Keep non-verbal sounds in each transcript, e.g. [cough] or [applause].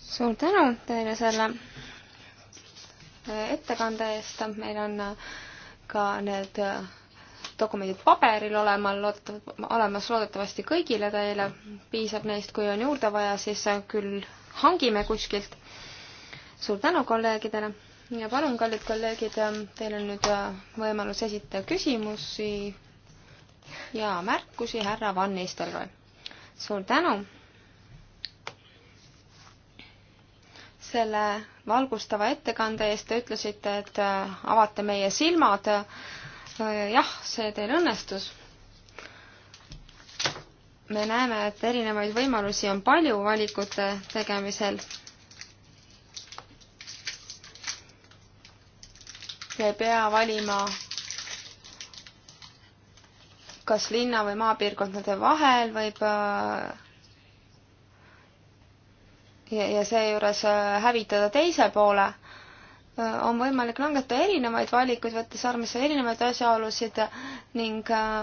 suur tänu teile selle äh, ettekande eest, meil on äh, ka need äh, dokumendid paberil olema, olemas loodetavasti kõigile teile, piisab neist, kui on juurde vaja, siis küll hangime kuskilt. suur tänu kolleegidele ja palun, kallid kolleegid, teil on nüüd võimalus esitada küsimusi ja märkusi härra Van Nistelrooy. suur tänu selle valgustava ettekande eest, te ütlesite, et äh, avate meie silmad. Äh, jah, see teil õnnestus. me näeme, et erinevaid võimalusi on palju valikute tegemisel. ei pea valima kas linna või maapiirkondade vahel võib äh, ja, ja seejuures äh, hävitada teise poole, äh, on võimalik langeta erinevaid valikuid, võttes arvesse erinevaid asjaolusid ning äh,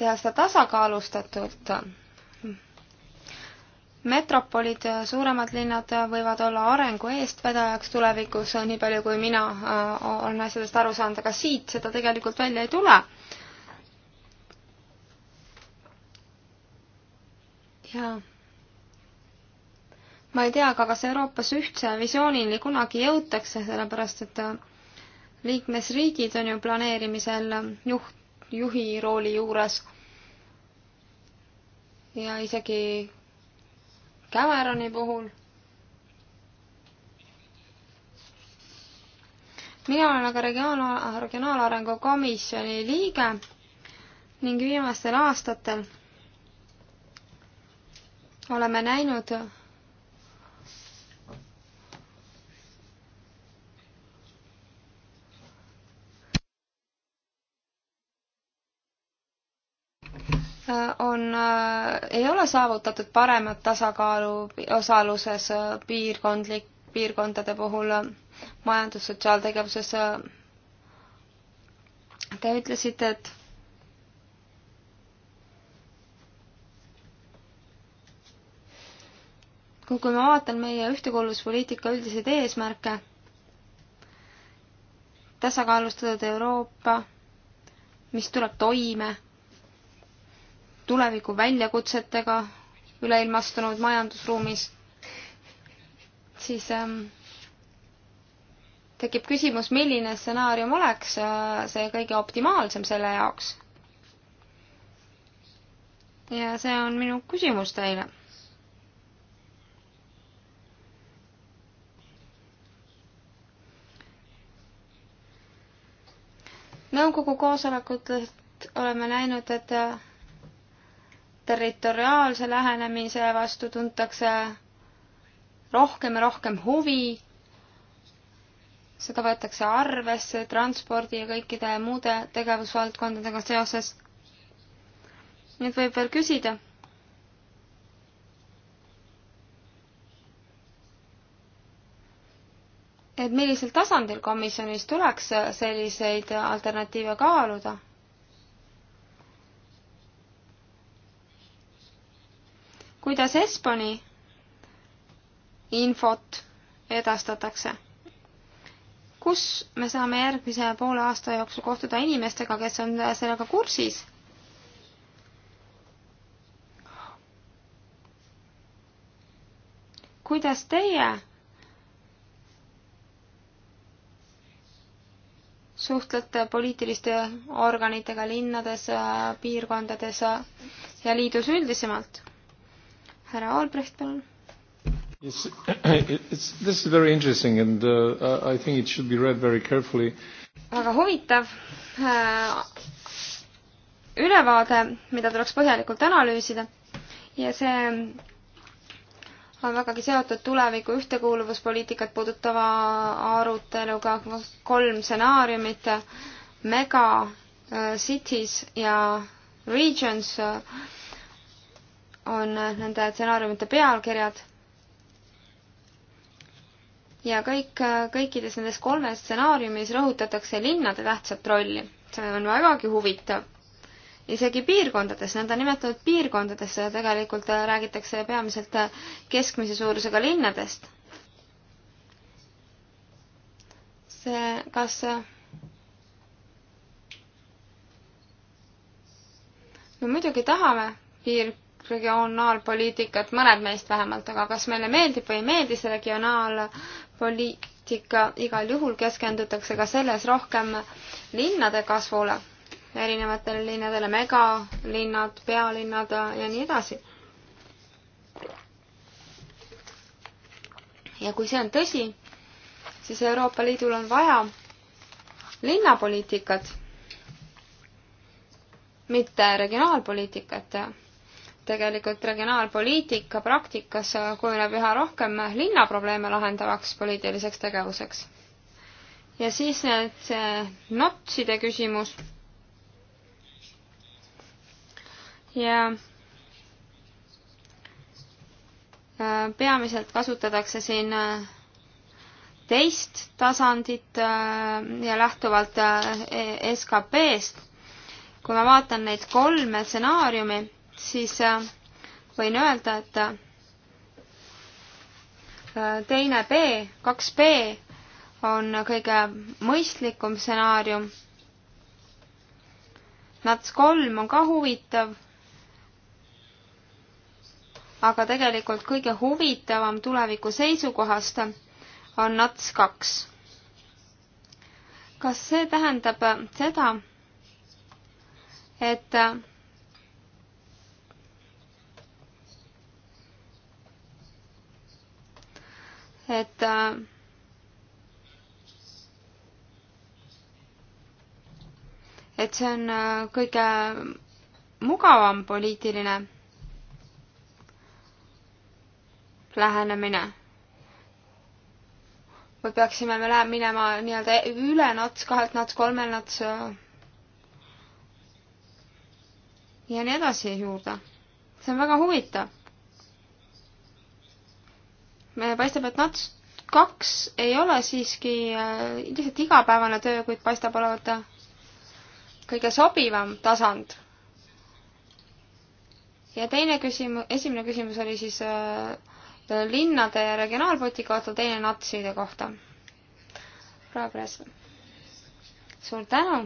teha seda tasakaalustatult. metropolid, suuremad linnad võivad olla arengu eestvedajaks tulevikus, nii palju kui mina olen asjadest aru saanud, aga siit seda tegelikult välja ei tule jaa ma ei tea ka, kas Euroopas ühtse visioonini kunagi jõutakse, sellepärast et äh, liikmesriigid on ju planeerimisel äh, juht, juhi rooli juures. ja isegi Cameroni puhul. mina olen aga regionaal, regionaalarengu komisjoni liige ning viimastel aastatel oleme näinud Äh, on, äh, ei ole saavutatud paremat tasakaalu osaluses äh, piirkondlik, piirkondade puhul majandussotsiaaltegevuses. Te ütlesite, et kui, kui ma vaatan meie ühtekuuluvuspoliitika üldiseid eesmärke, tasakaalustatud Euroopa, mis tuleb toime tuleviku väljakutsetega üleilmastunud majandusruumis, siis ähm, tekib küsimus, milline stsenaarium oleks äh, see kõige optimaalsem selle jaoks. ja see on minu küsimus teile. nõukogu koosolekutelt oleme näinud, et äh, territoriaalse lähenemise vastu tuntakse rohkem ja rohkem huvi. seda võetakse arvesse transpordi ja kõikide muude tegevusvaldkondadega seoses. nüüd võib veel küsida. et millisel tasandil komisjonis tuleks selliseid alternatiive kaaluda kuidas Espani infot edastatakse? kus me saame järgmise poole aasta jooksul kohtuda inimestega, kes on sellega kursis? kuidas teie suhtlete poliitiliste organitega linnades, piirkondades ja liidus üldisemalt? härra Albrecht, palun. Yes, [clears throat] it's, this is very interesting and uh, I think it should be read very carefully. väga huvitav äh, ülevaade, mida tuleks põhjalikult analüüsida ja see on vägagi seotud tuleviku ühtekuuluvuspoliitikat puudutava aruteluga, kolm stsenaariumit, mega äh,, cities ja regions äh, on nende stsenaariumite pealkirjad. ja kõik, kõikides nendes kolmes stsenaariumis rõhutatakse linnade tähtsat rolli. see on vägagi huvitav. isegi piirkondades, nõndanimetatud piirkondades tegelikult räägitakse peamiselt keskmise suurusega linnadest. see, kas me muidugi tahame piir, regionaalpoliitikat, mõned meist vähemalt, aga kas meile meeldib või ei meeldi see regionaalpoliitika, igal juhul keskendutakse ka selles rohkem linnade kasvule, erinevatele linnadele, megalinnad, pealinnad ja nii edasi. ja kui see on tõsi, siis Euroopa Liidul on vaja linnapoliitikat, mitte regionaalpoliitikat tegelikult regionaalpoliitika praktikas kujuneb üha rohkem linnaprobleeme lahendavaks poliitiliseks tegevuseks. ja siis need, see NOTS-ide küsimus. ja äh, peamiselt kasutatakse siin äh, teist tasandit äh, ja lähtuvalt e-, SKP-st. kui ma vaatan neid kolme stsenaariumi, siis äh, võin öelda, et äh, teine B, kaks B on kõige mõistlikum stsenaarium. Nats kolm on ka huvitav. aga tegelikult kõige huvitavam tuleviku seisukohast on Nats kaks. kas see tähendab seda, et et äh, et see on äh, kõige mugavam poliitiline lähenemine. või peaksime me lähe-, minema nii-öelda üle nats, kahelt nats, kolmel nats ja nii edasi juurde. see on väga huvitav me paistab, et NATS kaks ei ole siiski äh, lihtsalt igapäevane töö, kuid paistab olevat äh, kõige sobivam tasand. ja teine küsimus, esimene küsimus oli siis äh, linnade ja regionaalpoti kohta, teine natside kohta. Progress. suur tänu,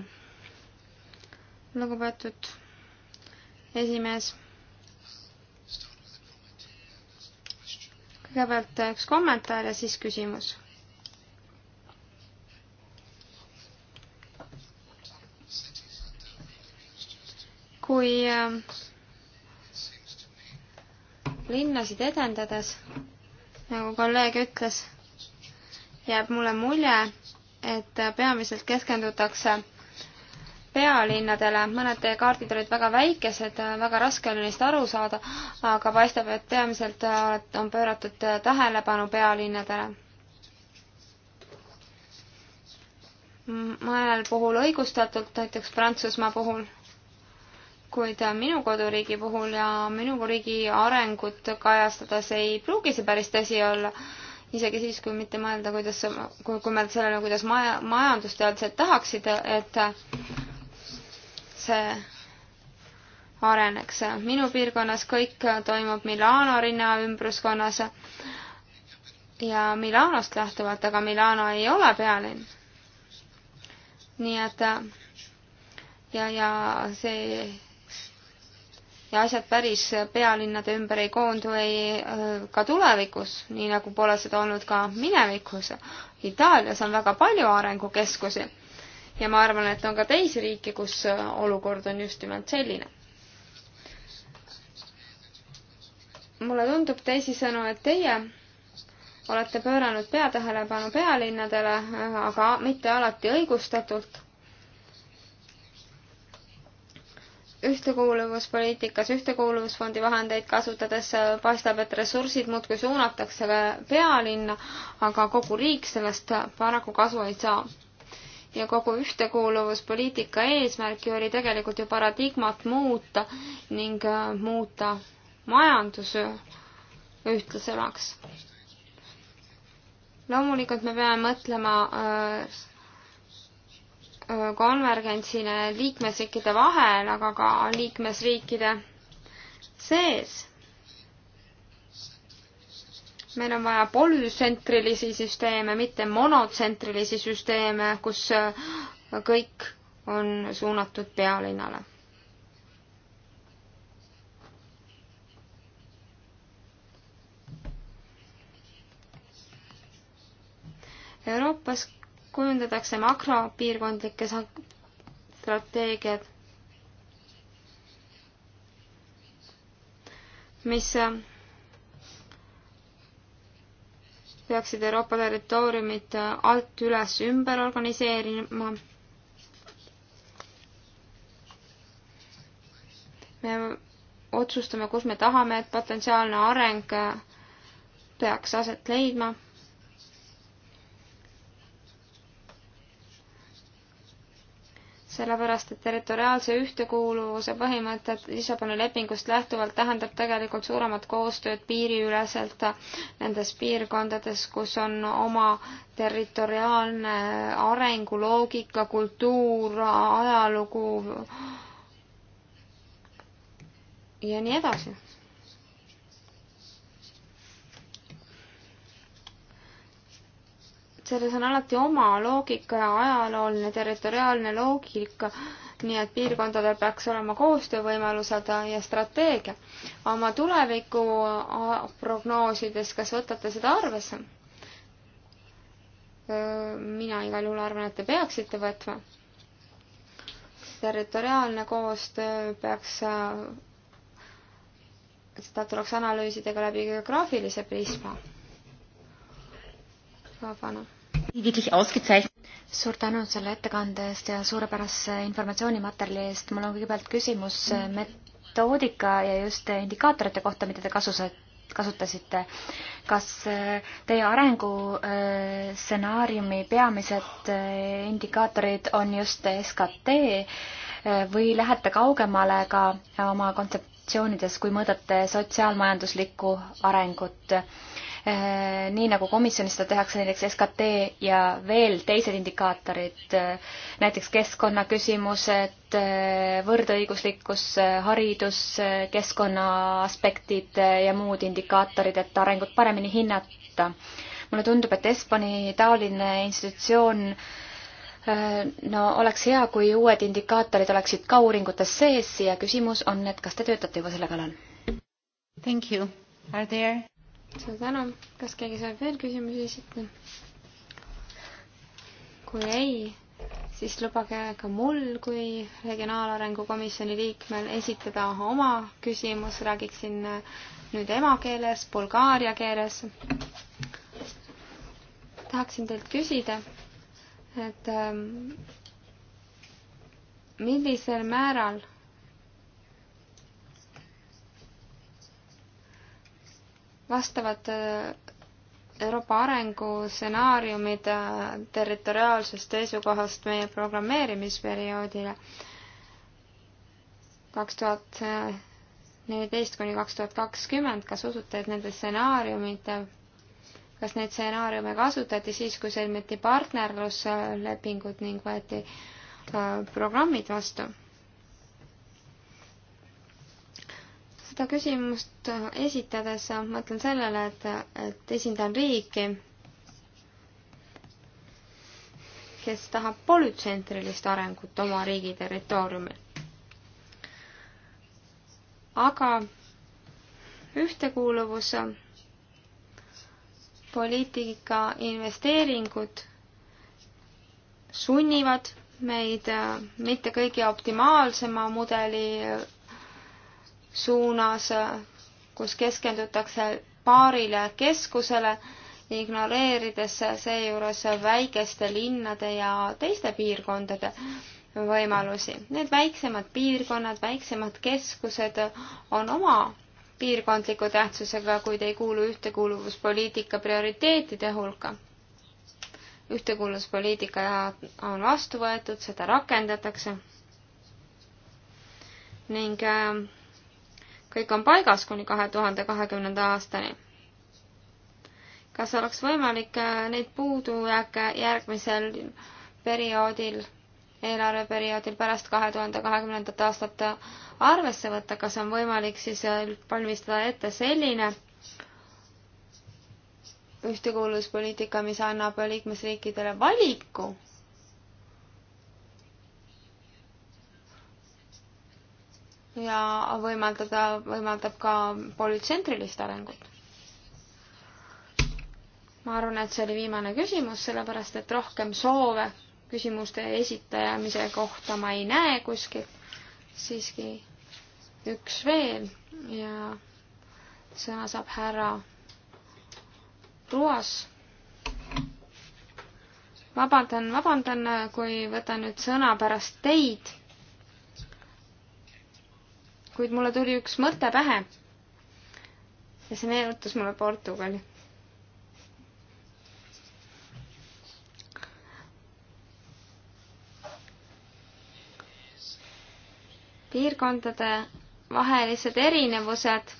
lugupeetud esimees kõigepealt üks kommentaar ja siis küsimus. kui äh, linnasid edendades, nagu kolleeg ütles, jääb mulle mulje, et peamiselt keskendutakse pealinnadele, mõned teie kaardid olid väga väikesed, väga raske oli neist aru saada, aga paistab, et peamiselt äh, on pööratud äh, tähelepanu pealinnadele. mõnel puhul õigustatult, näiteks Prantsusmaa puhul, kuid äh, minu koduriigi puhul ja minu riigi arengut kajastades ei pruugi see päris tõsi olla isegi siis, kui mitte mõelda, kuidas, kui, kui mõelda sellele, kuidas maja, majandusteadlased tahaksid, et see areneks. minu piirkonnas kõik toimub Milano rinna ümbruskonnas ja Milanost lähtuvalt, aga Milano ei ole pealinn. nii et ja, ja see ja asjad päris pealinnade ümber ei koondu ei äh, ka tulevikus, nii nagu pole seda olnud ka minevikus. Itaalias on väga palju arengukeskusi ja ma arvan, et on ka teisi riike, kus äh, olukord on just nimelt selline. mulle tundub teisisõnu, et teie olete pööranud peatähelepanu pealinnadele, äh, aga mitte alati õigustatult ühtekuuluvuspoliitikas Ühtekuuluvusfondi vahendeid kasutades äh, paistab, et ressursid muudkui suunatakse pealinna, aga kogu riik sellest paraku kasu ei saa ja kogu ühtekuuluvuspoliitika eesmärk ju oli tegelikult ju paradigmat muuta ning äh, muuta majandus äh, ühtlasemaks. loomulikult me peame mõtlema äh, konvergentsile liikmesriikide vahel, aga ka liikmesriikide sees meil on vaja polütsentrilisi süsteeme, mitte monotsentrilisi süsteeme, kus äh, kõik on suunatud pealinnale. Euroopas kujundatakse makropiirkondlikke strateegiad, mis äh, peaksid Euroopa territooriumid alt üles ümber organiseerima. me otsustame, kus me tahame, et potentsiaalne areng peaks aset leidma sellepärast et territoriaalse ühtekuuluvuse põhimõtted Lissaboni lepingust lähtuvalt tähendab tegelikult suuremat koostööd piiriüleselt nendes piirkondades, kus on oma territoriaalne arenguloogika, kultuur, ajalugu ja nii edasi selles on alati oma loogika ja ajalooline territoriaalne loogika, nii et piirkondadel peaks olema koostöövõimalused ja strateegia. oma tuleviku prognoosides, kas võtate seda arvesse? mina igal juhul arvan, et te peaksite võtma. territoriaalne koostöö peaks, seda tuleks analüüsida ka läbi geograafilise prisma vabana suur tänu selle ettekande eest ja suurepärase informatsioonimaterjali eest. mul on kõigepealt küsimus metoodika ja just indikaatorite kohta, mida te kasu kasutasite. kas äh, teie arengustsenaariumi äh, peamised äh, indikaatorid on just SKT või lähete kaugemale ka oma kontseptsioonides, kui mõõdate sotsiaalmajanduslikku arengut? Eh, nii nagu komisjonis seda tehakse, näiteks SKT ja veel teised indikaatorid, eh, näiteks keskkonnaküsimused, eh, võrdõiguslikkus, haridus, keskkonna aspektid ja muud indikaatorid, et arengut paremini hinnata. mulle tundub, et Espani taoline institutsioon no oleks hea, kui uued indikaatorid oleksid ka uuringutes sees ja küsimus on, et kas te töötate juba selle kallal? Thank you. Are there suur tänu, kas keegi soovib veel küsimusi esitada? kui ei, siis lubage ka mul kui Regionaalarengu Komisjoni liikmel esitada oma küsimus, räägiksin nüüd emakeeles, bulgaaria keeles. tahaksin teilt küsida, et ähm, millisel määral vastavad äh, Euroopa arengustsenaariumid äh, territoriaalsest seisukohast meie programmeerimisperioodile kaks tuhat äh, neliteist kuni kaks tuhat kakskümmend, kas usute, et nende stsenaariumid, kas neid stsenaariume kasutati siis, kui sõlmiti partnerluslepingud ning võeti programmid vastu? seda küsimust äh, esitades mõtlen sellele, et, et esindan riiki, kes tahab polütsentrilist arengut oma riigi territooriumil. aga ühtekuuluvus, poliitika investeeringud sunnivad meid mitte kõige optimaalsema mudeli suunas, kus keskendutakse paarile keskusele, ignoreerides seejuures väikeste linnade ja teiste piirkondade võimalusi. Need väiksemad piirkonnad, väiksemad keskused on oma piirkondliku tähtsusega, kuid ei kuulu ühtekuuluvuspoliitika prioriteetide hulka. ühtekuuluvuspoliitika on vastu võetud, seda rakendatakse ning äh, kõik on paigas kuni kahe tuhande kahekümnenda aastani. kas oleks võimalik äh, neid puudujääke järgmisel perioodil, eelarveperioodil pärast kahe tuhande kahekümnendat aastat arvesse võtta, kas on võimalik siis äh, valmistada ette selline ühtekuuluvuspoliitika, mis annab liikmesriikidele valiku ja võimaldada, võimaldab ka polütsentrilist arengut. ma arvan, et see oli viimane küsimus, sellepärast et rohkem soove küsimuste esitamise kohta ma ei näe kuskilt. siiski üks veel ja sõna saab härra Ruas. vabandan, vabandan, kui võtan nüüd sõna pärast teid kuid mulle tuli üks mõte pähe. ja see meenutas mulle Portugali. piirkondade vahelised erinevused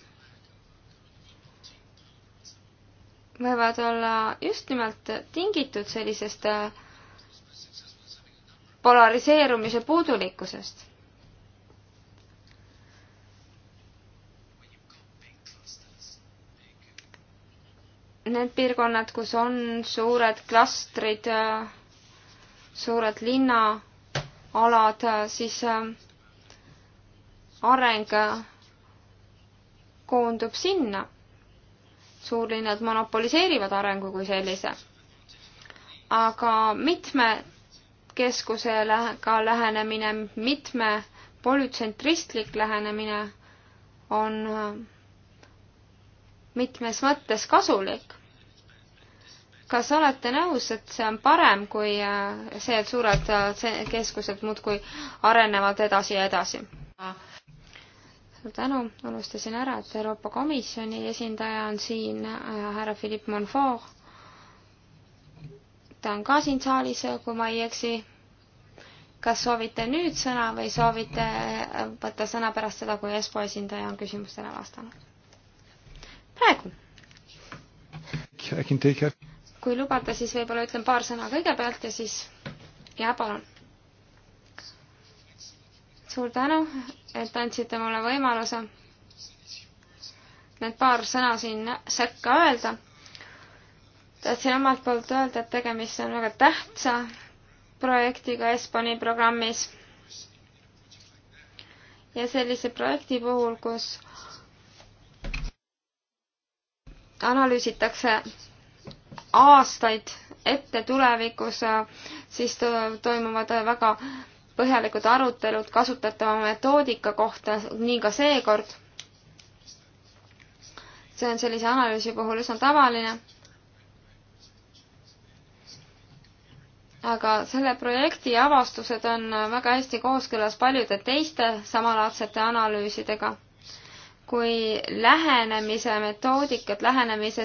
võivad olla just nimelt tingitud sellisest polariseerumise puudulikkusest need piirkonnad, kus on suured klastrid, suured linnaalad, siis äh, areng koondub sinna. suurlinnad monopoliseerivad arengu kui sellise. aga mitmekeskusega lähenemine, mitme polütsentristlik lähenemine on äh, mitmes mõttes kasulik. kas olete nõus, et see on parem kui äh, see, et suured äh, keskused muudkui arenevad edasi ja edasi? suur tänu, unustasin ära, et Euroopa Komisjoni esindaja on siin, äh, härra Philippe Monfort. ta on ka siin saalis, kui ma ei eksi kas soovite nüüd sõna või soovite võtta sõna pärast seda, kui Espo esindaja on küsimustele vastanud? praegu. kui lubate, siis võib-olla ütlen paar sõna kõigepealt ja siis, jaa, palun. suur tänu, et andsite mulle võimaluse need paar sõna siin sekka öelda. tahtsin omalt poolt öelda, et tegemist on väga tähtsa projektiga Espani programmis. ja sellise projekti puhul, kus analüüsitakse aastaid ette tulevikus, siis toimuvad väga põhjalikud arutelud kasutatava metoodika kohta, nii ka seekord. see on sellise analüüsi puhul üsna tavaline. aga selle projekti avastused on väga hästi kooskõlas paljude teiste samalaadsete analüüsidega kui lähenemise metoodikat, lähenemise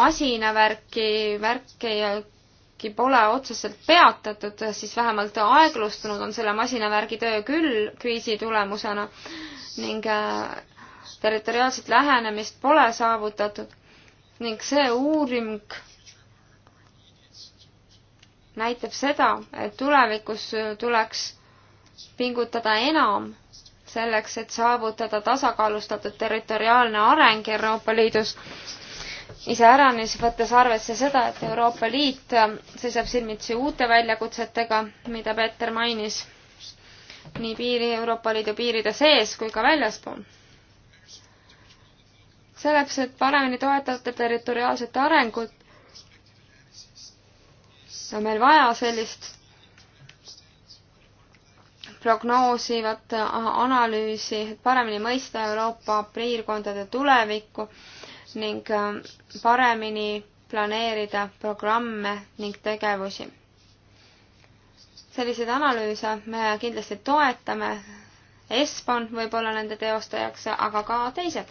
masinavärki, värki pole otseselt peatatud, siis vähemalt aeglustunud on selle masinavärgi töö küll kriisi tulemusena ning äh, territoriaalset lähenemist pole saavutatud ning see uuring näitab seda, et tulevikus tuleks pingutada enam selleks, et saavutada tasakaalustatud territoriaalne areng Euroopa Liidus. iseäranis võttes arvesse seda, et Euroopa Liit seisab silmitsi uute väljakutsetega, mida Peeter mainis, nii piiri, Euroopa Liidu piiride sees kui ka väljaspool. selleks, et paremini toetada territoriaalset arengut, on meil vaja sellist prognoosivat äh, analüüsi, et paremini mõista Euroopa piirkondade tulevikku ning äh, paremini planeerida programme ning tegevusi. selliseid analüüse me kindlasti toetame, Espon võib-olla nende teostajaks, aga ka teised.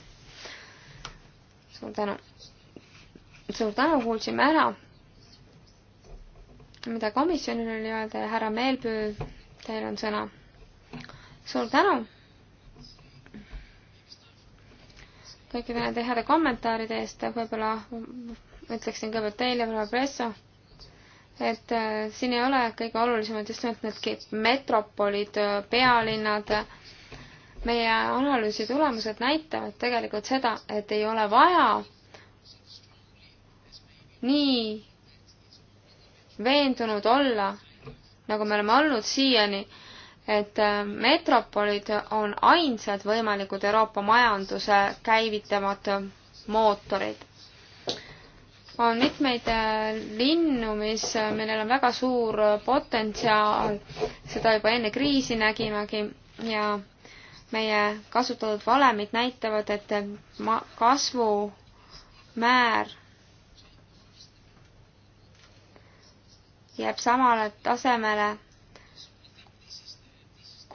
suur tänu. suur tänu, kuulsime ära, mida komisjonil oli öelda ja härra Meelpüü, teil on sõna suur tänu kõikide nende heade kommentaaride eest, võib-olla ütleksin kõigepealt teile, proua Presso, et äh, siin ei ole kõige olulisemad just nimelt need metropolid, äh, pealinnad. meie analüüsi tulemused näitavad tegelikult seda, et ei ole vaja nii veendunud olla, nagu me oleme olnud siiani et äh, metropolid on ainsad võimalikud Euroopa majanduse käivitavad mootorid. on mitmeid äh, linnu, mis, äh, millel on väga suur potentsiaal, seda juba enne kriisi nägimegi ja meie kasutatud valemid näitavad, et ma-, kasvumäär jääb samale tasemele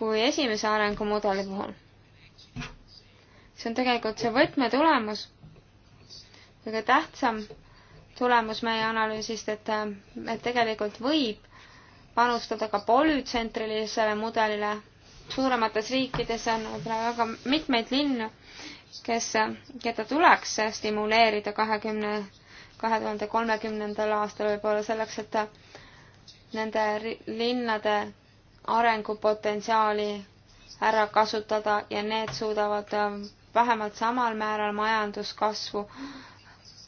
kui esimese arengumudeli puhul. see on tegelikult see võtmetulemus, kõige tähtsam tulemus meie analüüsist, et, et tegelikult võib panustada ka polütsentrilisele mudelile. suuremates riikides on väga mitmeid linnu, kes, keda tuleks stimuleerida kahekümne, kahe tuhande kolmekümnendal aastal võib-olla selleks, et nende linnade arengupotentsiaali ära kasutada ja need suudavad ähm, vähemalt samal määral majanduskasvu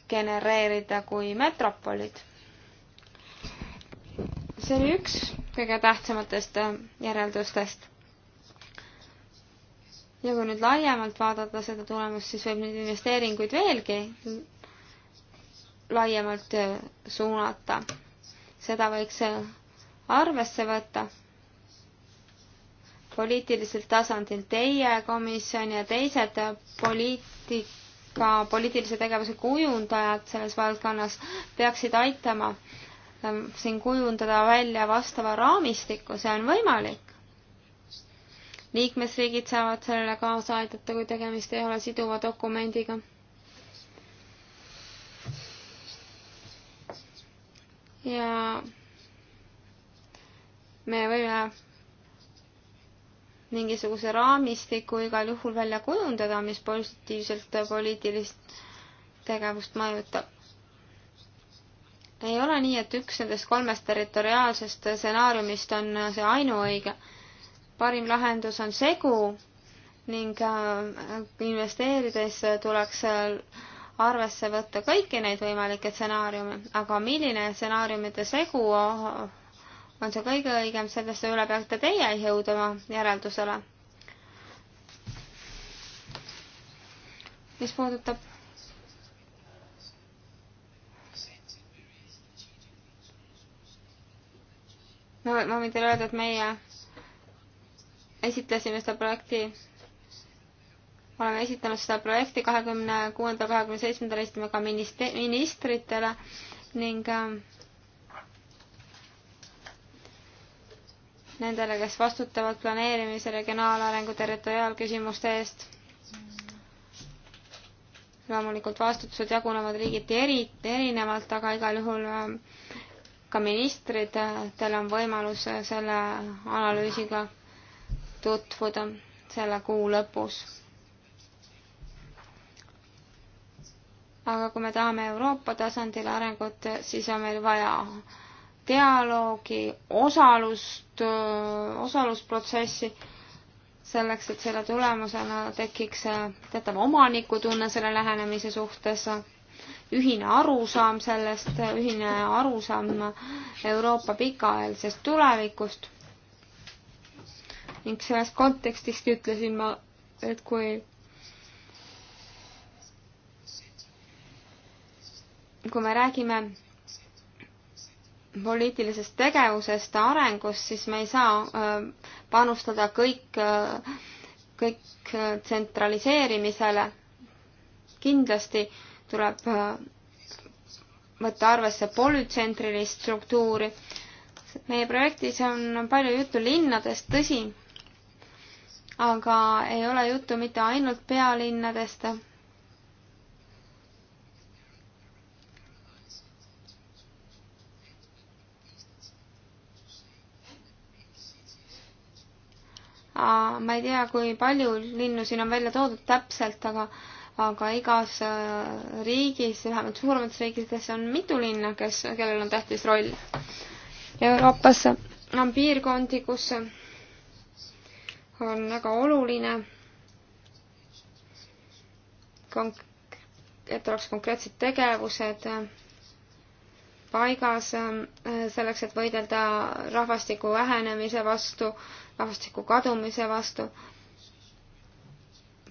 genereerida kui metropolid. see oli üks kõige tähtsamatest ähm, järeldustest. ja kui nüüd laiemalt vaadata seda tulemust, siis võib neid investeeringuid veelgi laiemalt äh, suunata. seda võiks äh, arvesse võtta poliitiliselt tasandilt teie komisjon ja teised poliitika, poliitilise tegevuse kujundajad selles valdkonnas peaksid aitama ähm, siin kujundada välja vastava raamistiku, see on võimalik. liikmesriigid saavad sellele kaasa aidata, kui tegemist ei ole siduva dokumendiga. ja me võime mingisuguse raamistiku igal juhul välja kujundada, mis positiivselt poliitilist tegevust mõjutab. ei ole nii, et üks nendest kolmest territoriaalsest stsenaariumist on see ainuõige. parim lahendus on segu ning äh, investeerides tuleks arvesse võtta kõiki neid võimalikke stsenaariume, aga milline stsenaariumite segu on see kõige õigem, sellesse üle peate teie jõudma järeldusele. mis puudutab no ma võin teile öelda, et meie esitlesime seda projekti, oleme esitanud seda projekti kahekümne kuuendal, kahekümne seitsmendal esitame ka ministe-, ministritele ning äh, nendele, kes vastutavad planeerimise, regionaalarengu, territoriaalküsimuste eest. loomulikult vastutused jagunevad riigiti eri, erinevalt, aga igal juhul äh, ka ministrid, äh, teil on võimalus äh, selle analüüsiga tutvuda selle kuu lõpus. aga kui me tahame Euroopa tasandil arengut, siis on meil vaja dialoogi, osalust, osalusprotsessi, selleks, et selle tulemusena tekiks teatav omanikutunne selle lähenemise suhtes, ühine arusaam sellest, ühine arusaam Euroopa pikaajalisest tulevikust. ning selles kontekstiski ütlesin ma, et kui kui me räägime poliitilisest tegevusest, arengust, siis me ei saa äh, panustada kõik, äh, kõik äh, tsentraliseerimisele. kindlasti tuleb võtta arvesse polütsentrilist struktuuri. meie projektis on palju juttu linnadest, tõsi, aga ei ole juttu mitte ainult pealinnadest ma ei tea, kui palju linnu siin on välja toodud täpselt, aga aga igas äh, riigis, vähemalt suuremates riikides on mitu linna, kes, kellel on tähtis roll. Euroopas on piirkondi, kus on väga oluline, et oleks konkreetsed tegevused paigas äh, selleks, et võidelda rahvastiku vähenemise vastu rahvastiku kadumise vastu.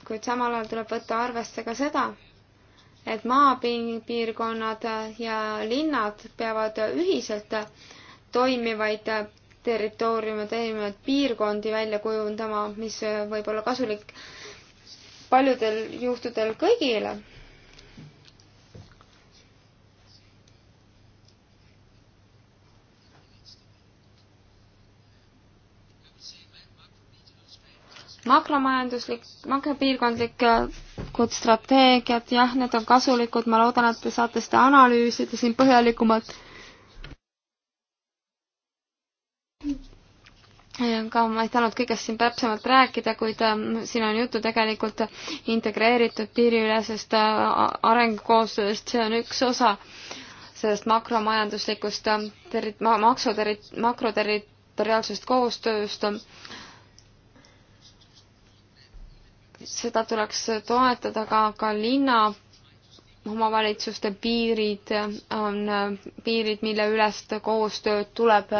kuid samal ajal tuleb võtta arvesse ka seda, et maapiirkonnad ja linnad peavad ühiselt toimivaid territooriume, toimivaid piirkondi välja kujundama, mis võib olla kasulik paljudel juhtudel kõigile makromajanduslik, makropiirkondlikud äh, strateegiad, jah, need on kasulikud, ma loodan, et te saate seda analüüsida siin põhjalikumalt. ka ma ei saanud kõigest siin täpsemalt rääkida, kuid ähm, siin on juttu tegelikult integreeritud piiriülesest äh, arengukoostööst, see on üks osa sellest makromajanduslikust ähm, terri-, maksuterri-, makroterritoriaalsest koostööst seda tuleks toetada ka, ka linna omavalitsuste piirid on piirid, mille ülest koostööd tuleb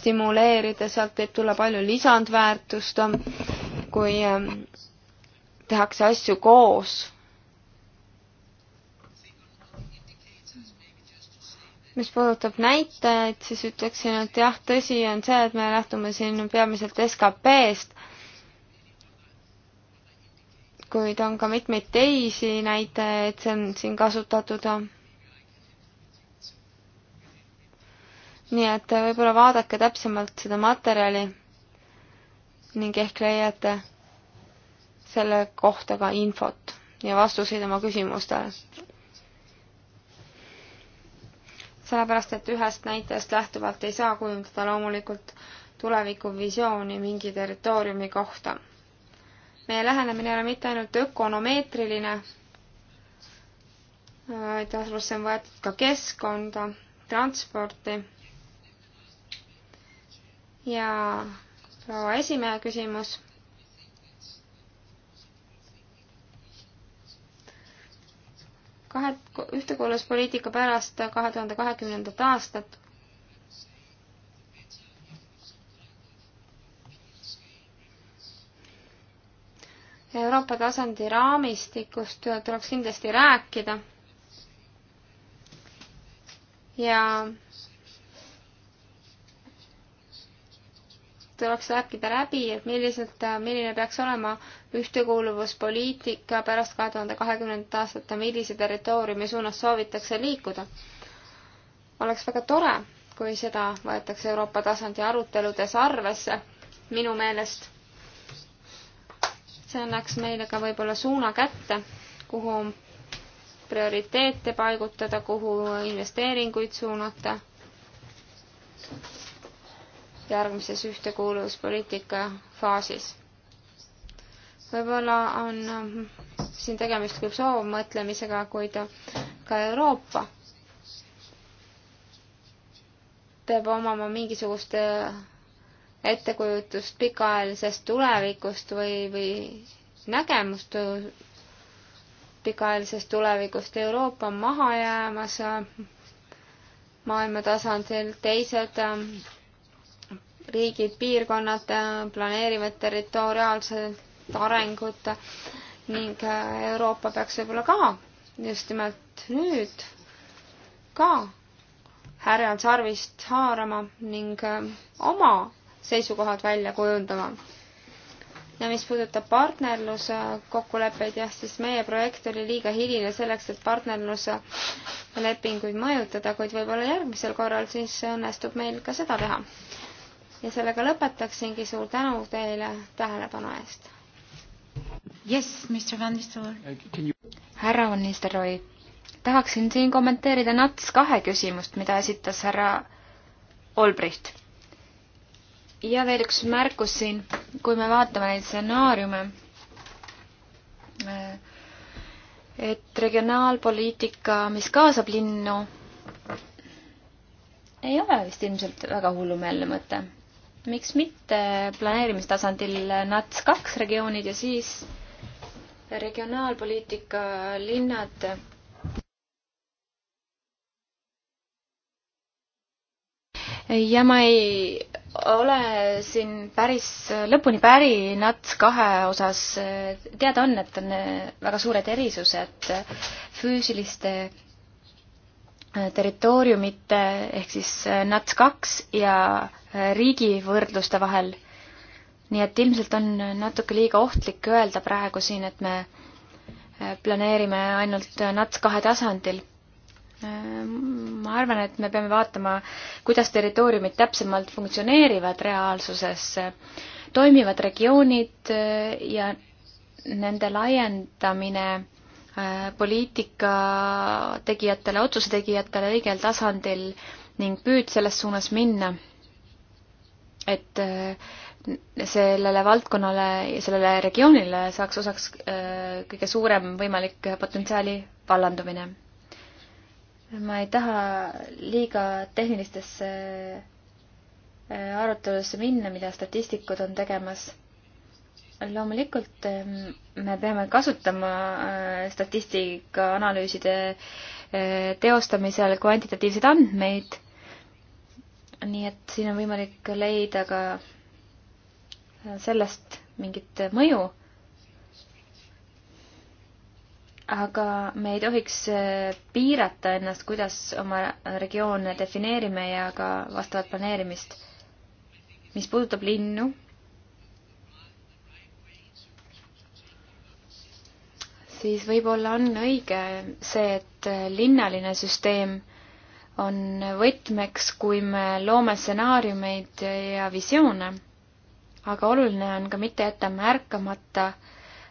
stimuleerida, sealt võib tulla palju lisandväärtust, kui tehakse asju koos. mis puudutab näitajaid, siis ütleksin, et jah, tõsi on see, et me lähtume siin peamiselt SKP-st kuid on ka mitmeid teisi näitajaid, see on siin kasutatud. nii et võib-olla vaadake täpsemalt seda materjali ning ehk leiate selle kohta ka infot ja vastuseid oma küsimustele. sellepärast, et ühest näitajast lähtuvalt ei saa kujundada loomulikult tulevikuvisiooni mingi territooriumi kohta meie lähenemine ei ole mitte ainult ökonomeetriline, et arvesse on võetud ka keskkonda, transporti. ja proua esimehe küsimus. kahe, ühtekuuluvuspoliitika pärast kahe tuhande kahekümnendat aastat Euroopa tasandi raamistikust tuleks kindlasti rääkida. ja tuleks rääkida läbi, et milliselt, milline peaks olema ühtekuuluvuspoliitika pärast kahe tuhande kahekümnendat aastat ja millise territooriumi suunas soovitakse liikuda. oleks väga tore, kui seda võetakse Euroopa tasandi aruteludes arvesse minu meelest see annaks meile ka võib-olla suuna kätte, kuhu prioriteete paigutada, kuhu investeeringuid suunata. järgmises ühtekuuluvuspoliitika faasis. võib-olla on ähm, siin tegemist küll soovmõtlemisega, kuid ka Euroopa peab omama mingisugust äh, ettekujutust pikaajalisest tulevikust või, või nägemust pikaajalisest tulevikust. Euroopa on maha jäämas maailma tasandil, teised riigid, piirkonnad planeerivad territoriaalset arengut ning Euroopa peaks võib-olla ka just nimelt nüüd ka härjal sarvist haarama ning oma seisukohad välja kujundama. ja mis puudutab partnerluse kokkuleppeid, jah, siis meie projekt oli liiga hiline selleks, et partnerluse lepinguid mõjutada, kuid võib-olla järgmisel korral siis õnnestub meil ka seda teha. ja sellega lõpetaksingi, suur tänu teile tähelepanu eest. Yes, Mr Van Nistelrooy. Uh, härra Van Nistelrooy tahaksin siin kommenteerida NATS kahe küsimust, mida esitas härra Olbricht ja veel üks märkus siin, kui me vaatame neid stsenaariume, äh, et regionaalpoliitika, mis kaasab linnu, ei ole vist ilmselt väga hullumeelne mõte. miks mitte planeerimistasandil NATS kaks regioonid ja siis regionaalpoliitika linnad ja ma ei ole siin päris lõpuni päri NAT kahe osas. teada on, et on äh, väga suured erisused füüsiliste äh, territooriumite ehk siis äh, NAT kaks ja riigi võrdluste vahel. nii et ilmselt on natuke liiga ohtlik öelda praegu siin, et me planeerime ainult NAT kahe tasandil ma arvan, et me peame vaatama, kuidas territooriumid täpsemalt funktsioneerivad reaalsuses, toimivad regioonid äh, ja nende laiendamine äh, poliitika tegijatele, otsuse tegijatele õigel tasandil ning püüd selles suunas minna, et äh, sellele valdkonnale ja sellele regioonile saaks osaks kõige suurem võimalik potentsiaali vallandumine ma ei taha liiga tehnilistesse äh, arutelusse minna, mida statistikud on tegemas. loomulikult ähm, me peame kasutama äh, statistika analüüside äh, teostamisel kvantitatiivseid andmeid. nii et siin on võimalik leida ka sellest mingit mõju aga me ei tohiks äh, piirata ennast, kuidas oma regioone defineerime ja ka vastavat planeerimist. mis puudutab linnu, siis võib-olla on õige see, et äh, linnaline süsteem on võtmeks, kui me loome stsenaariumeid ja visioone. aga oluline on ka mitte jätta märkamata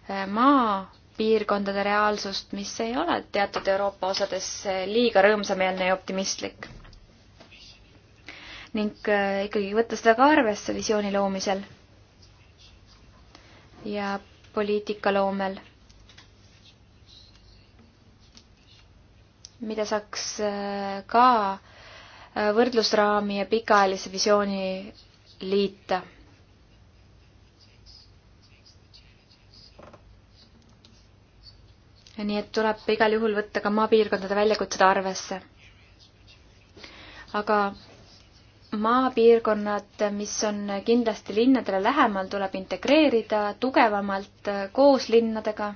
äh, maa piirkondade reaalsust, mis ei ole teatud Euroopa osades liiga rõõmsameelne ja optimistlik. ning äh, ikkagi võtta seda ka arvesse visiooni loomisel ja poliitika loomel. mida saaks äh, ka äh, võrdlusraami ja pikaajalise visiooni liita nii et tuleb igal juhul võtta ka maapiirkondade väljakutsed arvesse. aga maapiirkonnad, mis on kindlasti linnadele lähemal, tuleb integreerida tugevamalt koos linnadega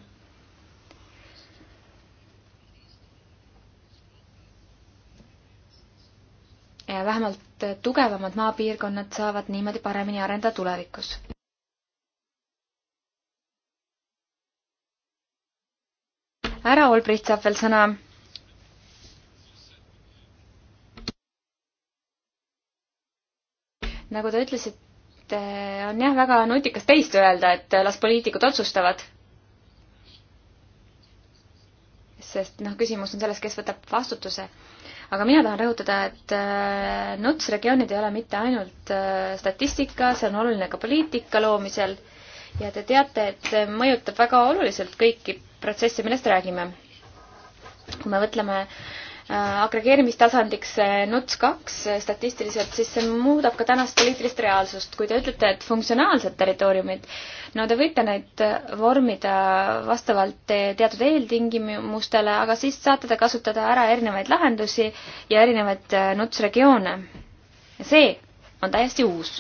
ja vähemalt tugevamad maapiirkonnad saavad niimoodi paremini arendada tulevikus. ära, Olbrit saab veel sõna. nagu te ütlesite, on jah, väga nutikas teist öelda, et las poliitikud otsustavad. sest noh, küsimus on selles, kes võtab vastutuse aga mina tahan rõhutada, et äh, NUTS regioonid ei ole mitte ainult äh, statistika, see on oluline ka poliitika loomisel ja te teate, et see mõjutab väga oluliselt kõiki protsessi, millest räägime. kui me mõtleme äh, agregeerimistasandiks äh, NUTS kaks äh, statistiliselt, siis see muudab ka tänast poliitilist reaalsust. kui te ütlete, et funktsionaalsed territooriumid, no te võite neid vormida vastavalt teatud eeltingimustele, aga siis saate te kasutada ära erinevaid lahendusi ja erinevaid NUTS regioone. see on täiesti uus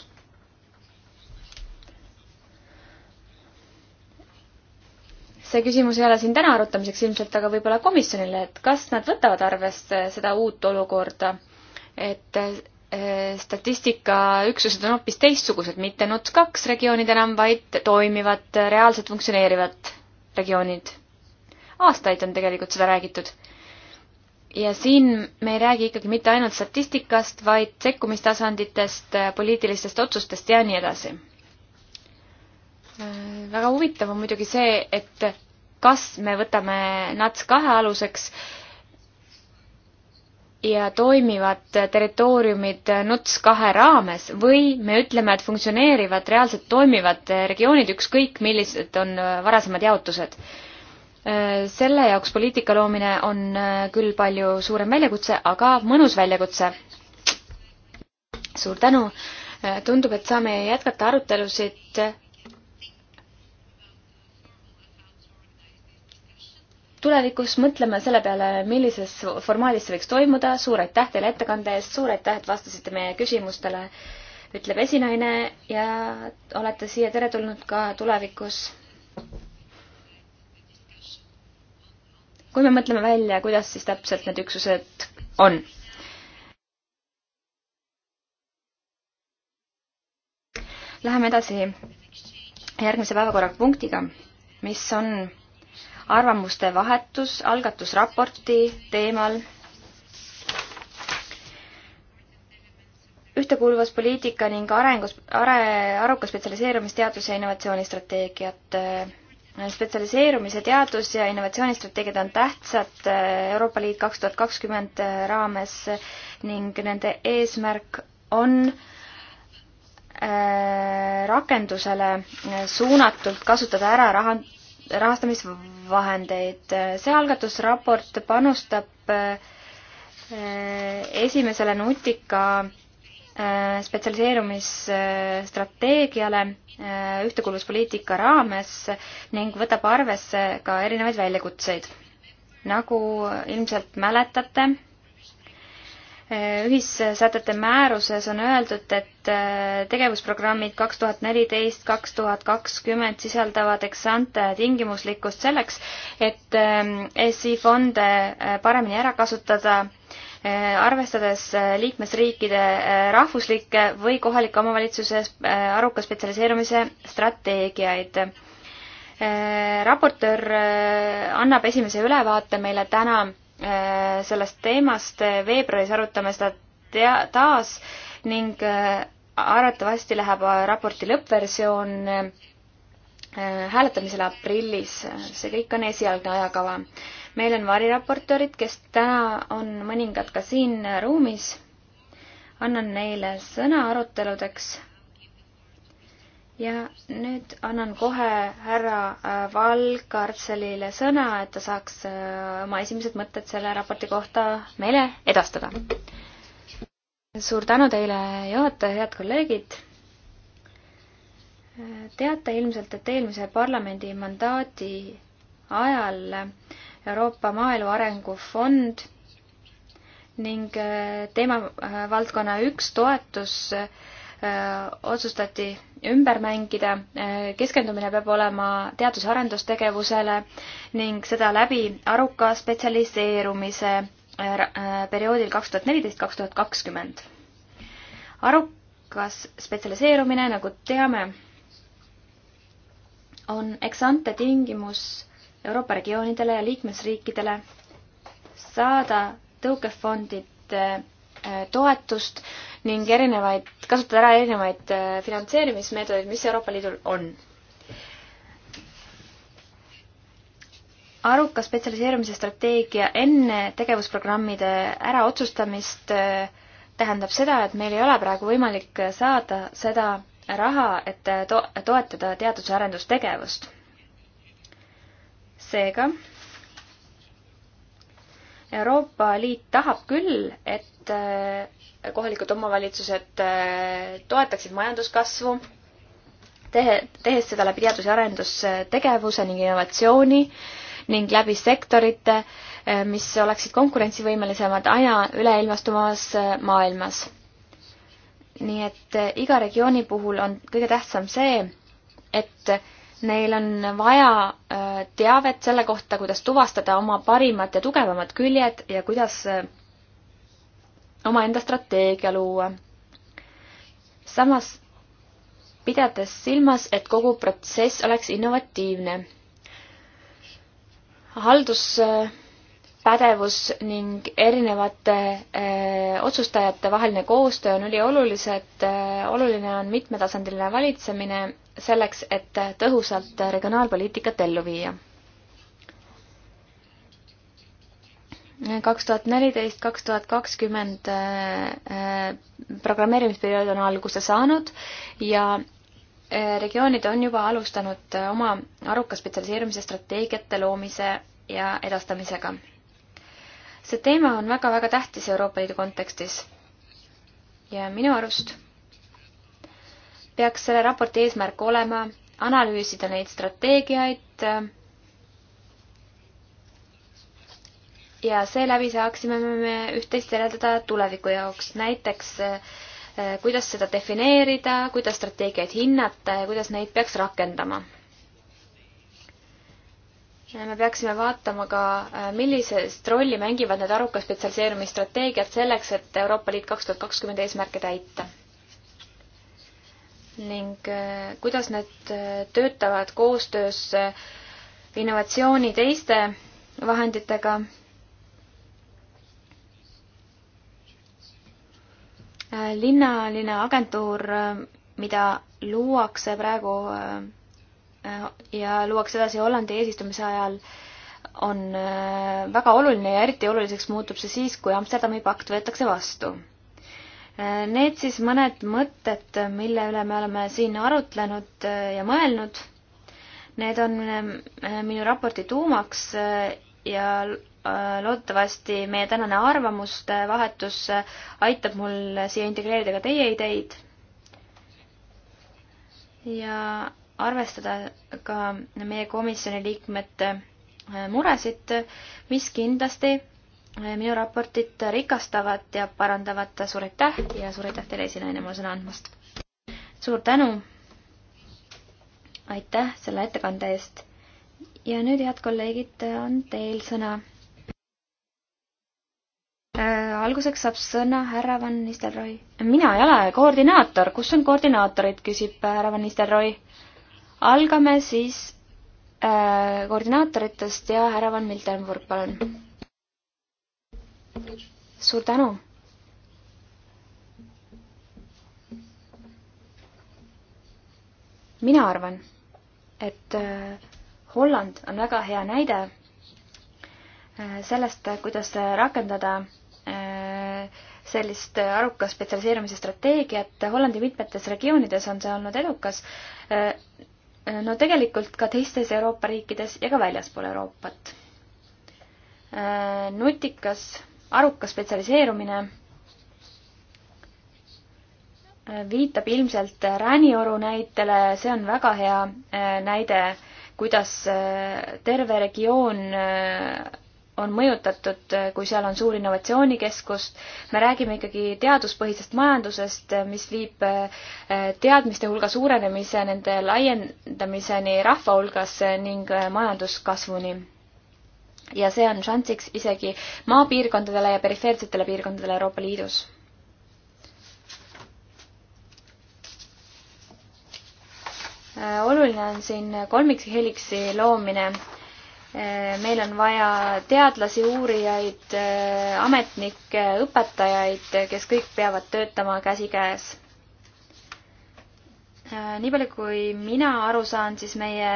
see küsimus ei ole siin täna arutamiseks ilmselt, aga võib-olla komisjonile, et kas nad võtavad arvesse seda uut olukorda, et eh, statistikaüksused on hoopis teistsugused, mitte NUTS kaks regioonid enam, vaid toimivad, reaalselt funktsioneerivad regioonid. aastaid on tegelikult seda räägitud. ja siin me ei räägi ikkagi mitte ainult statistikast, vaid sekkumistasanditest, poliitilistest otsustest ja nii edasi Äh, väga huvitav on muidugi see, et kas me võtame NATS kahe aluseks ja toimivad territooriumid NUTS kahe raames või me ütleme, et funktsioneerivad, reaalselt toimivad regioonid, ükskõik millised on varasemad jaotused. Äh, selle jaoks poliitika loomine on äh, küll palju suurem väljakutse, aga mõnus väljakutse. suur tänu, tundub, et saame jätkata arutelusid tulevikus mõtleme selle peale, millises formaadis see võiks toimuda, suur aitäh teile ettekande eest, suur aitäh, et vastasite meie küsimustele, ütleb esinaine ja olete siia teretulnud ka tulevikus. kui me mõtleme välja, kuidas siis täpselt need üksused on Läheme edasi järgmise päevakorrapunktiga, mis on arvamuste vahetus algatusraporti teemal ühtekuuluvuspoliitika ning arengus, are, aruka spetsialiseerumisteadus- ja innovatsioonistrateegiat. spetsialiseerumise teadus- ja innovatsioonistrateegiad on tähtsad äh, Euroopa Liit kaks tuhat kakskümmend raames ning nende eesmärk on äh, rakendusele suunatult kasutada ära raha, rahastamisvahendeid. see algatusraport panustab eh, esimesele nutika eh, spetsialiseerumisstrateegiale eh, ühtekuuluvuspoliitika raames ning võtab arvesse ka erinevaid väljakutseid. nagu ilmselt mäletate, Eh, ühissätete määruses on öeldud, et eh, tegevusprogrammid kaks tuhat neliteist, kaks tuhat kakskümmend sisaldavad eksante tingimuslikkust selleks, et ESI eh, fonde paremini ära kasutada, arvestades liikmesriikide rahvuslikke või kohalike omavalitsuse aruka spetsialiseerumise strateegiaid raportöör annab esimese ülevaate meile täna Äh, sellest teemast. Äh, veebruaris arutame seda tea-, taas ning äh, arvatavasti läheb raporti lõppversioon hääletamisele aprillis. see kõik on esialgne ajakava. meil on variraportöörid, kes täna on mõningad ka siin ruumis. annan neile sõna aruteludeks ja nüüd annan kohe härra äh, Valkartselile sõna, et ta saaks äh, oma esimesed mõtted selle raporti kohta meile edastada. suur tänu teile, juhataja, head kolleegid. Äh, teate ilmselt, et eelmise parlamendi mandaadi ajal Euroopa Maaelu Arengufond ning teemavaldkonna üks toetus öö, otsustati ümber mängida. keskendumine peab olema teadus- ja arendustegevusele ning seda läbi aruka spetsialiseerumise äh, äh, perioodil kaks tuhat neliteist, kaks tuhat kakskümmend. arukas spetsialiseerumine, nagu teame, on eksante tingimus Euroopa regioonidele ja liikmesriikidele saada tõukefondid äh, Äh, toetust ning erinevaid, kasutada ära erinevaid äh, finantseerimismeetodeid, mis Euroopa Liidul on. aruka spetsialiseerumise strateegia enne tegevusprogrammide äraotsustamist äh, tähendab seda, et meil ei ole praegu võimalik saada seda raha, et to-, toetada teadus- ja arendustegevust. seega Euroopa Liit tahab küll, et äh, kohalikud omavalitsused äh, toetaksid majanduskasvu, tehe, tehes seda läbi teadus- ja arendustegevuse ning innovatsiooni ning läbi sektorite, äh, mis oleksid konkurentsivõimelisemad aina üleilmastuvas maailmas. nii et iga regiooni puhul on kõige tähtsam see, et Neil on vaja äh, teavet selle kohta, kuidas tuvastada oma parimad ja tugevamad küljed ja kuidas äh, omaenda strateegia luua. samas pidades silmas, et kogu protsess oleks innovatiivne. halduspädevus äh, ning erinevate öö, otsustajate vaheline koostöö on üliolulised, oluline on mitmetasandiline valitsemine selleks, et tõhusalt regionaalpoliitikat ellu viia. kaks tuhat neliteist, kaks tuhat kakskümmend äh, programmeerimisperiood on alguse saanud ja äh, regioonid on juba alustanud oma aruka spetsialiseerumise strateegiate loomise ja edastamisega. see teema on väga-väga tähtis Euroopa Liidu kontekstis. ja minu arust peaks selle raporti eesmärk olema analüüsida neid strateegiaid ja seeläbi saaksime me üht-teist järeldada tuleviku jaoks, näiteks eh, kuidas seda defineerida, kuidas strateegiaid hinnata ja kuidas neid peaks rakendama. me peaksime vaatama ka, eh, millisest rolli mängivad need aruka spetsialiseerumisstrateegiad selleks, et Euroopa Liit kaks tuhat kakskümmend eesmärke täita ning äh, kuidas need äh, töötavad koostöös äh, innovatsiooni teiste vahenditega. linnaline agentuur, mida luuakse praegu ja luuakse edasi Hollandi eesistumise ajal, on väga oluline ja eriti oluliseks muutub see siis, kui Amsterdami pakt võetakse vastu Need siis mõned mõtted, mille üle me oleme siin arutlenud äh, ja mõelnud. Need on äh, minu raporti tuumaks äh, ja loodetavasti meie tänane arvamuste vahetus aitab mul siia integreerida ka teie ideid ja arvestada ka meie komisjoni liikmete muresid, mis kindlasti Eh, minu raportit rikastavad ja parandavad. suur aitäh ja suur aitäh teile, esinaine, mulle sõna andmast. suur tänu. aitäh selle ettekande eest. ja nüüd, head kolleegid, on teil sõna. Eh, alguseks saab sõna härra Van Nistelrooy. mina ei ole koordinaator, kus on koordinaatorid, küsib härra Van Nistelrooy. algame siis äh, koordinaatoritest ja härra Van Miltenburg, palun suur tänu. mina arvan, et äh, Holland on väga hea näide äh, sellest, kuidas rakendada äh, sellist aruka spetsialiseerumise strateegiat. Hollandi mitmetes regioonides on see olnud edukas. no tegelikult ka teistes Euroopa riikides ja ka väljaspool Euroopat. nutikas arukas spetsialiseerumine äh, viitab ilmselt Räänioru näitele, see on väga hea äh, näide, kuidas äh, terve regioon on mõjutatud, kui seal on suur innovatsioonikeskus. me räägime ikkagi teaduspõhisest majandusest, mis viib teadmiste hulga suurenemise, nende laiendamiseni rahva hulgas ning majanduskasvuni ja see on šanssiks isegi maapiirkondadele ja perifeersetele piirkondadele Euroopa Liidus. Äh, oluline on siin kolmiksi heliksi loomine. Äh, meil on vaja teadlasi, uurijaid, äh, ametnikke, õpetajaid, kes kõik peavad töötama käsikäes. nii palju, kui mina aru saan, siis meie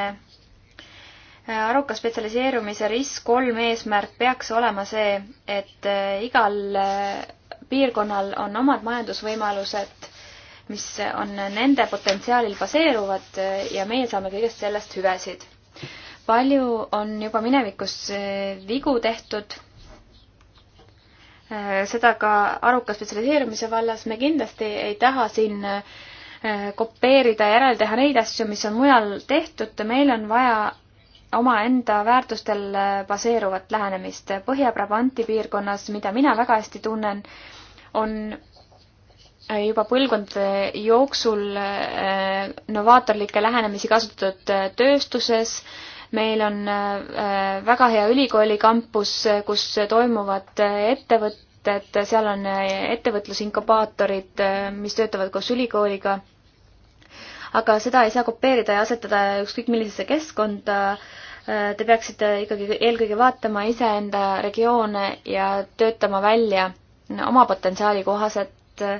aruka spetsialiseerumise risk kolm eesmärk peaks olema see, et eh, igal eh, piirkonnal on omad majandusvõimalused, mis on nende potentsiaalil baseeruvad eh, ja meie saame kõigest sellest hüvesid. palju on juba minevikus vigu tehtud, seda ka aruka spetsialiseerumise vallas, me kindlasti ei taha siin kopeerida, järelteha neid asju, mis on mujal tehtud, meil on vaja omaenda väärtustel baseeruvat lähenemist. Põhja-Brabanti piirkonnas, mida mina väga hästi tunnen, on juba põlvkondade jooksul äh, novaatorlikke lähenemisi kasutatud äh, tööstuses, meil on äh, väga hea ülikooli kampus, kus toimuvad ettevõtted, seal on ettevõtlusinkubaatorid, mis töötavad koos ülikooliga aga seda ei saa kopeerida ja asetada ükskõik millisesse keskkonda. Te peaksite ikkagi eelkõige vaatama iseenda regioone ja töötama välja oma potentsiaali kohaselt eh,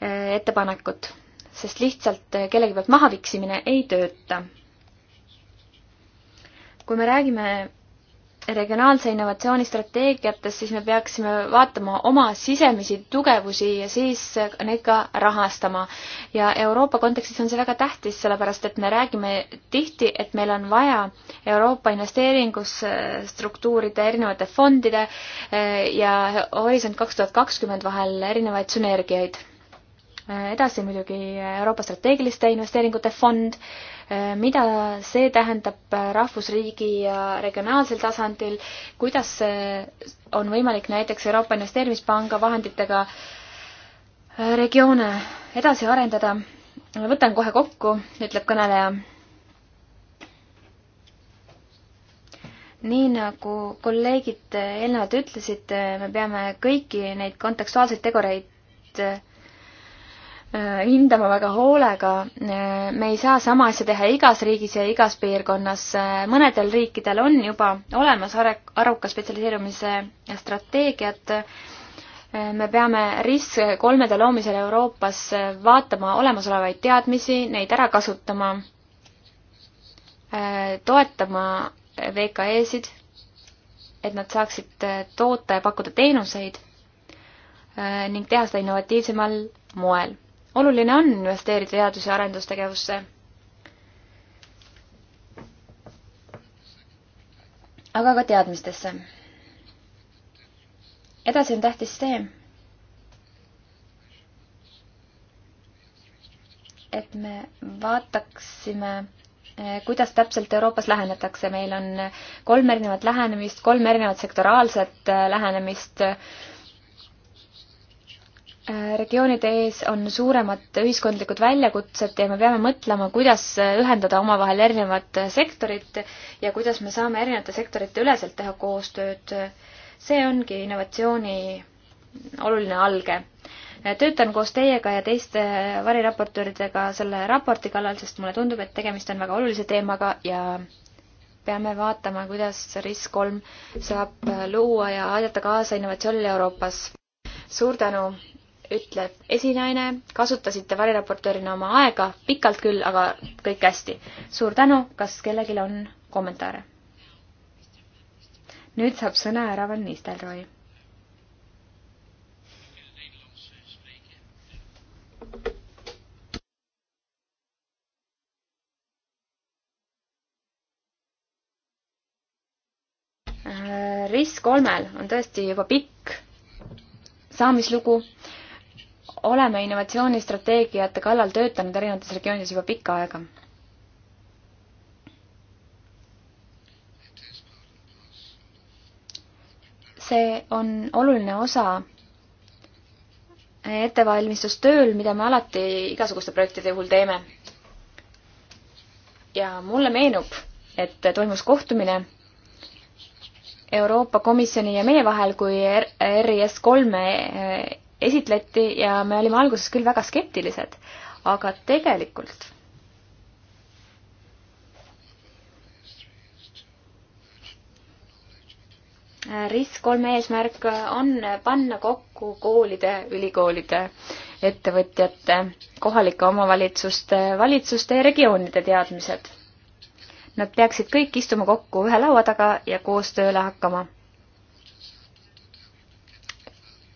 ettepanekut, sest lihtsalt kellegi pealt maha viksimine ei tööta. kui me räägime regionaalse innovatsiooni strateegiates, siis me peaksime vaatama oma sisemisi tugevusi ja siis neid ka rahastama. ja Euroopa kontekstis on see väga tähtis, sellepärast et me räägime tihti, et meil on vaja Euroopa investeeringustruktuuride, erinevate fondide eh, ja Horisont kaks tuhat kakskümmend vahel erinevaid sünergiaid. Eh, edasi muidugi Euroopa strateegiliste investeeringute fond Äh, mida see tähendab äh, rahvusriigi ja regionaalsel tasandil, kuidas äh, on võimalik näiteks Euroopa Investeerimispanga vahenditega regioone edasi arendada. võtan kohe kokku, ütleb kõneleja. nii nagu kolleegid eelnevalt ütlesid, me peame kõiki neid kontekstuaalseid tegureid Äh, hindama väga hoolega. Äh, me ei saa sama asja teha igas riigis ja igas piirkonnas. Äh, mõnedel riikidel on juba olemas aruka spetsialiseerumise strateegiad. me peame RIS kolmede loomisel Euroopas vaatama olemasolevaid teadmisi, neid ära kasutama, toetama VKE-sid, et nad saaksid toota ja pakkuda teenuseid ning teha seda innovatiivsemal moel oluline on investeerida teadus- ja arendustegevusse. aga ka teadmistesse. edasi on tähtis see, et me vaataksime eh, kuidas täpselt Euroopas lähenetakse, meil on kolm erinevat lähenemist, kolm erinevat sektoraalset eh, lähenemist, regioonide ees on suuremad ühiskondlikud väljakutsed ja me peame mõtlema, kuidas ühendada omavahel erinevad sektorid ja kuidas me saame erinevate sektorite üleselt teha koostööd. see ongi innovatsiooni oluline alge. töötan koos teiega ja teiste variraportööridega selle raporti kallal, sest mulle tundub, et tegemist on väga olulise teemaga ja peame vaatama, kuidas RIS3 saab luua ja aidata kaasa innovatsioonile Euroopas. suur tänu ütleb esinaine, kasutasite variraportöörina oma aega, pikalt küll, aga kõik hästi. suur tänu, kas kellelgi on kommentaare? nüüd saab sõna härra Van Nistelrooy. Äh, RIS kolmel on tõesti juba pikk saamislugu äh, oleme innovatsioonistrateegiate kallal töötanud erinevates regioonides juba pikka aega. see on oluline osa ettevalmistustööl, mida me alati igasuguste projektide puhul teeme. ja mulle meenub, et toimus kohtumine Euroopa Komisjoni ja meie vahel, kui RIS e kolme esitleti ja me olime alguses küll väga skeptilised, aga tegelikult RIS kolme eesmärk on panna kokku koolide, ülikoolide, ettevõtjate, kohalike omavalitsuste, valitsuste ja regioonide teadmised. Nad peaksid kõik istuma kokku ühe laua taga ja koos tööle hakkama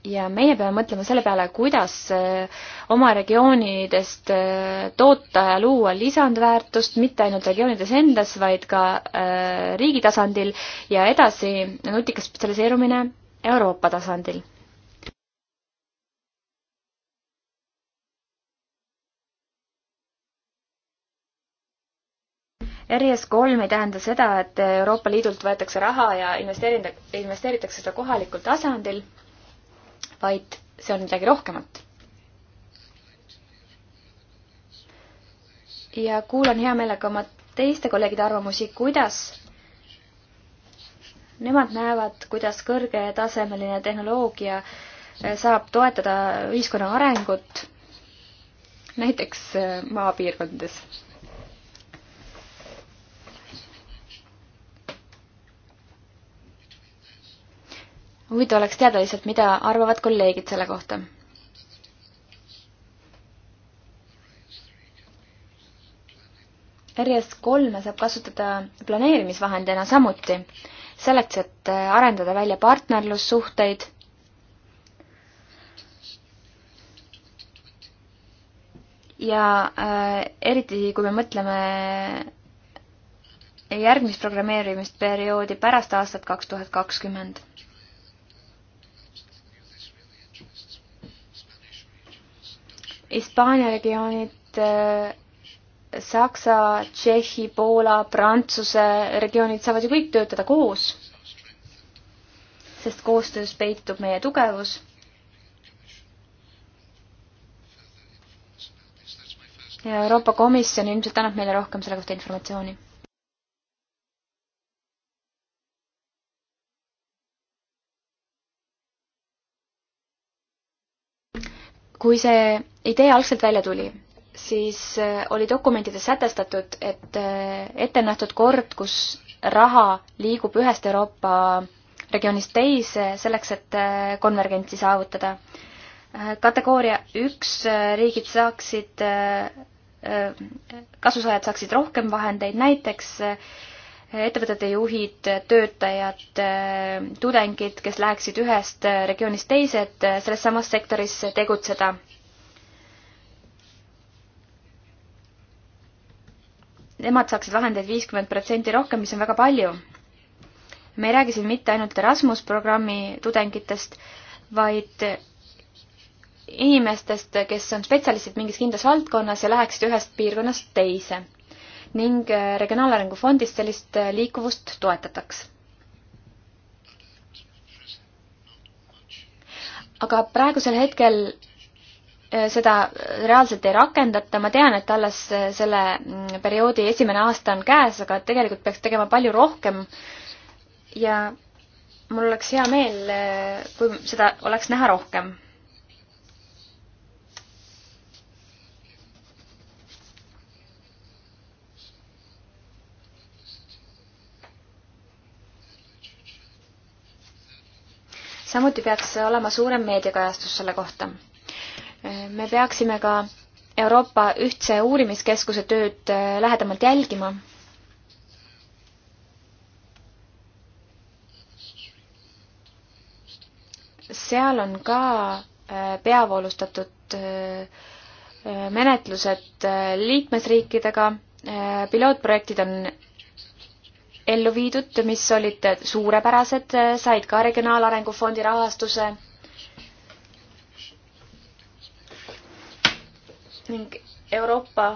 ja meie peame mõtlema selle peale, kuidas eh, oma regioonidest eh, toota ja luua lisandväärtust mitte ainult regioonides endas, vaid ka eh, riigi tasandil ja edasi nutikas spetsialiseerumine Euroopa tasandil. RIS kolm ei tähenda seda, et Euroopa Liidult võetakse raha ja investeeritakse, investeeritakse seda kohalikul tasandil vaid see on midagi rohkemat. ja kuulan hea meelega oma teiste kolleegide arvamusi, kuidas nemad näevad, kuidas kõrgetasemeline tehnoloogia eh, saab toetada ühiskonna arengut näiteks eh, maapiirkondades huvitav oleks teada lihtsalt, mida arvavad kolleegid selle kohta. RS kolme saab kasutada planeerimisvahendina samuti, selleks, et arendada välja partnerlussuhteid ja äh, eriti, kui me mõtleme järgmist programmeerimisperioodi pärast aastat kaks tuhat kakskümmend Hispaania regioonid, äh, Saksa, Tšehhi, Poola, Prantsuse regioonid saavad ju kõik töötada koos, sest koostöös peitub meie tugevus ja Euroopa Komisjon ilmselt annab meile rohkem selle kohta informatsiooni. kui see idee algselt välja tuli, siis äh, oli dokumentides sätestatud, et äh, ette nähtud kord, kus raha liigub ühest Euroopa regioonist teise selleks, et äh, konvergentsi saavutada. kategooria üks riigid saaksid, kasusaajad saaksid rohkem vahendeid, näiteks ettevõtete juhid, töötajad, tudengid, kes läheksid ühest regioonist teise, et selles samas sektoris tegutseda. Nemad saaksid vahendeid viiskümmend protsenti rohkem, mis on väga palju. me ei räägi siin mitte ainult Erasmus programmi tudengitest, vaid inimestest, kes on spetsialistid mingis kindlas valdkonnas ja läheksid ühest piirkonnast teise ning äh, Regionaalarengu Fondist sellist äh, liikuvust toetataks. aga praegusel hetkel äh, seda reaalselt ei rakendata, ma tean, et alles selle mm, perioodi esimene aasta on käes, aga tegelikult peaks tegema palju rohkem ja mul oleks hea meel, kui seda oleks näha rohkem samuti peaks olema suurem meediakajastus selle kohta. me peaksime ka Euroopa Ühtse Uurimiskeskuse tööd äh, lähedamalt jälgima. seal on ka äh, peavoolustatud äh, menetlused liikmesriikidega, pilootprojektid on ellu viidud, mis olid suurepärased, said ka Regionaalarengu Fondi rahastuse. ning Euroopa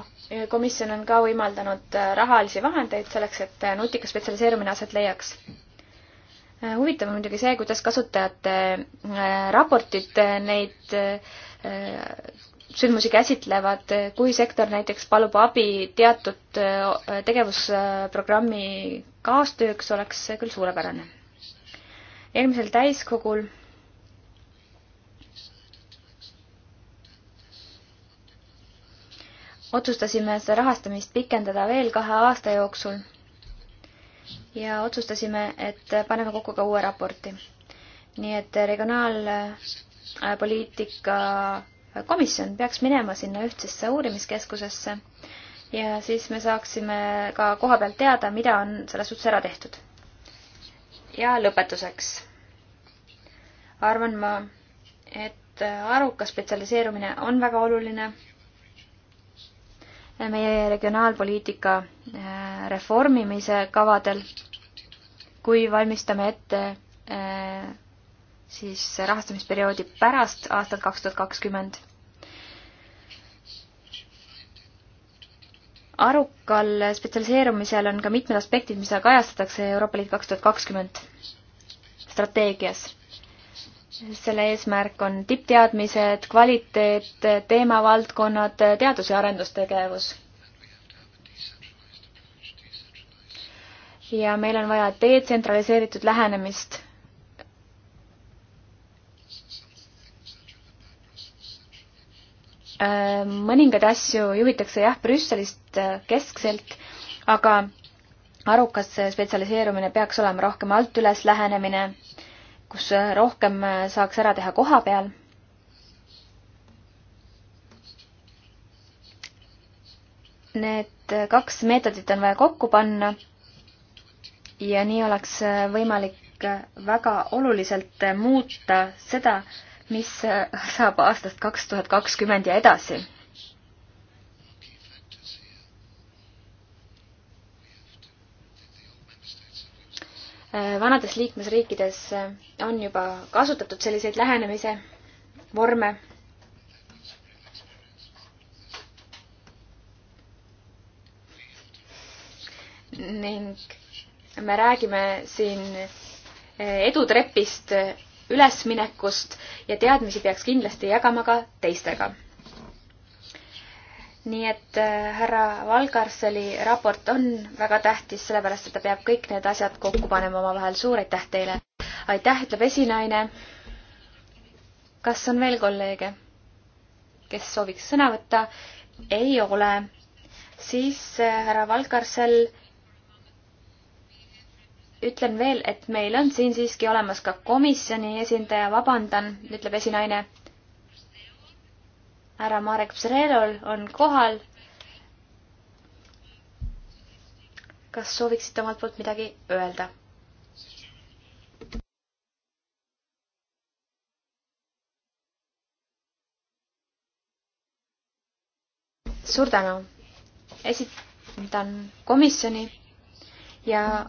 Komisjon on ka võimaldanud rahalisi vahendeid selleks, et nutika spetsialiseerumine aset leiaks. huvitav on muidugi see, kuidas kasutajate äh, raportid äh, neid äh, sündmusi käsitlevad, kui sektor näiteks palub abi teatud tegevusprogrammi kaastööks oleks see küll suurepärane. eelmisel täiskogul otsustasime seda rahastamist pikendada veel kahe aasta jooksul ja otsustasime, et paneme kokku ka uue raporti. nii et regionaalpoliitika komisjon peaks minema sinna ühtsesse uurimiskeskusesse ja siis me saaksime ka koha pealt teada, mida on selles suhtes ära tehtud. ja lõpetuseks arvan ma, et arukas spetsialiseerumine on väga oluline meie regionaalpoliitika äh, reformimise kavadel, kui valmistame ette äh, siis rahastamisperioodi pärast aastat kaks tuhat kakskümmend arukal spetsialiseerumisel on ka mitmed aspektid, mida kajastatakse Euroopa Liit kaks tuhat kakskümmend strateegias. selle eesmärk on tippteadmised, kvaliteet, teemavaldkonnad, teadus- ja arendustegevus. ja meil on vaja detsentraliseeritud lähenemist Äh, mõningaid asju juhitakse jah, Brüsselist äh, keskselt, aga arukas spetsialiseerumine peaks olema rohkem alt üles lähenemine, kus äh, rohkem saaks ära teha koha peal. Need kaks meetodit on vaja kokku panna ja nii oleks võimalik väga oluliselt muuta seda, mis äh, saab aastast kaks tuhat kakskümmend ja edasi. Äh, vanades liikmesriikides äh, on juba kasutatud selliseid lähenemise vorme. ning me räägime siin edutrepist ülesminekust ja teadmisi peaks kindlasti jagama ka teistega. nii et äh, härra Valgarseli raport on väga tähtis, sellepärast et ta peab kõik need asjad kokku panema omavahel. suur aitäh teile! aitäh, ütleb esinaine. kas on veel kolleege, kes sooviks sõna võtta? ei ole. siis äh, härra Valgarsel ütlen veel, et meil on siin siiski olemas ka komisjoni esindaja, vabandan, ütleb esinaine. härra Marek Psrelol on kohal. kas sooviksite omalt poolt midagi öelda? suur tänu. esitan komisjoni ja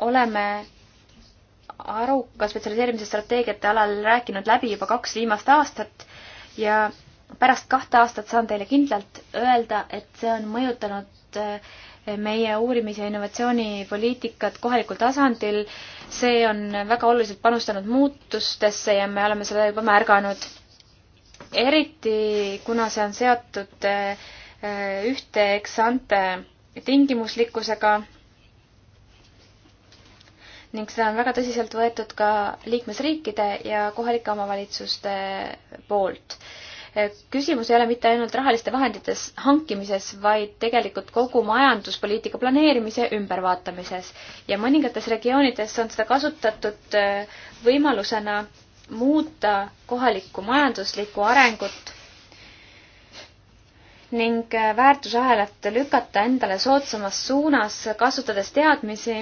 oleme aruka spetsialiseerimise strateegiate alal rääkinud läbi juba kaks viimast aastat ja pärast kahte aastat saan teile kindlalt öelda, et see on mõjutanud eh, meie uurimis- ja innovatsioonipoliitikat kohalikul tasandil. see on väga oluliselt panustanud muutustesse ja me oleme seda juba märganud. eriti kuna see on seotud eh, eh, ühte eksante tingimuslikkusega ning seda on väga tõsiselt võetud ka liikmesriikide ja kohalike omavalitsuste poolt. küsimus ei ole mitte ainult rahaliste vahendites hankimises, vaid tegelikult kogu majanduspoliitika planeerimise ümbervaatamises ja mõningates regioonides on seda kasutatud äh, võimalusena muuta kohalikku majanduslikku arengut ning äh, väärtusahelat lükata endale soodsamas suunas, kasutades teadmisi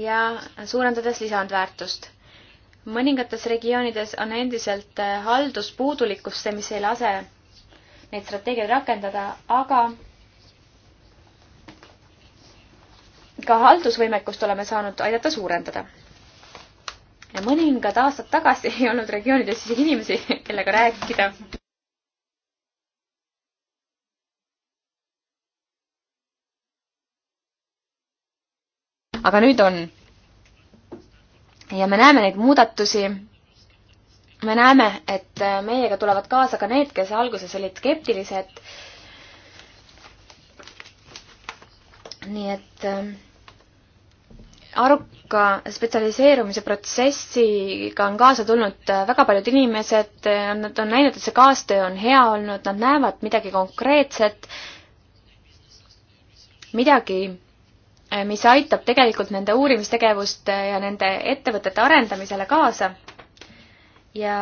ja suurendades lisandväärtust. mõningates regioonides on endiselt äh, halduspuudulikkust, see, mis ei lase neid strateegiaid rakendada, aga ka haldusvõimekust oleme saanud aidata suurendada. ja mõningad aastad tagasi ei olnud regioonides isegi inimesi, kellega rääkida aga nüüd on. ja me näeme neid muudatusi. me näeme, et meiega tulevad kaasa ka need, kes alguses olid skeptilised. nii et äh, aruka spetsialiseerumise protsessiga on kaasa tulnud äh, väga paljud inimesed, äh, nad on näinud, et see kaastöö on hea olnud, nad näevad midagi konkreetset, midagi, Äh, mis aitab tegelikult nende uurimistegevust äh, ja nende ettevõtete arendamisele kaasa. ja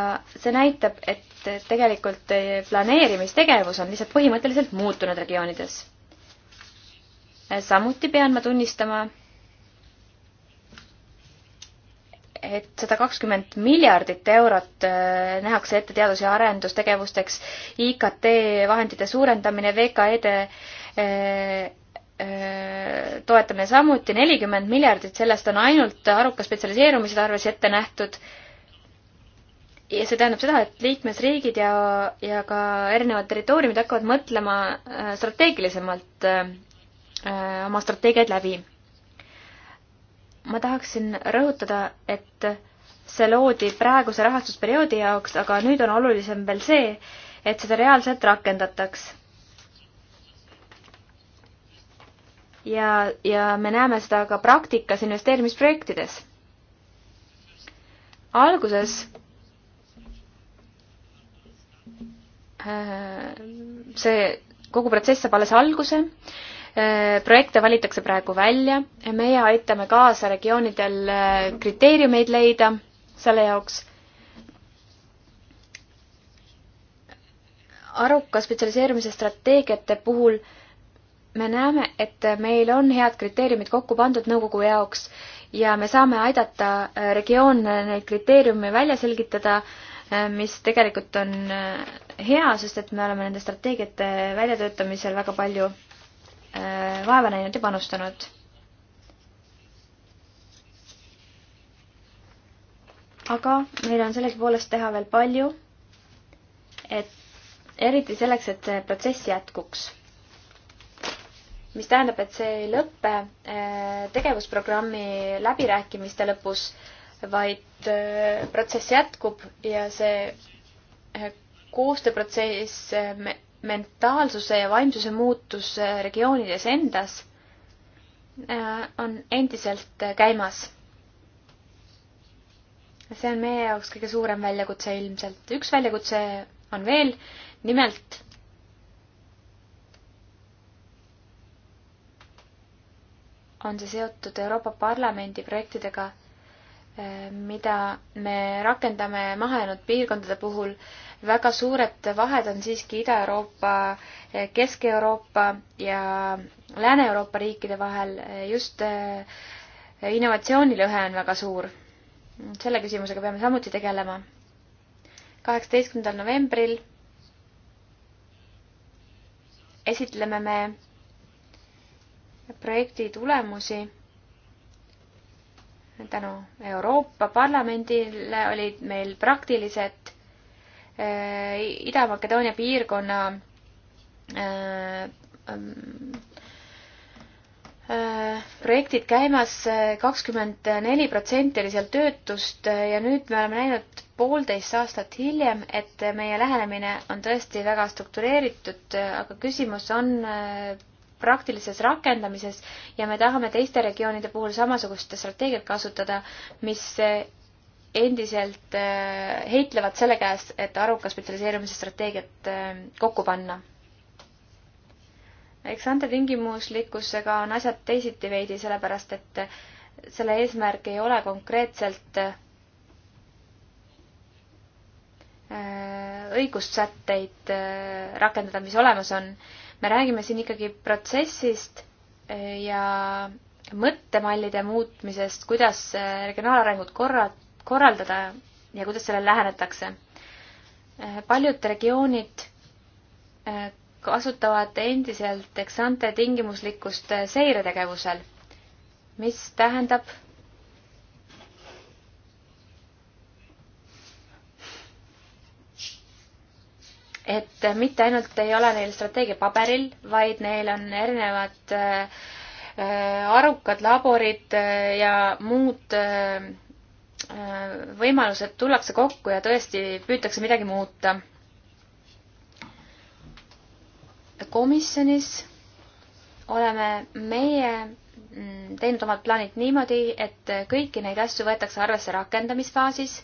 see näitab, et tegelikult äh, planeerimistegevus on lihtsalt põhimõtteliselt muutunud regioonides. samuti pean ma tunnistama, et sada kakskümmend miljardit eurot nähakse ette teadus- ja arendustegevusteks, IKT vahendite suurendamine, VKE-de toetamine samuti, nelikümmend miljardit, sellest on ainult aruka spetsialiseerumise tarvis ette nähtud. ja see tähendab seda, et liikmesriigid ja, ja ka erinevad territooriumid hakkavad mõtlema strateegilisemalt oma strateegiaid läbi. ma tahaksin rõhutada, et see loodi praeguse rahastusperioodi jaoks, aga nüüd on olulisem veel see, et seda reaalselt rakendataks ja, ja me näeme seda ka praktikas investeerimisprojektides. alguses äh, see kogu protsess saab alles alguse, äh, projekte valitakse praegu välja, meie aitame kaasa regioonidel äh, kriteeriumeid leida selle jaoks. aruka spetsialiseerumise strateegiate puhul äh, me näeme, et meil on head kriteeriumid kokku pandud nõukogu jaoks ja me saame aidata äh, regioone neid kriteeriume välja selgitada, äh, mis tegelikult on äh, hea, sest et me oleme nende strateegiate väljatöötamisel väga palju vaeva näinud ja panustanud. aga meil on sellegipoolest teha veel palju, et eriti selleks, et see protsess jätkuks mis tähendab, et see ei lõppe äh, tegevusprogrammi läbirääkimiste lõpus, vaid äh, protsess jätkub ja see äh, koostööprotsess, mentaalsuse ja vaimsuse muutus regioonides endas on endiselt käimas. see on meie jaoks kõige suurem väljakutse ilmselt. üks väljakutse on veel, nimelt on see seotud Euroopa Parlamendi projektidega, eh, mida me rakendame mahajäänud piirkondade puhul. väga suured vahed on siiski Ida-Euroopa, eh, Kesk-Euroopa ja Lääne-Euroopa riikide vahel. Eh, just innovatsioonilõhe on väga suur. selle küsimusega peame samuti tegelema. kaheksateistkümnendal novembril esitleme me projekti tulemusi tänu Euroopa Parlamendile olid meil praktilised eh, Ida-Makedoonia piirkonna eh, mm, eh, projektid käimas, kakskümmend neli protsenti oli seal töötust ja nüüd me oleme näinud poolteist aastat hiljem, et meie lähenemine on tõesti väga struktureeritud, aga küsimus on praktilises rakendamises ja me tahame teiste regioonide puhul samasugust strateegiat kasutada, mis eh, endiselt eh, heitlevad selle käes, et aruka spetsialiseerumise strateegiat eh, kokku panna. eks ante tingimuslikkusega on asjad teisiti veidi, sellepärast et selle eesmärk ei ole konkreetselt õigussätteid rakendada, mis olemas on me räägime siin ikkagi protsessist eh, ja mõttemallide muutmisest, kuidas eh, regionaalarengut korra, korraldada ja kuidas sellele lähenetakse. Eh, paljud regioonid kasutavad endiselt eksante tingimuslikkust seiretegevusel, mis tähendab, et mitte ainult ei ole neil strateegia paberil, vaid neil on erinevad äh, äh, arukad laborid äh, ja muud võimalused, tullakse kokku ja tõesti püütakse midagi muuta. komisjonis oleme meie mm, teinud omad plaanid niimoodi, et kõiki neid asju võetakse arvesse rakendamisfaasis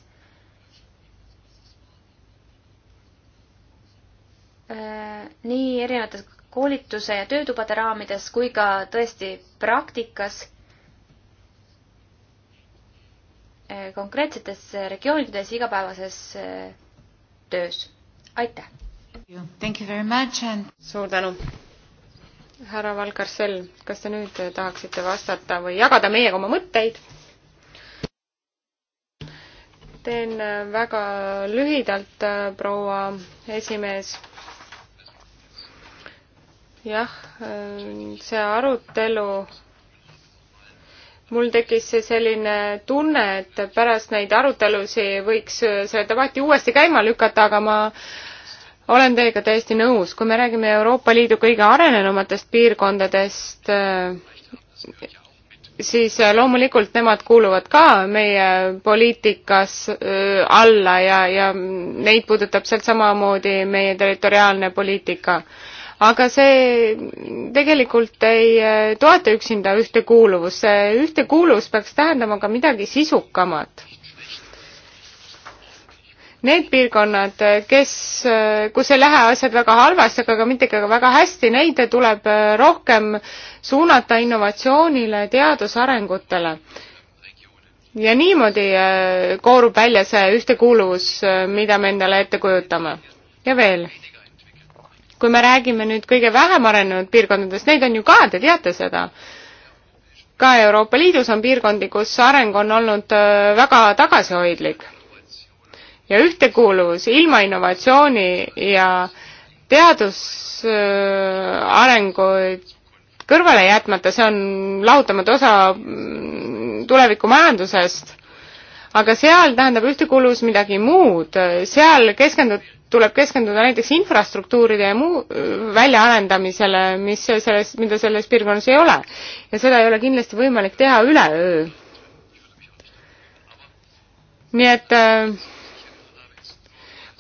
Äh, nii erinevates koolituse ja töötubade raamides kui ka tõesti praktikas äh, konkreetsetes regioonides igapäevases äh, töös. aitäh! And... suur tänu! härra Valkarsell, kas te nüüd tahaksite vastata või jagada meiega oma mõtteid? teen väga lühidalt, proua esimees jah, see arutelu, mul tekkis selline tunne, et pärast neid arutelusid võiks selle debati uuesti käima lükata, aga ma olen teiega täiesti nõus, kui me räägime Euroopa Liidu kõige arenenumatest piirkondadest, siis loomulikult nemad kuuluvad ka meie poliitikas alla ja, ja neid puudutab sealt samamoodi meie territoriaalne poliitika aga see tegelikult ei eh, toeta üksinda ühtekuuluvust, see ühtekuuluvus peaks tähendama ka midagi sisukamat. Need piirkonnad, eh, kes, eh, kus ei lähe asjad väga halvasti, aga ka mitte ka väga hästi, neid tuleb rohkem suunata innovatsioonile, teadusarengutele ja niimoodi koorub välja see ühtekuuluvus, mida me endale ette kujutame. ja veel, kui me räägime nüüd kõige vähem arenenud piirkondadest, neid on ju ka, te teate seda. ka Euroopa Liidus on piirkondi, kus areng on olnud äh, väga tagasihoidlik. ja ühtekuuluvus ilma innovatsiooni ja teadusarenguid kõrvale jätmata, see on lahutamatu osa mm, tuleviku majandusest, aga seal tähendab ühtekuuluvus midagi muud, seal keskendub tuleb keskenduda näiteks infrastruktuuride ja muu väljaarendamisele, mis selles, mida selles piirkonnas ei ole. ja seda ei ole kindlasti võimalik teha üleöö. nii et äh,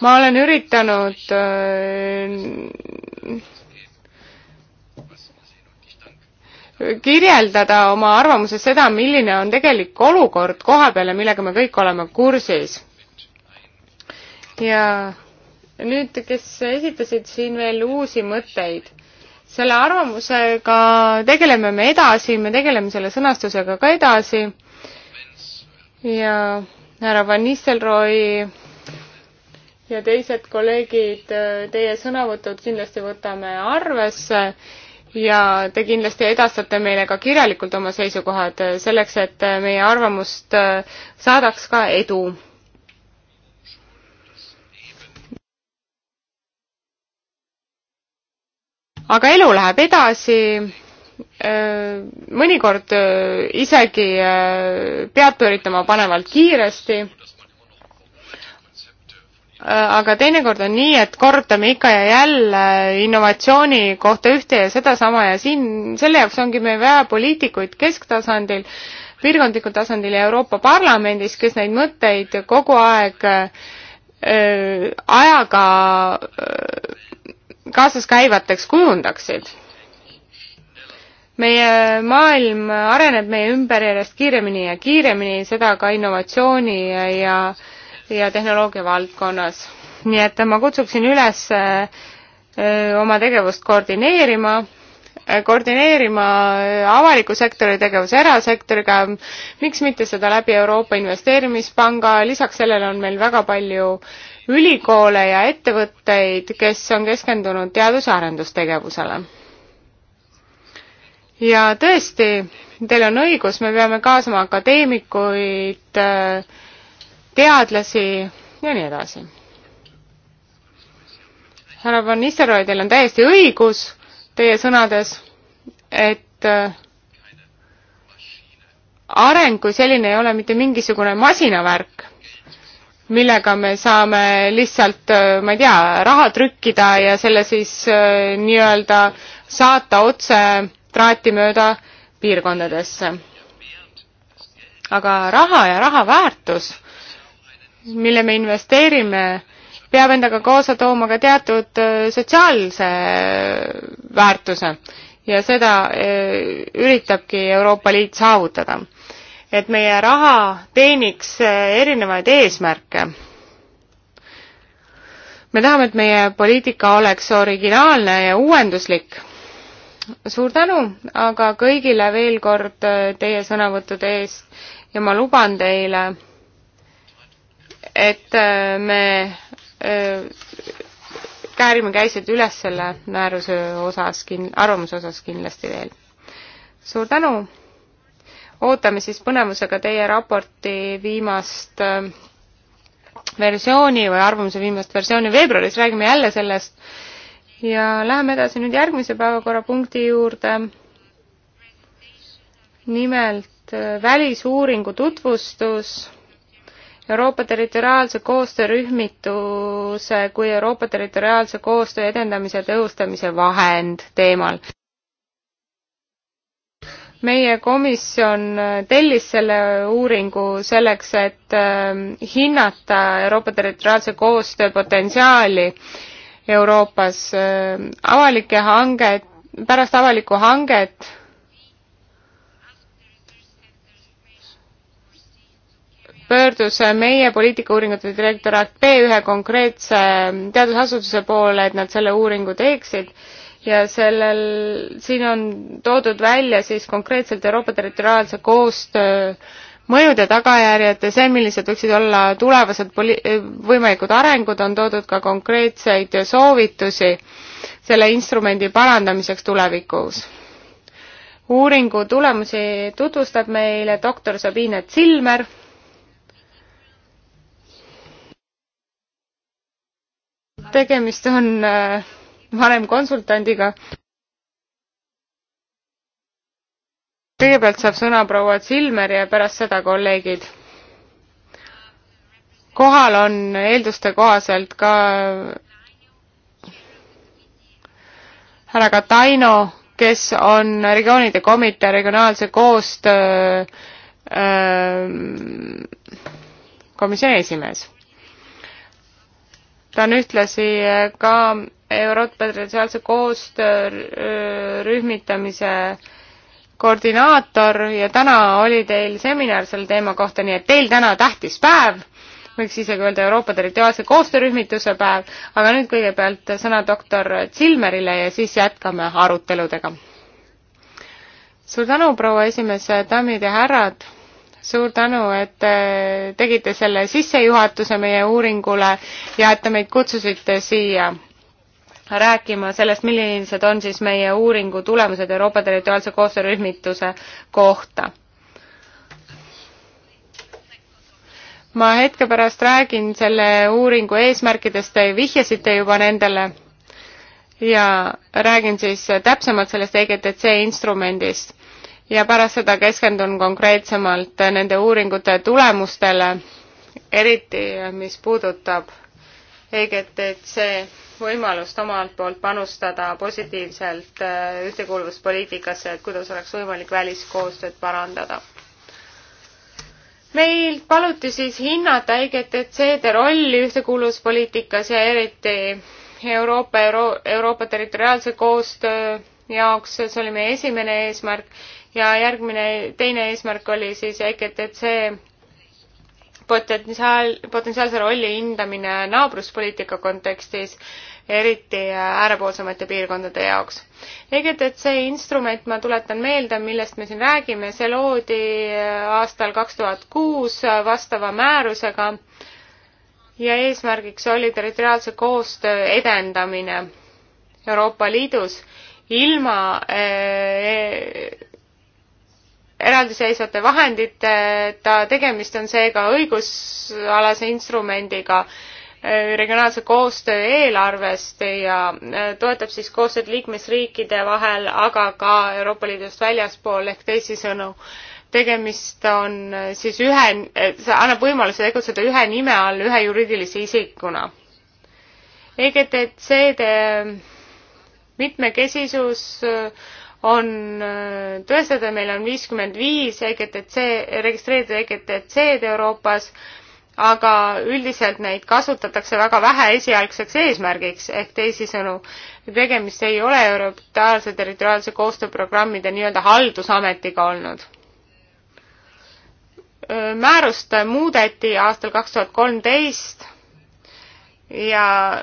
ma olen üritanud äh, kirjeldada oma arvamuses seda, milline on tegelik olukord koha peal ja millega me kõik oleme kursis. ja nüüd, kes esitasid siin veel uusi mõtteid. selle arvamusega tegeleme me edasi, me tegeleme selle sõnastusega ka edasi ja härra Van Nistelrooy ja teised kolleegid, teie sõnavõtud kindlasti võtame arvesse ja te kindlasti edastate meile ka kirjalikult oma seisukohad selleks, et meie arvamust saadaks ka edu aga elu läheb edasi, äh, mõnikord äh, isegi äh, pead pööritama panevalt kiiresti, aga teinekord on nii, et korrutame ikka ja jälle innovatsiooni kohta ühte ja sedasama ja siin, selle jaoks ongi meil vaja poliitikuid kesktasandil, piirkondlikul tasandil ja Euroopa Parlamendis, kes neid mõtteid kogu aeg öö, ajaga öö, kaasaskäivateks kujundaksid. meie maailm areneb meie ümber järjest kiiremini ja kiiremini, seda ka innovatsiooni ja, ja, ja tehnoloogia valdkonnas. nii et ma kutsuksin üles oma tegevust koordineerima koordineerima avaliku sektori tegevuse erasektoriga, miks mitte seda läbi Euroopa Investeerimispanga, lisaks sellele on meil väga palju äh, ülikoole ja ettevõtteid, kes on keskendunud teadus- ja arendustegevusele. ja tõesti, teil on õigus, me peame kaasama akadeemikuid, teadlasi ja nii edasi härra Van Nistelrooy, teil on täiesti õigus teie sõnades, et äh, areng kui selline ei ole mitte mingisugune masinavärk millega me saame lihtsalt, äh, ma ei tea, raha trükkida ja selle siis äh, nii-öelda saata otse traati mööda piirkondadesse. aga raha ja raha väärtus, mille me investeerime, peab endaga kaasa tooma ka teatud äh, sotsiaalse väärtuse ja seda üritabki Euroopa Liit saavutada et meie raha teeniks eh, erinevaid eesmärke. me tahame, et meie poliitika oleks originaalne ja uuenduslik. suur tänu aga kõigile veel kord eh, teie sõnavõttude eest ja ma luban teile, et eh, me käärime käised üles selle määruse osas kin-, arvamuse osas kindlasti veel. suur tänu! ootame siis põnevusega teie raporti viimast äh, versiooni või arvamuse viimast versiooni. veebruaris räägime jälle sellest ja läheme edasi nüüd järgmise päevakorrapunkti juurde. nimelt äh, välisuuringu tutvustus Euroopa territoriaalse koostöörühmituse kui Euroopa territoriaalse koostöö edendamise ja tõhustamise vahend teemal meie komisjon äh, tellis selle uuringu selleks, et äh, hinnata Euroopa territoriaalse koostöö potentsiaali Euroopas. Äh, avalike hanged, pärast avalikku hanget pöördus meie poliitikauuringute direktoraat B ühe konkreetse teadusasutuse poole, et nad selle uuringu teeksid ja sellel, siin on toodud välja siis konkreetselt Euroopa territoriaalse koostöö mõjud ja tagajärjed ja see, millised võiksid olla tulevased poli-, võimalikud arengud, on toodud ka konkreetseid soovitusi selle instrumendi parandamiseks tulevikus. uuringu tulemusi tutvustab meile doktor Sabine Zilmer tegemist on äh, varem konsultandiga. kõigepealt saab sõna proua Silmer ja pärast seda kolleegid. kohal on eelduste kohaselt ka härra Kataino, kes on regioonide komitee regionaalse koostöö komisjoni esimees. ta on ühtlasi ka Euroopa territoriaalse koostöö rühmitamise koordinaator ja täna oli teil seminar selle teema kohta, nii et teil täna tähtis päev, võiks isegi öelda Euroopa territoriaalse koostöörühmituse päev, aga nüüd kõigepealt sõna doktor Zilmerile ja siis jätkame aruteludega. suur tänu, proua esimees, daamid ja härrad, suur tänu, et äh, tegite selle sissejuhatuse meie uuringule ja et te meid kutsusite siia rääkima sellest, millised on siis meie uuringu tulemused Euroopa territoriaalse koostöörühmituse kohta. ma hetke pärast räägin selle uuringu eesmärkidest, te vihjasite juba nendele ja räägin siis täpsemalt sellest EGTC instrumendist ja pärast seda keskendun konkreetsemalt nende uuringute tulemustele, eriti mis puudutab EGTC võimalust omalt poolt panustada positiivselt äh, ühtekuuluvuspoliitikasse, et kuidas oleks võimalik väliskoostööd parandada. meilt paluti siis hinnata IGTC-de e rolli ühtekuuluvuspoliitikas ja eriti Euroopa Euro,, Euroopa territoriaalse koostöö jaoks, see oli meie esimene eesmärk ja järgmine, teine eesmärk oli siis IGTC e potentsiaal, potentsiaalse rolli hindamine naabruspoliitika kontekstis, eriti äärepoolsemate piirkondade jaoks. EGTC instrument, ma tuletan meelde, millest me siin räägime, see loodi aastal kaks tuhat kuus vastava määrusega ja eesmärgiks oli territoriaalse koostöö edendamine Euroopa Liidus ilma eh, eraldiseisvate vahenditeta tegemist on seega õigusalase instrumendiga äh, regionaalse koostöö eelarvest ja äh, toetab siis koostööd liikmesriikide vahel, aga ka Euroopa Liidust väljaspool ehk teisisõnu, tegemist on äh, siis ühe, see annab võimaluse tegutseda ühe nime all ühe juriidilise isikuna. EGTC-de mitmekesisus on äh, tõestada, meil on viiskümmend viis EGTC, registreeritud EGTC-d Euroopas, aga üldiselt neid kasutatakse väga vähe esialgseks eesmärgiks, ehk teisisõnu, tegemist ei ole Euroopa territoriaalse koostööprogrammide nii-öelda haldusametiga olnud määrust muudeti aastal kaks tuhat kolmteist ja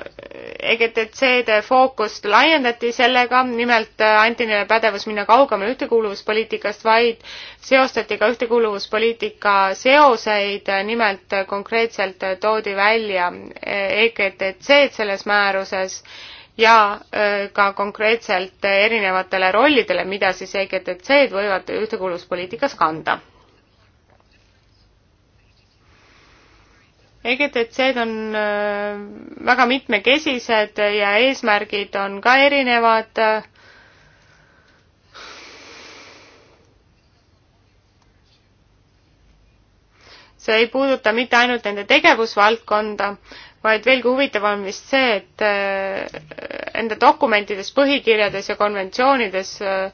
EGTC-de fookust laiendati sellega, nimelt äh, anti neile pädevus minna kaugemale ühtekuuluvuspoliitikast, vaid seostati ka ühtekuuluvuspoliitika seoseid, nimelt äh, konkreetselt äh, toodi välja EGTC-d selles määruses ja ka konkreetselt erinevatele rollidele, mida siis EGTC-d võivad ühtekuuluvuspoliitikas kanda EGTC-d on äh, väga mitmekesised ja eesmärgid on ka erinevad. see ei puuduta mitte ainult nende tegevusvaldkonda, vaid veelgi huvitavam vist see, et äh, enda dokumentides, põhikirjades ja konventsioonides äh,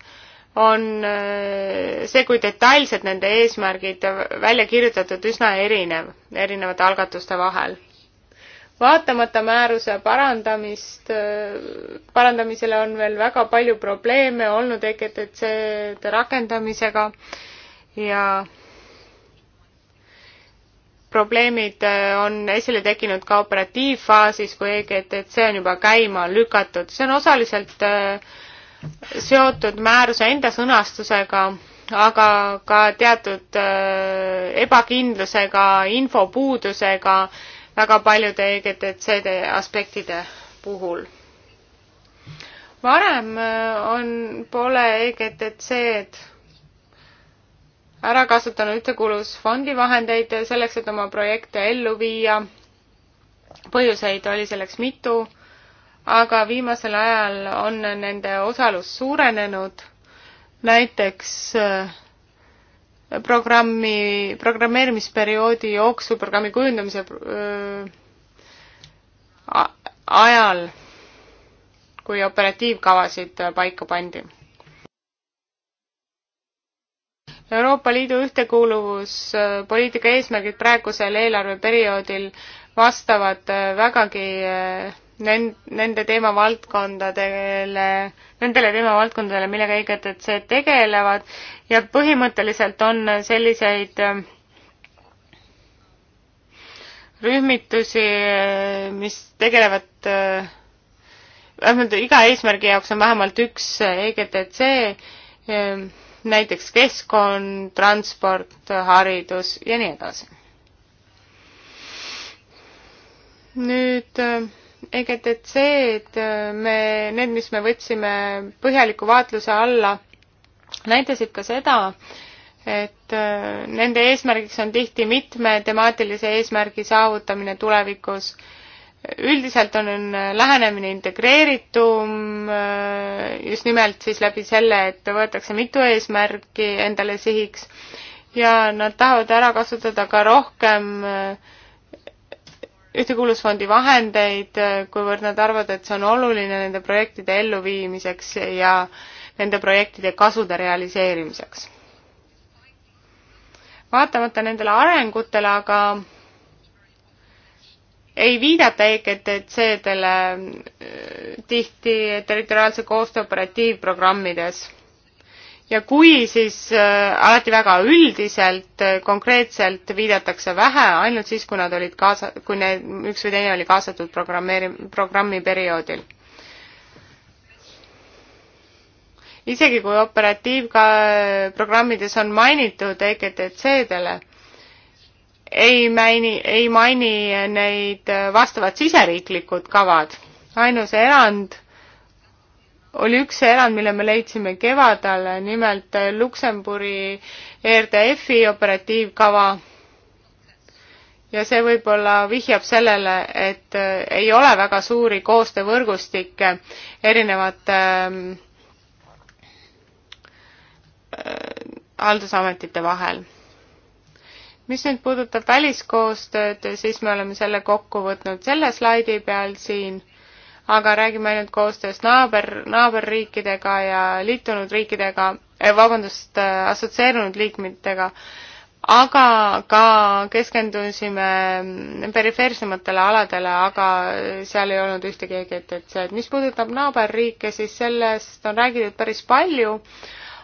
on äh, see, kui detailselt nende eesmärgid välja kirjutatud, üsna erinev erinevate algatuste vahel. vaatamata määruse parandamist, äh, parandamisele on veel väga palju probleeme olnud EGTC-de rakendamisega ja probleemid äh, on esile tekkinud ka operatiivfaasis, kui EGTC on juba käima lükatud. see on osaliselt äh, seotud määruse enda sõnastusega, aga ka teatud äh, ebakindlusega, infopuudusega väga paljude EGTC-de aspektide puhul. varem äh, on, pole EGTC-d ära kasutanud ühtekuuluvusfondi vahendeid selleks, et oma projekte ellu viia. põhjuseid oli selleks mitu aga viimasel ajal on nende osalus suurenenud, näiteks äh, programmi, programmeerimisperioodi jooksul programmi kujundamise äh, ajal, kui operatiivkavasid paika pandi. Euroopa Liidu ühtekuuluvuspoliitika eesmärgid praegusel eelarveperioodil vastavad äh, vägagi nend-, nende teemavaldkondadele, nendele teemavaldkondadele, millega EGTC tegelevad ja põhimõtteliselt on selliseid äh, rühmitusi, äh, mis tegelevad äh, vähemalt iga eesmärgi jaoks on vähemalt üks EGTC, näiteks keskkond, transport, haridus ja nii edasi. nüüd EGTC-d äh, me, need, mis me võtsime põhjaliku vaatluse alla, näitasid ka seda, et äh, nende eesmärgiks on tihti mitme temaatilise eesmärgi saavutamine tulevikus. üldiselt on lähenemine integreeritum äh, just nimelt siis läbi selle, et võetakse mitu eesmärki endale sihiks ja nad tahavad ära kasutada ka rohkem äh, ühtekuuluvusfondi vahendeid, kuivõrd nad arvavad, et see on oluline nende projektide elluviimiseks ja nende projektide kasude realiseerimiseks. vaatamata nendele arengutele aga ei viidata EGTC-dele eh, tihti territoriaalse koostöö operatiivprogrammides ja kui, siis äh, alati väga üldiselt, äh, konkreetselt viidatakse vähe, ainult siis, kui nad olid kaasa, kui need, üks või teine oli kaasatud programmeeri-, programmi perioodil. isegi kui operatiivprogrammides on mainitud EGTC-dele, ei maini, ei maini neid äh, vastavad siseriiklikud kavad. ainus erand oli üks erand, mille me leidsime kevadel, nimelt Luksemburi ERDF-i operatiivkava. ja see võib-olla vihjab sellele, et äh, ei ole väga suuri koostöövõrgustikke erinevate ähm, äh, haldusametite vahel. mis nüüd puudutab väliskoostööd, siis me oleme selle kokku võtnud selle slaidi peal siin aga räägime ainult koostööst naaber, naaberriikidega ja liitunud riikidega eh,, vabandust, eh, assotsieerunud liikmetega, aga ka keskendusime perifeersematele aladele, aga seal ei olnud ühtegi EGTC-d. mis puudutab naaberriike, siis sellest on räägitud päris palju äh,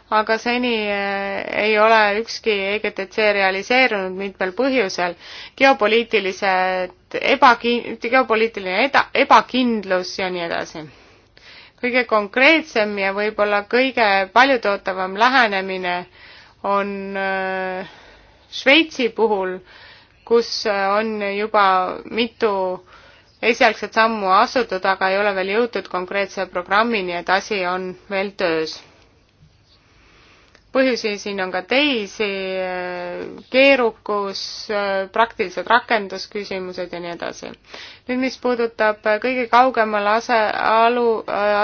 aga seni eh, ei ole ükski EGTC realiseerunud mitmel põhjusel. geopoliitilised ebaki-, geopoliitiline eda-, ebakindlus ja nii edasi. kõige konkreetsem ja võib-olla kõige paljutootavam lähenemine on eh, Šveitsi puhul, kus eh, on juba mitu esialgset sammu astutud, aga ei ole veel jõutud konkreetse programmini, et asi on veel töös põhjusi siin on ka teisi, keerukus, praktilised rakendusküsimused ja nii edasi. nüüd, mis puudutab kõige kaugemal ase, alu,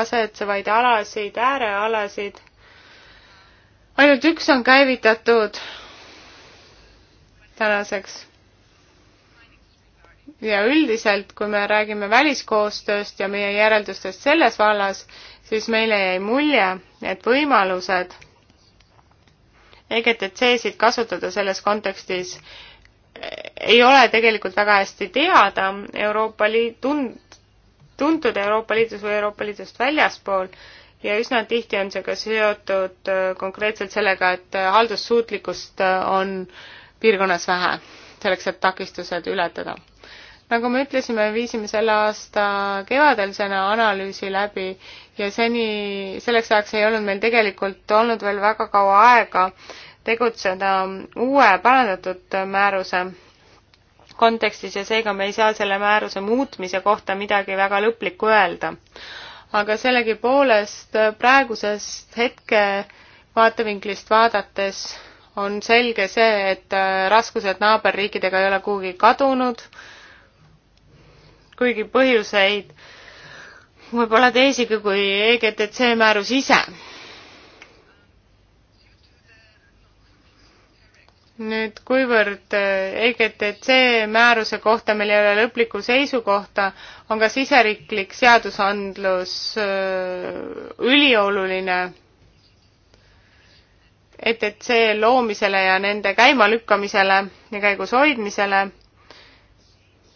asetsevaid alasid, äärealasid, ainult üks on käivitatud tänaseks. ja üldiselt, kui me räägime väliskoostööst ja meie järeldustest selles vallas, siis meile jäi mulje, et võimalused EGTC-sid kasutada selles kontekstis ei ole tegelikult väga hästi teada Euroopa Liit, tund-, tuntud Euroopa Liidus või Euroopa Liidust väljaspool ja üsna tihti on see ka seotud äh, konkreetselt sellega, et äh, haldussuutlikkust äh, on piirkonnas vähe, selleks et takistused ületada. nagu me ütlesime, viisime selle aasta kevadel selle analüüsi läbi ja seni, selleks ajaks ei olnud meil tegelikult olnud veel väga kaua aega tegutseda uue parandatud määruse kontekstis ja seega me ei saa selle määruse muutmise kohta midagi väga lõplikku öelda. aga sellegipoolest praegusest hetke vaatevinklist vaadates on selge see, et äh, raskused naaberriikidega ei ole kuhugi kadunud, kuigi põhjuseid äh, võib-olla teisigi kui EGTC määrus ise. nüüd, kuivõrd äh, EGTC määruse kohta meil ei ole lõplikku seisukohta, on ka siseriiklik seadusandlus äh, ülioluline ETC loomisele ja nende käimalükkamisele ja käigus hoidmisele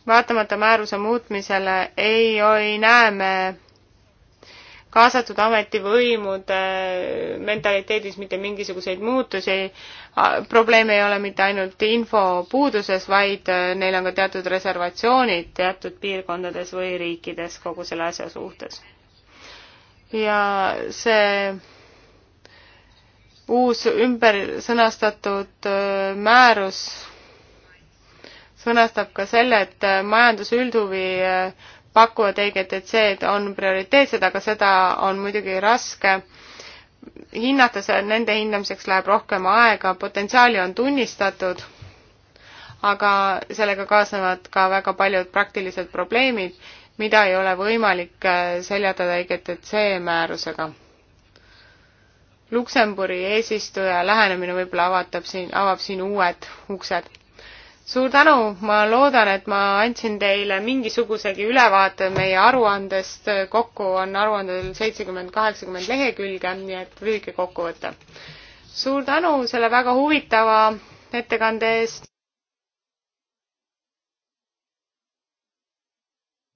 vaatamata määruse muutmisele ei, ei näe me kaasatud ametivõimude mentaliteedis mitte mingisuguseid muutusi. probleem ei ole mitte ainult info puuduses, vaid äh, neil on ka teatud reservatsioonid teatud piirkondades või riikides kogu selle asja suhtes. ja see uus ümber sõnastatud äh, määrus sõnastab ka selle, et äh, majanduse üldhuvi pakuvad EGTC-d on prioriteetsed, aga seda on muidugi raske hinnata, see, nende hindamiseks läheb rohkem aega, potentsiaali on tunnistatud, aga sellega kaasnevad ka väga paljud praktilised probleemid, mida ei ole võimalik äh, seljatada EGTC määrusega. Luksemburi eesistuja lähenemine võib-olla avatab siin, avab siin uued uksed suur tänu, ma loodan, et ma andsin teile mingisugusegi ülevaate meie aruandest, kokku on aruandel seitsekümmend, kaheksakümmend lehekülge, nii et lühike kokkuvõte. suur tänu selle väga huvitava ettekande eest.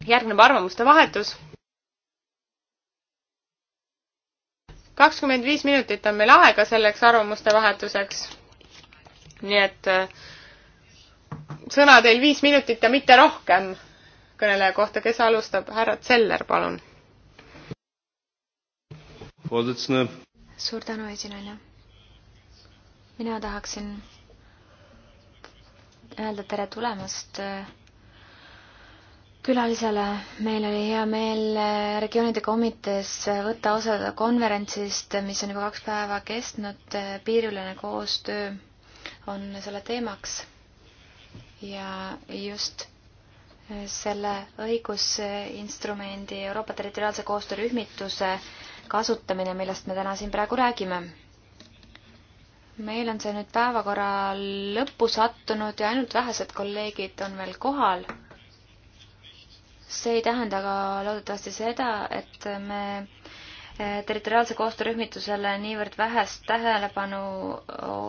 järgneb arvamuste vahetus. kakskümmend viis minutit on meil aega selleks arvamuste vahetuseks. nii et sõna teil viis minutit ja mitte rohkem kõneleja kohta, kes alustab, härra Zeller, palun. suur tänu, esinaine. mina tahaksin öelda tere tulemast äh, külalisele, meil oli hea meel äh, regioonide komitees äh, võtta osa konverentsist, mis on juba kaks päeva kestnud, piiriülene koostöö on selle teemaks ja just äh, selle õigusinstrumendi Euroopa territoriaalse koostöörühmituse kasutamine, millest me täna siin praegu räägime. meil on see nüüd päevakorra lõppu sattunud ja ainult vähesed kolleegid on veel kohal. see ei tähenda aga loodetavasti seda, et me äh, territoriaalse koostöörühmitusele niivõrd vähest tähelepanu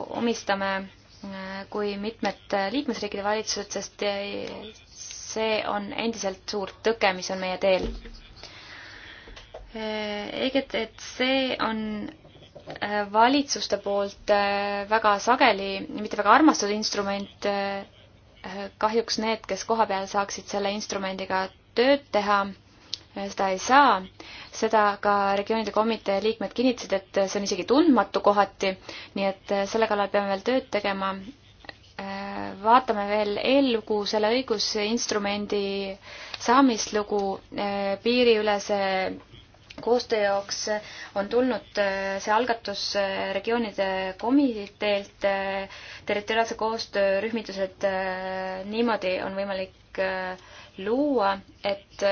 omistame kui mitmed liikmesriikide valitsused, sest see on endiselt suur tõke, mis on meie teel. EGTC on valitsuste poolt väga sageli, mitte väga armastatud instrument, kahjuks need, kes kohapeal saaksid selle instrumendiga tööd teha, seda ei saa. seda ka regioonide komitee liikmed kinnitasid, et see on isegi tundmatu kohati, nii et äh, selle kallal peame veel tööd tegema. Äh, vaatame veel ellu selle õigusinstrumendi saamislugu äh, piiriülese koostöö jaoks on tulnud see algatus regioonide komiteelt, territoriaalse koostöö rühmitused niimoodi on võimalik luua, et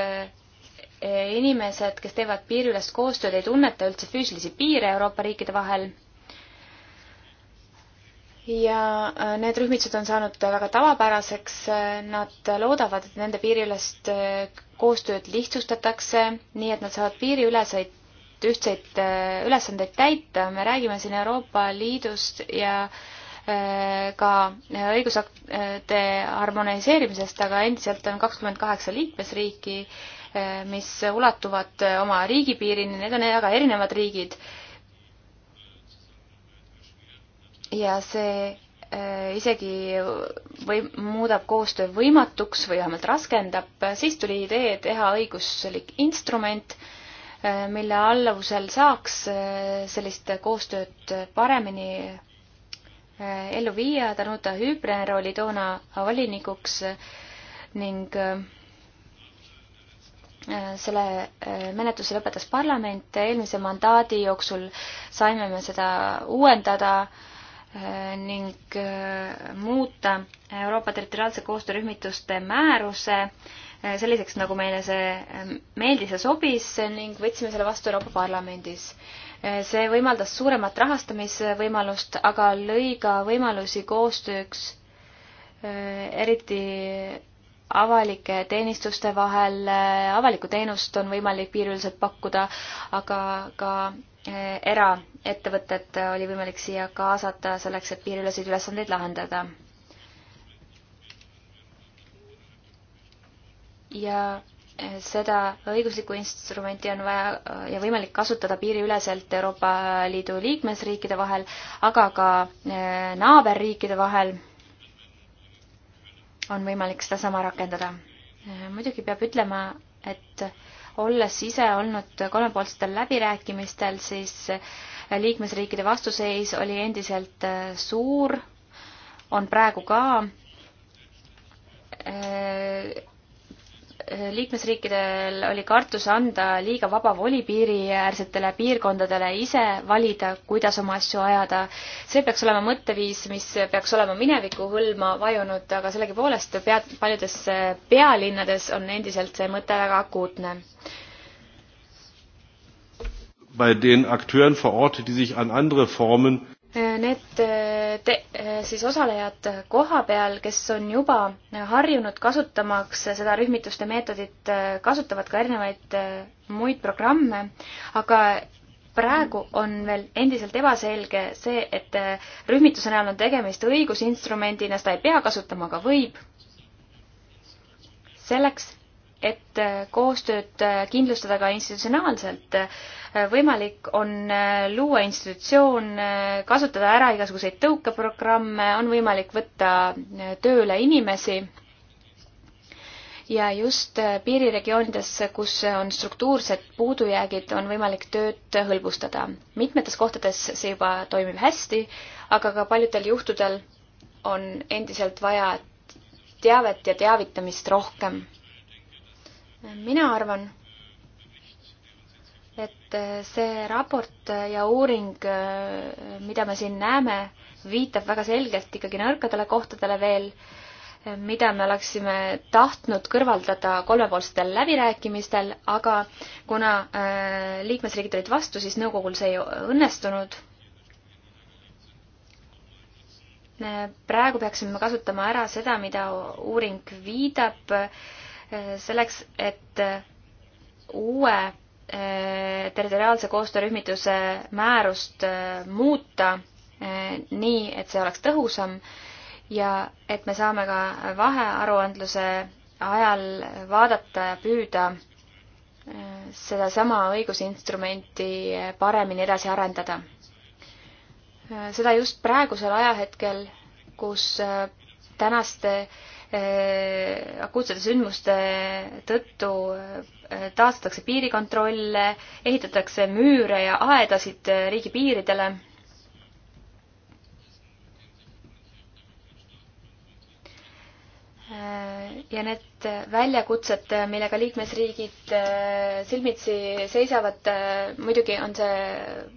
inimesed, kes teevad piiriülest koostööd, ei tunneta üldse füüsilisi piire Euroopa riikide vahel. ja äh, need rühmitused on saanud väga tavapäraseks, äh, nad loodavad, et nende piiriülest äh, koostööd lihtsustatakse, nii et nad saavad piiriüleseid ühtseid ülesandeid täita, me räägime siin Euroopa Liidust ja ka õigusaktide harmoniseerimisest, aga endiselt on kakskümmend kaheksa liikmesriiki äh, Eh, mis ulatuvad eh, oma riigipiirini, need on väga erinevad riigid. ja see eh, isegi või muudab koostöö võimatuks või vähemalt raskendab, siis tuli idee teha õiguslik instrument, mille alluvusel saaks sellist koostööd paremini ellu viia. Danuta Hübner oli toona volinikuks ning Äh, selle äh, menetluse lõpetas parlament, eelmise mandaadi jooksul saime me seda uuendada äh, ning muuta Euroopa territoriaalse koostöörühmituste määruse selliseks, nagu meile see meeldis ja sobis ning võtsime selle vastu Euroopa Parlamendis. see võimaldas suuremat rahastamisvõimalust, aga lõi ka võimalusi koostööks eriti avalike teenistuste vahel, äh, avalikku teenust on võimalik piiriüleselt pakkuda, aga ka äh, eraettevõtet oli võimalik siia kaasata selleks, et piiriüleseid ülesandeid lahendada. ja äh, seda õiguslikku instrumenti on vaja ja võimalik kasutada piiriüleselt Euroopa Liidu liikmesriikide vahel, aga ka naaberriikide vahel on võimalik sedasama rakendada. muidugi peab ütlema, et olles ise olnud kolmepoolsetel läbirääkimistel, siis liikmesriikide vastuseis oli endiselt äh, suur, on praegu ka äh, liikmesriikidel oli kartus anda liiga vaba voli piiriäärsetele piirkondadele ise valida, kuidas oma asju ajada. see peaks olema mõtteviis, mis peaks olema mineviku hõlma vajunud, aga sellegipoolest pead, paljudes pealinnades on endiselt see mõte väga akuutne. Bei den Akteuren vor Ort, die sich an andere Formen Need eh, te, eh, siis osalejad koha peal, kes on juba harjunud kasutamaks seda rühmituste meetodit, eh, kasutavad ka erinevaid muid programme, aga praegu on veel endiselt ebaselge see, et rühmituse näol on tegemist õigusinstrumendina, seda ei pea kasutama, aga võib. selleks, et koostööd kindlustada ka institutsionaalselt. võimalik on luua institutsioon, kasutada ära igasuguseid tõukeprogramme, on võimalik võtta tööle inimesi ja just piiriregioonides, kus on struktuursed puudujäägid, on võimalik tööd hõlbustada. mitmetes kohtades see juba toimib hästi, aga ka paljudel juhtudel on endiselt vaja teavet ja teavitamist rohkem mina arvan, et see raport ja uuring, mida me siin näeme, viitab väga selgelt ikkagi nõrkadele kohtadele veel, mida me oleksime tahtnud kõrvaldada kolmepoolsetel läbirääkimistel, aga kuna äh, liikmesriigid olid vastu, siis nõukogul see ei õnnestunud. Äh, praegu peaksime kasutama ära seda, mida uuring viidab Äh, selleks, et äh, uue äh, territoriaalse koostöörühmituse määrust muuta nii, et see oleks tõhusam ja et me saame ka vahearuandluse ajal vaadata ja püüda sedasama õigusinstrumenti paremini edasi arendada. seda just praegusel ajahetkel, kus tänaste äh, Äh, akuutsete sündmuste tõttu äh, taastatakse piirikontrolle, ehitatakse müüre ja aedasid äh, riigipiiridele. ja need väljakutsed, millega liikmesriigid silmitsi seisavad, muidugi on see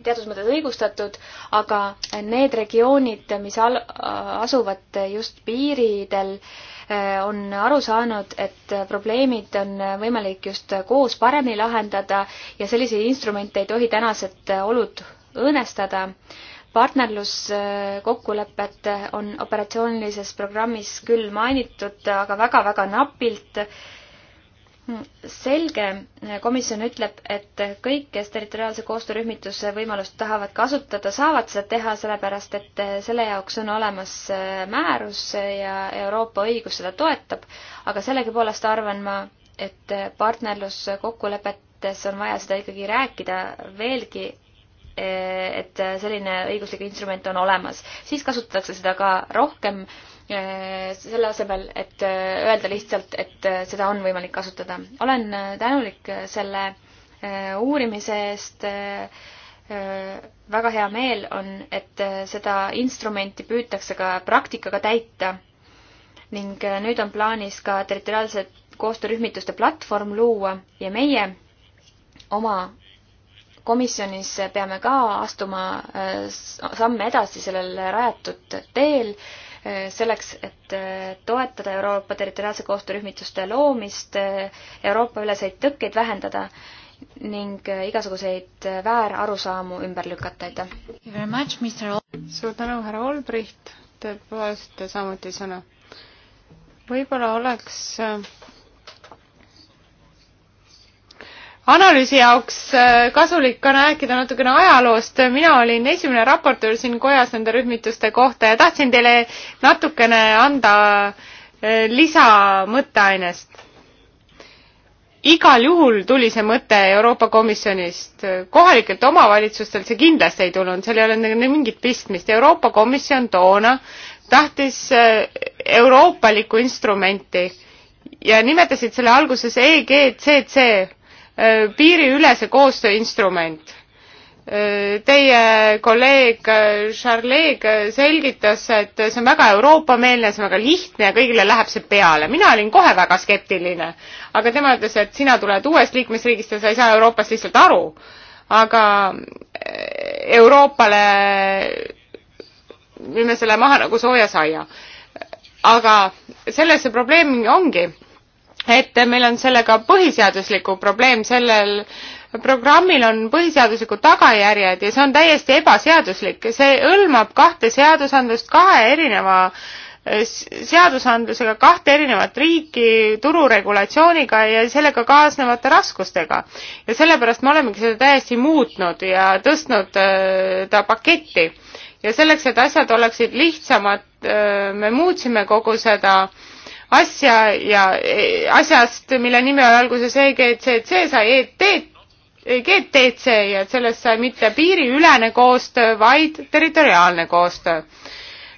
teatud mõttes õigustatud, aga need regioonid, mis asuvad just piiridel, Äh, on aru saanud, et probleemid on võimalik just koos paremini lahendada ja selliseid instrumente ei tohi tänased olud õõnestada. partnerluskokkulepped on operatsioonilises programmis küll mainitud, aga väga-väga napilt selge, komisjon ütleb, et kõik, kes territoriaalse koostöörühmituse võimalust tahavad kasutada, saavad seda teha, sellepärast et selle jaoks on olemas äh, määrus ja Euroopa õigus seda toetab, aga sellegipoolest arvan ma, et partnerluskokkulepetes on vaja seda ikkagi rääkida veelgi, äh, et selline õiguslik instrument on olemas. siis kasutatakse seda ka rohkem selle asemel, et äh, öelda lihtsalt, et äh, seda on võimalik kasutada. olen äh, tänulik selle uurimise eest. väga hea meel on, et seda instrumenti püütakse ka praktikaga täita ning nüüd on plaanis ka territoriaalse koostöörühmituste platvorm luua ja meie oma komisjonis peame ka astuma samme edasi sellel rajatud teel selleks, et äh, toetada Euroopa territoriaalse koostöörühmituste loomist, äh, Euroopa-üleseid tõkkeid vähendada ning äh, igasuguseid väärarusaamu ümber lükata, aitäh! suur tänu, härra Olbricht, te palusite samuti sõna. võib-olla oleks analüüsi jaoks äh, kasulik on rääkida natukene ajaloost. mina olin esimene raportöör siin kojas nende rühmituste kohta ja tahtsin teile natukene anda äh, lisamõtteainest. igal juhul tuli see mõte Euroopa Komisjonist. kohalikelt omavalitsustelt see kindlasti ei tulnud, seal ei ole nagu mingit pistmist. Euroopa Komisjon toona tahtis äh, euroopalikku instrumenti ja nimetasid selle alguses EGCC Äh, piiriülese koostöö instrument. Äh, teie kolleeg äh, Charleg selgitas, et see on väga Euroopa-meelne, see on väga lihtne ja kõigile läheb see peale. mina olin kohe väga skeptiline, aga tema ütles, et sina tuled uuest liikmesriigist ja sa ei saa Euroopast lihtsalt aru. aga Euroopale müüme selle maha nagu sooja saia. aga selles see probleem ongi, et meil on sellega põhiseadusliku probleem, sellel programmil on põhiseaduslikud tagajärjed ja see on täiesti ebaseaduslik. see hõlmab kahte seadusandlust, kahe erineva eh, seadusandlusega kahte erinevat riiki tururegulatsiooniga ja sellega kaasnevate raskustega. ja sellepärast me olemegi seda täiesti muutnud ja tõstnud eh, ta paketti. ja selleks, et asjad oleksid lihtsamad, eh, me muutsime kogu seda äh, asja ja e, asjast, mille nimi oli alguses EGCC, sai ET, e GTC ja sellest sai mitte piiriülene koostöö, vaid territoriaalne koostöö.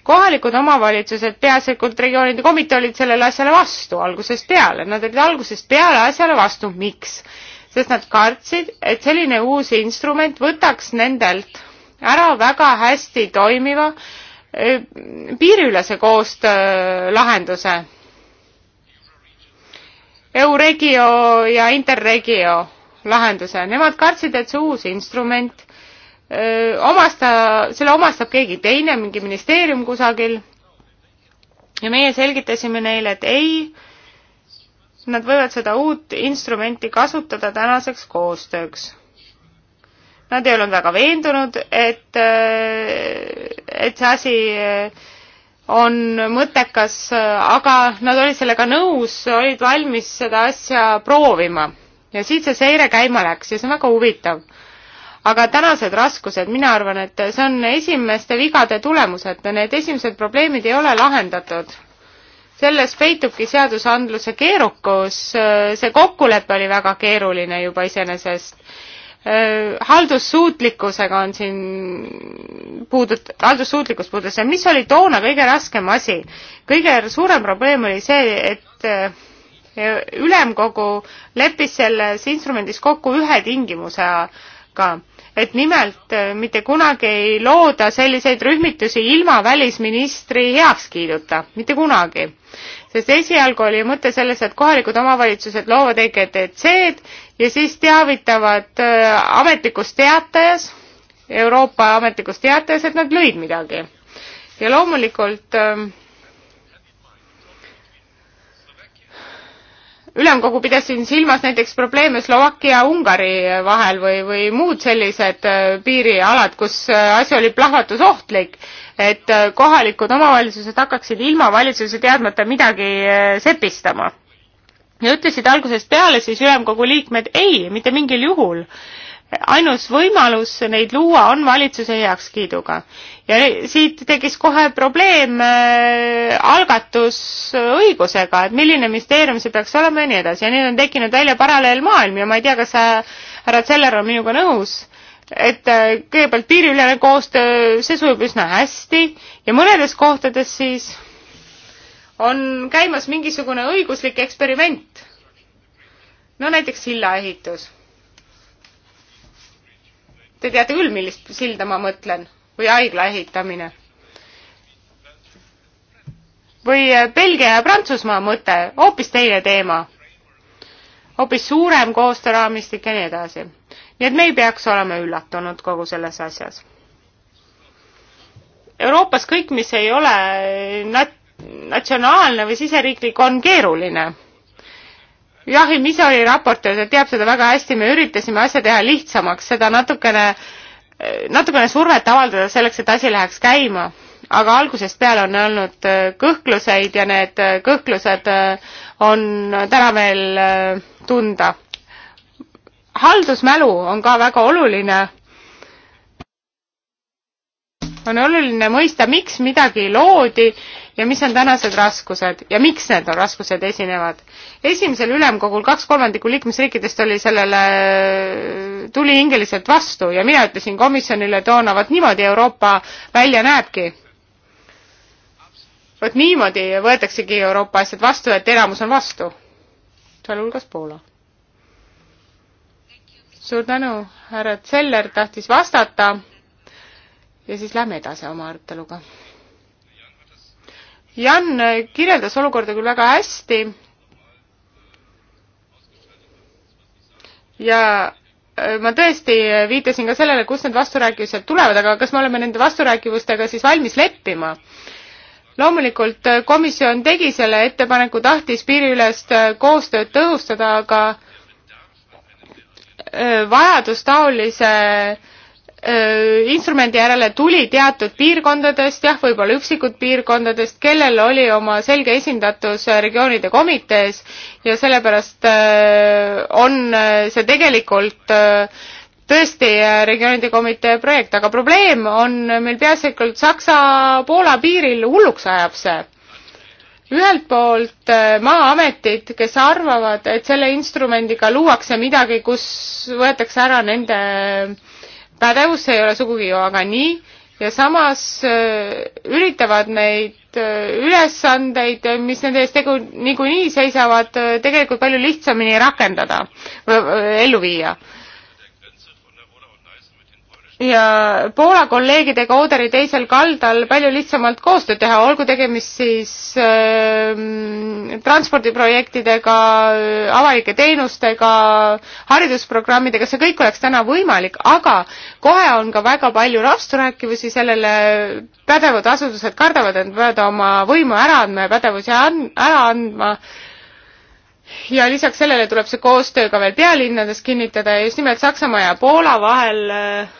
kohalikud omavalitsused, peaasjalikult regioonide komitee olid sellele asjale vastu algusest peale, nad olid algusest peale asjale vastu, miks? sest nad kartsid, et selline uus instrument võtaks nendelt ära väga hästi toimiva e, piiriülese koostöö lahenduse Euregio ja Interregio lahenduse. Nemad kartsid, et see uus instrument öö, omasta, selle omastab keegi teine, mingi ministeerium kusagil. ja meie selgitasime neile, et ei, nad võivad seda uut instrumenti kasutada tänaseks koostööks. Nad ei olnud väga veendunud, et, et see asi öö, on mõttekas, aga nad olid sellega nõus, olid valmis seda asja proovima ja siit see seire käima läks ja see on väga huvitav. aga tänased raskused, mina arvan, et see on esimeste vigade tulemused, need esimesed probleemid ei ole lahendatud. selles peitubki seadusandluse keerukus, see kokkulepe oli väga keeruline juba iseenesest Äh, haldussuutlikkusega on siin puudut-, haldussuutlikkust puudutas, mis oli toona kõige raskem asi? kõige suurem probleem oli see, et äh, ülemkogu leppis selles instrumendis kokku ühe tingimusega, et nimelt äh, mitte kunagi ei looda selliseid rühmitusi ilma välisministri heakskiiduta, mitte kunagi sest esialgu oli mõte selles, et kohalikud omavalitsused loovad EGTC-d ja siis teavitavad äh, ametlikus teatajas, Euroopa ametlikus teatajas, et nad lõid midagi. ja loomulikult äh, ülemkogu pidasin silmas näiteks probleeme Slovakkia ja Ungari vahel või, või muud sellised äh, piirialad, kus äh, asi oli plahvatusohtlik, et äh, kohalikud omavalitsused hakkaksid ilma valitsuse teadmata midagi sepistama. ja ütlesid algusest peale siis ülemkogu liikmed ei, mitte mingil juhul ainus võimalus neid luua on valitsuse heakskiiduga. ja siit tekkis kohe probleem äh, algatusõigusega, et milline ministeerium see peaks olema ja nii edasi ja nüüd on tekkinud välja paralleelmaailm ja ma ei tea, kas härra Zeller on minuga nõus, et äh, kõigepealt piiriülene koostöö, see sujub üsna hästi ja mõnedes kohtades siis on käimas mingisugune õiguslik eksperiment. no näiteks sillaehitus Te teate küll, millist silda ma mõtlen või haigla ehitamine. või äh, Belgia ja Prantsusmaa mõte, hoopis teine teema, hoopis suurem koostööraamistik ja nii edasi. nii et me ei peaks olema üllatunud kogu selles asjas. Euroopas kõik, mis ei ole nat-, natsionaalne või siseriiklik, on keeruline Joachim ise oli raportöör, ta teab seda väga hästi, me üritasime asja teha lihtsamaks, seda natukene, natukene survet avaldada selleks, et asi läheks käima. aga algusest peale on olnud äh, kõhkluseid ja need äh, kõhklused äh, on täna veel tunda. haldusmälu on ka väga oluline. on oluline mõista, miks midagi loodi ja mis on tänased raskused ja miks need raskused esinevad esimesel ülemkogul kaks kolmandikku liikmesriikidest oli sellele, äh, tuli hingeliselt vastu ja mina ütlesin komisjonile toona, vot niimoodi Euroopa välja näebki. vot niimoodi võetaksegi Euroopa asjad vastu, et enamus on vastu, sealhulgas Poola. suur tänu, härra Zeller tahtis vastata ja siis lähme edasi oma aruteluga. Jan kirjeldas olukorda küll väga hästi ja äh, ma tõesti viitasin ka sellele, kust need vasturääkivused tulevad, aga kas me oleme nende vasturääkivustega siis valmis leppima? loomulikult äh, komisjon tegi selle ettepaneku, tahtis piiriülest äh, koostööd tõhustada, aga vajadus taolise äh, Äh, instrumendi järele tuli teatud piirkondadest, jah, võib-olla üksikud piirkondadest, kellel oli oma selge esindatus äh, regioonide komitees ja sellepärast äh, on see tegelikult tõesti regioonide komitee projekt, aga probleem on meil peaasjalikult Saksa-Poola piiril, hulluks ajab see ühelt poolt Maa-ametid, kes arvavad, et selle instrumendiga luuakse midagi, kus võetakse ära nende äh, pädevus, see ei ole sugugi ju aga nii, ja samas äh, üritavad neid äh, ülesandeid, äh, mis nende ees tegu-, niikuinii seisavad, tegelikult palju lihtsamini rakendada, ellu viia ja Poola kolleegidega Oderi teisel kaldal palju lihtsamalt koostööd teha, olgu tegemist siis äh, transpordiprojektidega, avalike teenustega, haridusprogrammidega, see kõik oleks täna võimalik, aga kohe on ka väga palju vasturääkivusi sellele, pädevad asutused kardavad, et peavad oma võimu ära andma ja pädevusi ära andma ja lisaks sellele tuleb see koostöö ka veel pealinnades kinnitada ja just nimelt Saksamaa ja Poola vahel äh,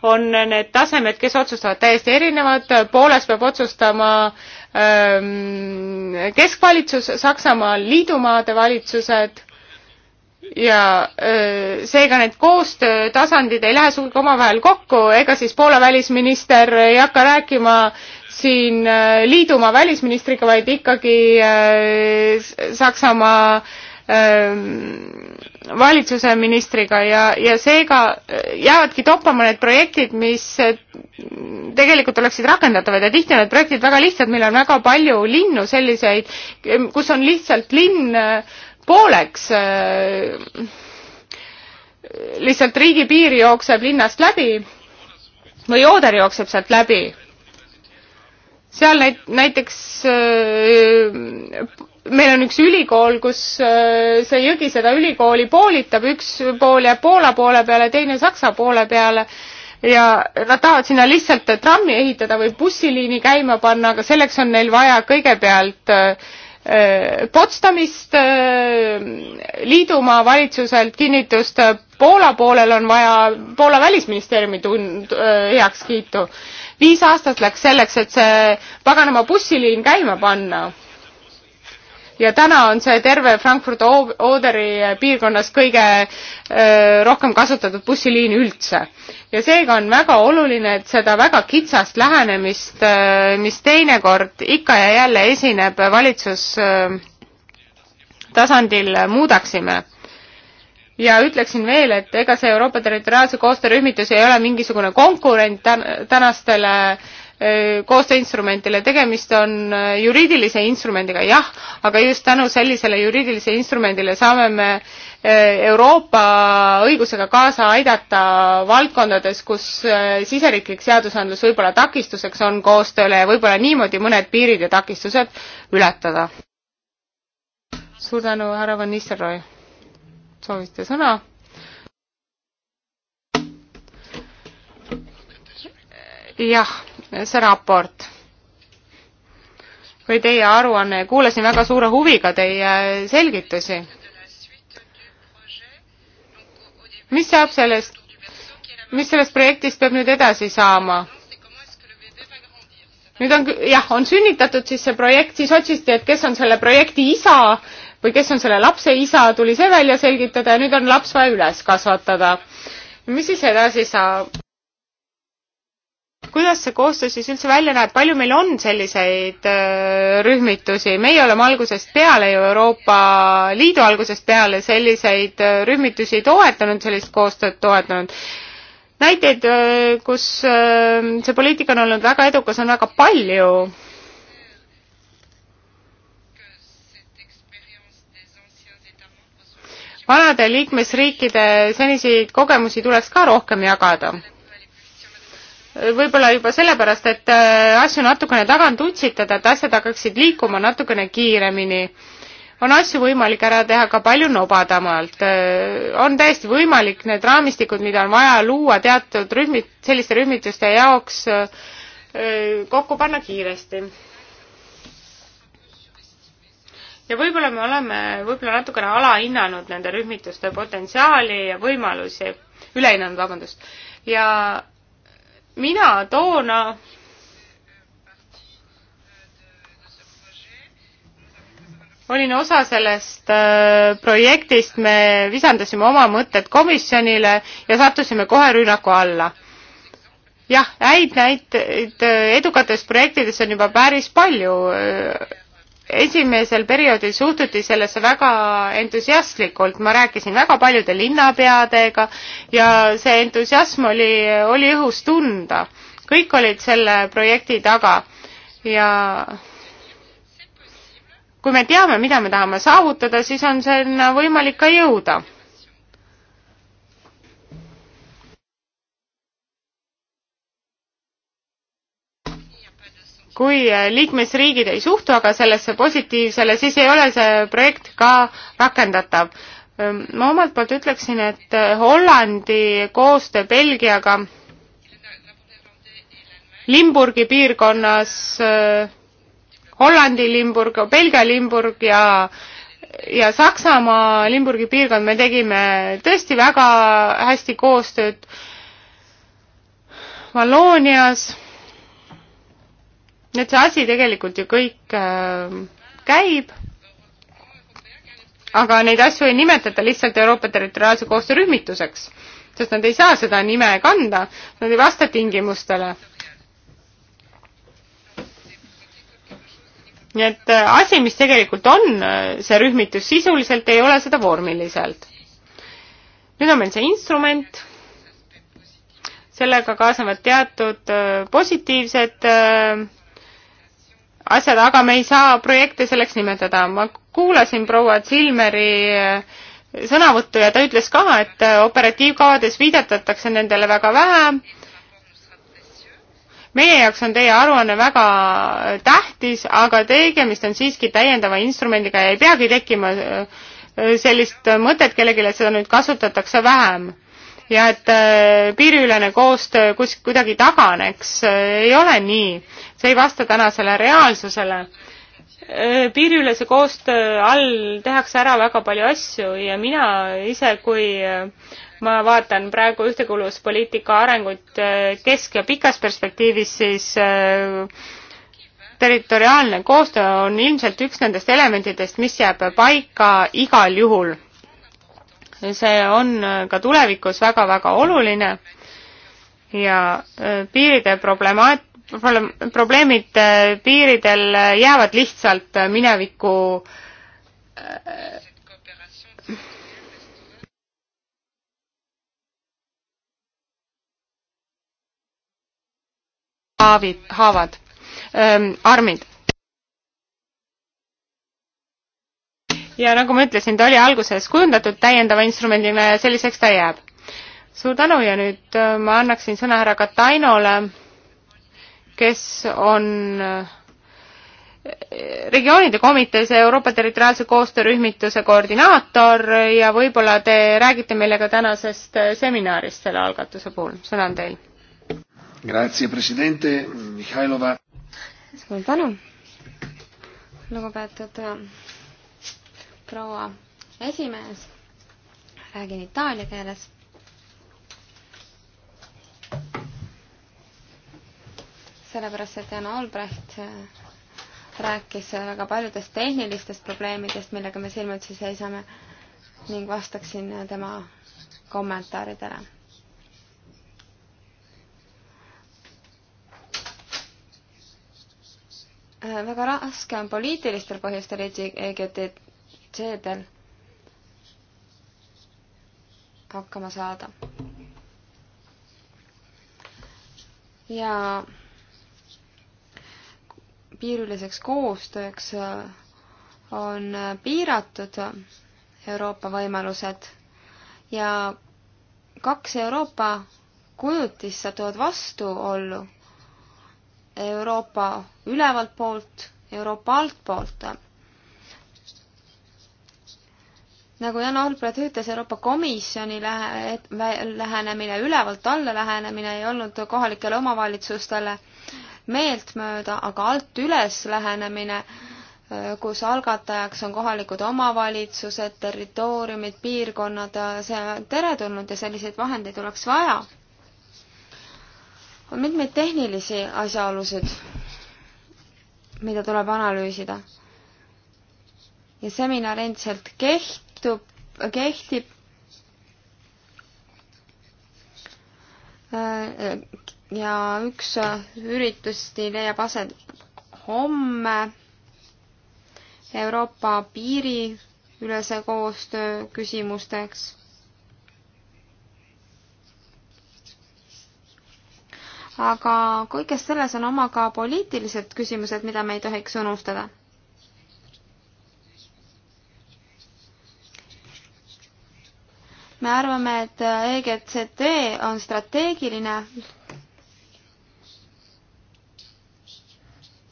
on need tasemed, kes otsustavad, täiesti erinevad, Poolas peab otsustama ähm, keskvalitsus, Saksamaal liidumaade valitsused ja öö, äh, seega need koostöötasandid ei lähe sugugi omavahel kokku, ega siis Poola välisminister ei hakka rääkima siin öö, äh, liidumaa välisministriga, vaid ikkagi öö, äh, Saksamaa öö, ähm, valitsuse ministriga ja, ja seega äh, jäävadki toppama need projektid, mis äh, tegelikult oleksid rakendatavad ja tihti on need projektid väga lihtsad, meil on väga palju linnu selliseid, kus on lihtsalt linn äh, pooleks. lihtsalt riigipiir jookseb linnast läbi või Oder jookseb sealt läbi seal näit-, näiteks äh, meil on üks ülikool, kus äh, see jõgi seda ülikooli poolitab, üks pool jääb Poola poole peale, teine Saksa poole peale ja nad tahavad sinna lihtsalt trammi ehitada või bussiliini käima panna, aga selleks on neil vaja kõigepealt äh, Potsdamist äh, Liidumaa valitsuselt kinnitust, Poola poolel on vaja Poola välisministeeriumi tund-, heakskiitu. viis aastat läks selleks, et see paganama bussiliin käima panna ja täna on see terve Frankfurt Oderi piirkonnas kõige öö, rohkem kasutatud bussiliin üldse. ja seega on väga oluline, et seda väga kitsast lähenemist, mis teinekord ikka ja jälle esineb valitsus öö, tasandil, muudaksime ja ütleksin veel, et ega see Euroopa territoriaalse koostöörühmitus ei ole mingisugune konkurent tänastele äh, koostööinstrumentile, tegemist on juriidilise instrumendiga, jah, aga just tänu sellisele juriidilisele instrumendile saame me Euroopa õigusega kaasa aidata valdkondades, kus siseriiklik seadusandlus võib-olla takistuseks on koostööle ja võib-olla niimoodi mõned piirid ja takistused ületada. suur tänu, härra Van Nistelrooy. soovite sõna? jah see raport või teie aruanne ja kuulasin väga suure huviga teie selgitusi. mis saab sellest, mis sellest projektist peab nüüd edasi saama? nüüd on jah, on sünnitatud siis see projekt, siis otsiti, et kes on selle projekti isa või kes on selle lapse isa, tuli see välja selgitada ja nüüd on laps vaja üles kasvatada. mis siis edasi saab? kuidas see koostöö siis üldse välja näeb, palju meil on selliseid äh, rühmitusi, meie oleme algusest peale ju Euroopa Liidu algusest peale selliseid äh, rühmitusi toetanud, sellist koostööd toetanud. näiteid, äh, kus see poliitika on olnud väga edukas, on väga palju. vanade liikmesriikide seniseid kogemusi tuleks ka rohkem jagada võib-olla juba sellepärast, et äh, asju natukene tagant utsitada, et asjad hakkaksid liikuma natukene kiiremini. on asju võimalik ära teha ka palju nobadamalt. Äh, on täiesti võimalik need raamistikud, mida on vaja luua teatud rühmit-, selliste rühmituste jaoks, äh, kokku panna kiiresti. ja võib-olla me oleme võib-olla natukene alahinnanud nende rühmituste potentsiaali ja võimalusi, ülehinnanud, vabandust, ja mina toona olin osa sellest äh, projektist, me visandasime oma mõtted komisjonile ja sattusime kohe rünnaku alla. jah, häid näiteid äh, edukatest projektidest on juba päris palju äh, esimesel perioodil suhtuti sellesse väga entusiastlikult, ma rääkisin väga paljude linnapeadega ja see entusiasm oli, oli õhus tunda. kõik olid selle projekti taga ja kui me teame, mida me tahame saavutada, siis on sinna võimalik ka jõuda kui äh, liikmesriigid ei suhtu aga sellesse positiivsele, siis ei ole see projekt ka rakendatav. Ähm, ma omalt poolt ütleksin, et äh, Hollandi koostöö Belgiaga Limburgi piirkonnas, äh, Hollandi Limburg, Belgia Limburg ja ja Saksamaa Limburgi piirkond, me tegime tõesti väga hästi koostööd Valloonias et see asi tegelikult ju kõik äh, käib, aga neid asju ei nimetata lihtsalt Euroopa territoriaalse koostöö rühmituseks, sest nad ei saa seda nime kanda, nad ei vasta tingimustele. nii et äh, asi, mis tegelikult on äh, see rühmitus sisuliselt, ei ole seda vormiliselt. nüüd on meil see instrument sellega kaasnevad teatud äh, positiivsed äh, asjad, aga me ei saa projekte selleks nimetada. ma kuulasin proua Zilmeri eh, sõnavõttu ja ta ütles ka, et eh, operatiivkavades viidatatakse nendele väga vähe. meie jaoks on teie aruanne väga eh, tähtis, aga tegemist on siiski täiendava instrumendiga ja ei peagi tekkima sellist mõtet kellelegi, et seda nüüd kasutatakse vähem ja et piiriülene koostöö kus- kuidagi taganeks, ei ole nii see ei vasta tänasele reaalsusele. piiriülese koostöö all tehakse ära väga palju asju ja mina ise, kui ma vaatan praegu ühtekuuluvuspoliitika arengut kesk- ja pikas perspektiivis, siis territoriaalne koostöö on ilmselt üks nendest elementidest, mis jääb paika igal juhul. see on ka tulevikus väga-väga oluline ja piiride problemaat-, probleemid äh, piiridel äh, jäävad lihtsalt äh, mineviku haavid, haavad, ähm, armid. ja nagu ma ütlesin, ta oli alguses kujundatud täiendava instrumendina ja selliseks ta jääb. suur tänu ja nüüd ma annaksin sõna härra Katainole kes on eh, regioonide komitees Euroopa territoriaalse koostöörühmituse koordinaator ja võib-olla te räägite meile ka tänasest eh, seminarist selle algatuse puhul. sõna on teil. Grazie, presidente Mihhailova. suur tänu, lugupeetud eh, proua esimees. räägin itaalia keeles sellepärast et Jan Albrecht äh, rääkis äh, väga paljudest tehnilistest probleemidest, millega me silmitsi seisame ning vastaksin äh, tema kommentaaridele. väga raske on poliitilistel põhjustel EGTC-del hakkama saada. ja piiriliseks koostööks äh, on äh, piiratud Euroopa võimalused ja kaks Euroopa kujutist satuvad vastuollu Euroopa ülevalt poolt, Euroopa altpoolt. nagu Jan Albrecht ütles, Euroopa Komisjoni lähe-, lähenemine, ülevalt alla lähenemine ei olnud kohalikele omavalitsustele meeltmööda, aga alt üles lähenemine, äh, kus algatajaks on kohalikud omavalitsused, territooriumid, piirkonnad, äh, see on teretulnud ja selliseid vahendeid oleks vaja. on mitmeid tehnilisi asjaolusid, mida tuleb analüüsida. ja seminar endiselt kehtub, kehtib äh, ja üks äh, üritusti leiab aset homme Euroopa piiriülese koostöö küsimusteks. aga kõiges selles on oma ka poliitilised küsimused, mida me ei tohiks unustada me arvame, et EGCT on strateegiline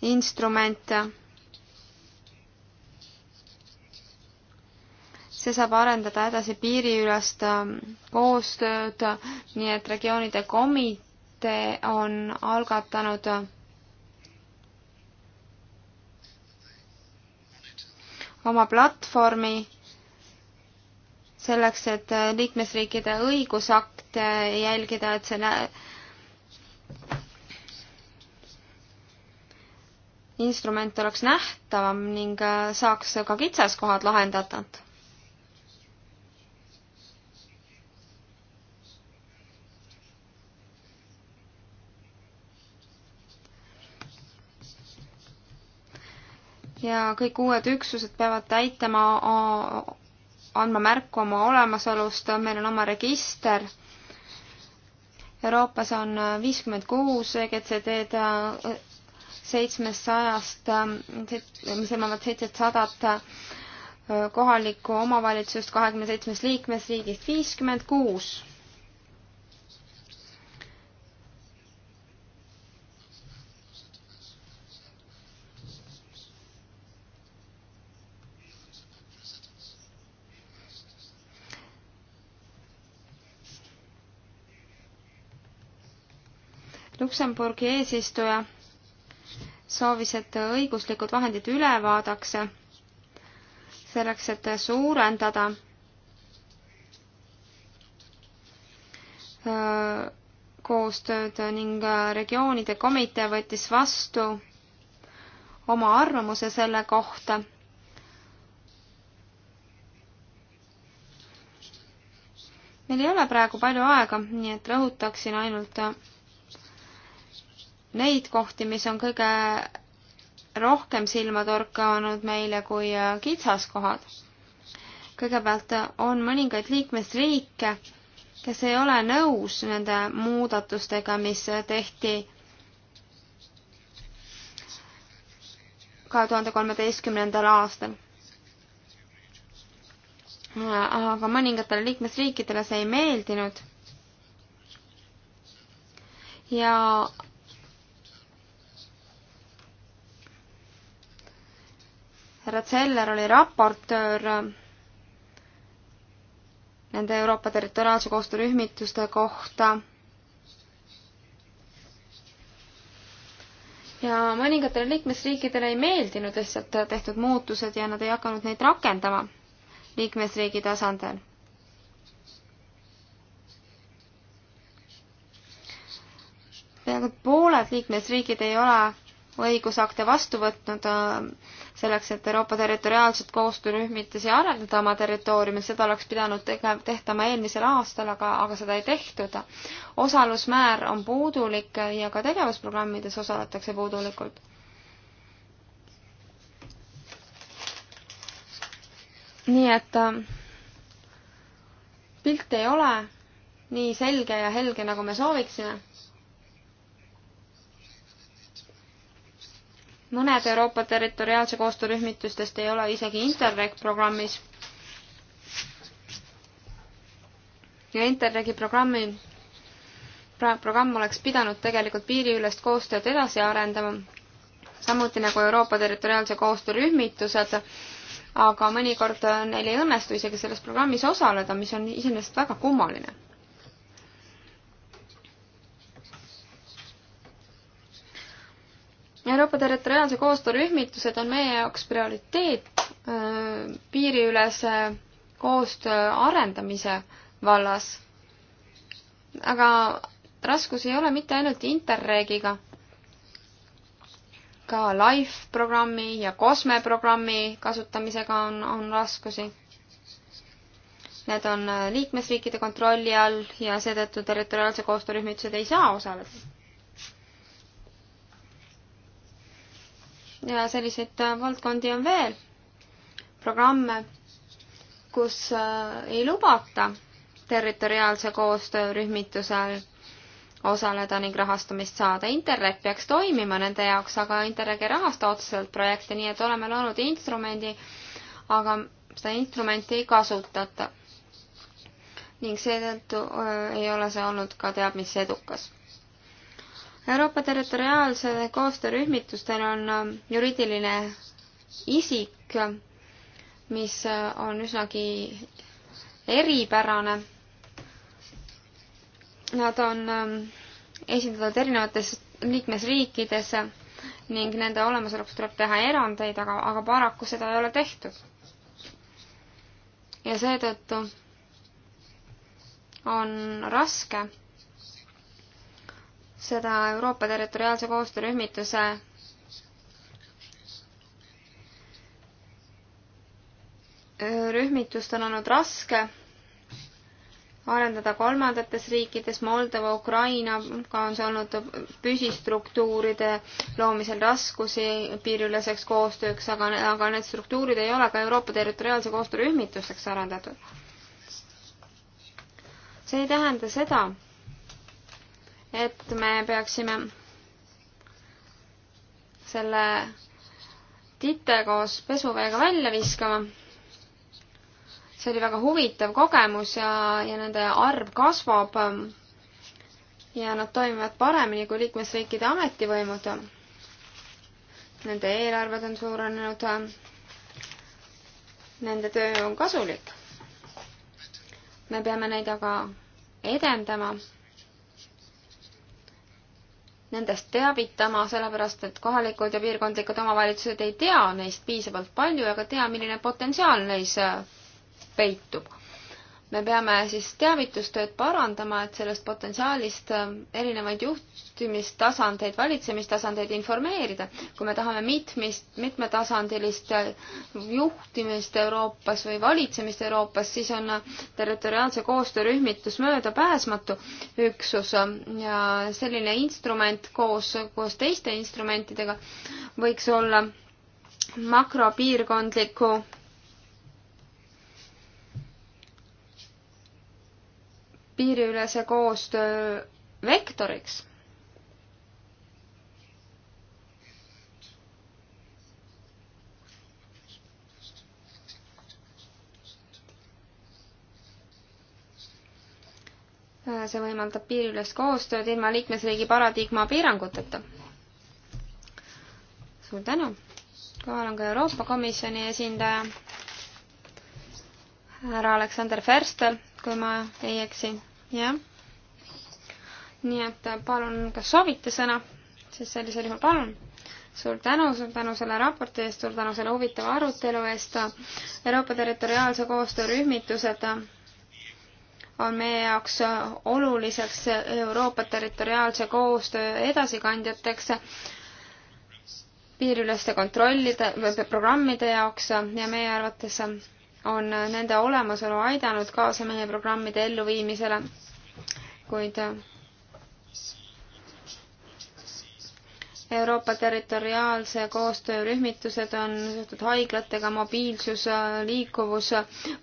instrumente. see saab arendada edasi piiriülest ähm, koostööd, nii et regioonide komitee on algatanud oma platvormi selleks, et liikmesriikide õigusakte jälgida, et see instrument oleks nähtavam ning äh, saaks ka kitsaskohad lahendatud. ja kõik uued üksused peavad täitma, andma märku oma olemasolust, meil on oma register Euroopas on äh, viiskümmend kuus EGCD-d äh, seitsmesajast, ähm, mis hõlmavad seitsesadat äh, kohalikku omavalitsust kahekümne seitsmest liikmesriigist, viiskümmend kuus. Luksemburgi eesistuja soovis, et õiguslikud vahendid üle vaadaks, selleks, et suurendada äh, koostööd ning äh, regioonide komitee võttis vastu oma arvamuse selle kohta meil ei ole praegu palju aega, nii et rõhutaksin ainult äh, neid kohti, mis on kõige rohkem silma torkanud meile kui äh, kitsaskohad. kõigepealt äh, on mõningaid liikmesriike, kes ei ole nõus nende muudatustega, mis äh, tehti kahe tuhande kolmeteistkümnendal aastal. aga mõningatele liikmesriikidele see ei meeldinud. ja härra Zeller oli raportöör nende Euroopa territoriaalse koostöörühmituste kohta. ja mõningatele liikmesriikidele ei meeldinud lihtsalt tehtud muutused ja nad ei hakanud neid rakendama liikmesriigi tasandil. peaaegu pooled liikmesriigid ei ole õigusakte vastu võtnud äh, selleks, et Euroopa territoriaalset koostöörühmitusi arendada oma territooriumil, seda oleks pidanud tege-, tehtama eelmisel aastal, aga, aga seda ei tehtud. osalusmäär on puudulik ja ka tegevusprogrammides osaletakse puudulikult. nii et äh, pilt ei ole nii selge ja helge, nagu me sooviksime mõned Euroopa territoriaalse koostöörühmitustest ei ole isegi Interreg programmis. ja Interregi programmi, programm oleks pidanud tegelikult piiriülest koostööd edasi arendama, samuti nagu Euroopa territoriaalse koostöörühmitused, aga mõnikord neil ei õnnestu isegi selles programmis osaleda, mis on iseenesest väga kummaline Euroopa territoriaalse koostöörühmitused on meie jaoks prioriteet äh, piiriülese koostöö arendamise vallas. aga raskus ei ole mitte ainult Interregiga, ka LIFE programmi ja COSME programmi kasutamisega on, on raskusi. Need on äh, liikmesriikide kontrolli all ja seetõttu territoriaalse koostöörühmitused ei saa osaleda ja selliseid äh, valdkondi on veel, programme, kus äh, ei lubata territoriaalse koostöörühmitusel osaleda ning rahastamist saada. Interreg peaks toimima nende jaoks, aga Interreg ei rahasta otseselt projekte, nii et oleme loonud instrumendi, aga seda instrumenti ei kasutata. ning seetõttu äh, ei ole see olnud ka teab mis edukas. Euroopa territoriaalse koostöörühmitustel on ähm, juriidiline isik, mis äh, on üsnagi eripärane. Nad on ähm, esindatud erinevates liikmesriikides ning nende olemasoluks tuleb teha erandeid, aga, aga paraku seda ei ole tehtud. ja seetõttu on raske seda Euroopa territoriaalse koostöörühmituse rühmitust on olnud raske arendada kolmandates riikides, Moldova, Ukrainaga on see olnud püsistruktuuride loomisel raskusi piiriüleseks koostööks, aga, aga need struktuurid ei ole ka Euroopa territoriaalse koostöö rühmitusteks arendatud. see ei tähenda seda, et me peaksime selle tite koos pesuveega välja viskama. see oli väga huvitav kogemus ja, ja nende arv kasvab. ja nad toimivad paremini kui liikmesriikide ametivõimud. Nende eelarved on suurenenud. Nende töö on kasulik. me peame neid aga edendama nendest teavitama, sellepärast et kohalikud ja piirkondlikud omavalitsused ei tea neist piisavalt palju ega tea, milline potentsiaal neis peitub me peame siis teavitustööd parandama, et sellest potentsiaalist ähm, erinevaid juhtimistasandeid, valitsemistasandeid informeerida. kui me tahame mitmist, mitmetasandilist äh, juhtimist Euroopas või valitsemist Euroopas, siis on äh, territoriaalse koostöörühmitus möödapääsmatu üksus ähm, ja selline instrument koos, koos teiste instrumentidega võiks olla makropiirkondliku piiriülese koostöö vektoriks. see võimaldab piiriülest koostööd ilma liikmesriigi paradigma piiranguteta. suur tänu. kohal on ka Euroopa Komisjoni esindaja härra Aleksander Ferstel, kui ma ei eksi jah. nii et äh, palun, kas soovite sõna, siis sellisel juhul palun suur tänu, suur tänu selle raporti eest, suur tänu selle huvitava arutelu eest. Euroopa territoriaalse koostöö rühmitused on meie jaoks oluliseks Euroopa territoriaalse koostöö edasikandjateks piiriüleste kontrollide, programmide jaoks ja meie arvates on nende olemasolu aidanud kaasa meie programmide elluviimisele, kuid Euroopa territoriaalse koostöörühmitused on seotud haiglatega, mobiilsus, liikuvus,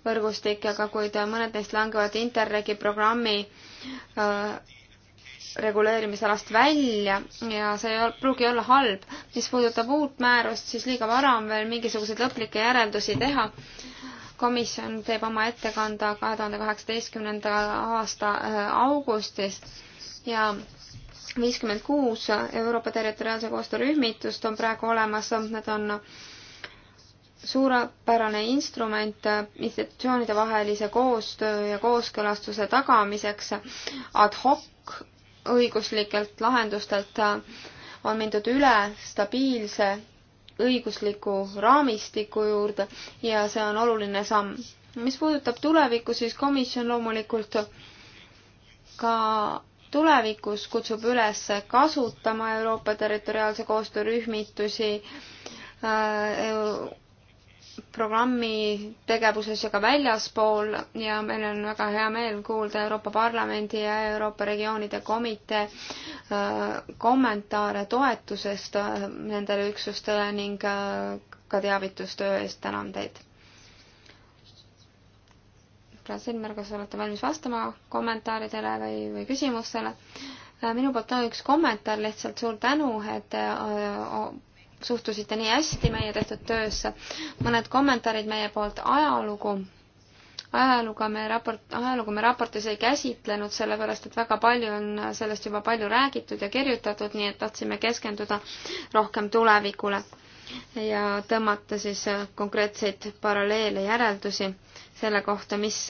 võrgustik, aga kuid mõned neist langevad Interregi programmi äh, reguleerimisalast välja ja see ei pruugi olla halb. mis puudutab uut määrust, siis liiga vara on veel mingisuguseid lõplikke järeldusi teha komisjon teeb oma ettekande kahe tuhande kaheksateistkümnenda aasta äh, augustis ja viiskümmend kuus Euroopa territoriaalse koostöö rühmitust on praegu olemas, nad on suurepärane instrument institutsioonide vahelise koostöö ja kooskõlastuse tagamiseks ad hoc õiguslikelt lahendustelt on mindud üle stabiilse õigusliku raamistiku juurde ja see on oluline samm. mis puudutab tulevikku, siis komisjon loomulikult ka tulevikus kutsub üles kasutama Euroopa territoriaalse koostöö rühmitusi äh, programmi tegevuses ja ka väljaspool ja meil on väga hea meel kuulda Euroopa Parlamendi ja Euroopa regioonide komitee äh, kommentaare toetusest äh, nendele üksustele ning äh, ka teavitustöö eest tänan teid. härra Silmer, kas olete valmis vastama kommentaaridele või, või küsimustele? minu poolt on üks kommentaar, lihtsalt suur tänu, et suhtusite nii hästi meie tehtud töösse. mõned kommentaarid meie poolt ajalugu. ajalugu me raport, ajalugu me raportis ei käsitlenud, sellepärast et väga palju on sellest juba palju räägitud ja kirjutatud, nii et tahtsime keskenduda rohkem tulevikule ja tõmmata siis konkreetseid paralleele järeldusi selle kohta, mis,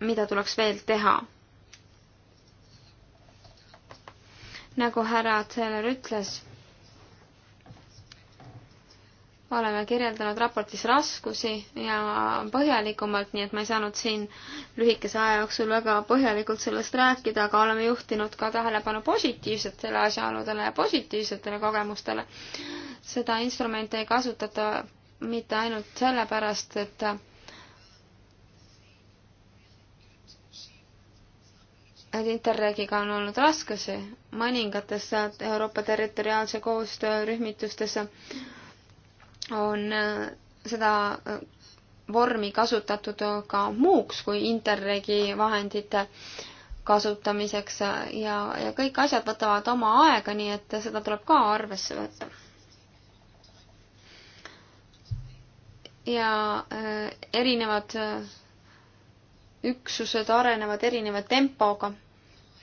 mida tuleks veel teha. nagu härra Zeller ütles oleme kirjeldanud raportis raskusi ja põhjalikumalt, nii et ma ei saanud siin lühikese aja jooksul väga põhjalikult sellest rääkida, aga oleme juhtinud ka tähelepanu positiivsetele asjaoludele ja positiivsetele kogemustele. seda instrumenti ei kasutata mitte ainult sellepärast, et et Interregiga on olnud raskusi mõningates Euroopa territoriaalse koostöö rühmitustes on äh, seda äh, vormi kasutatud äh, ka muuks kui Interregi vahendite kasutamiseks ja, ja kõik asjad võtavad oma aega, nii et seda tuleb ka arvesse võtta. ja äh, erinevad äh, üksused arenevad erineva tempoga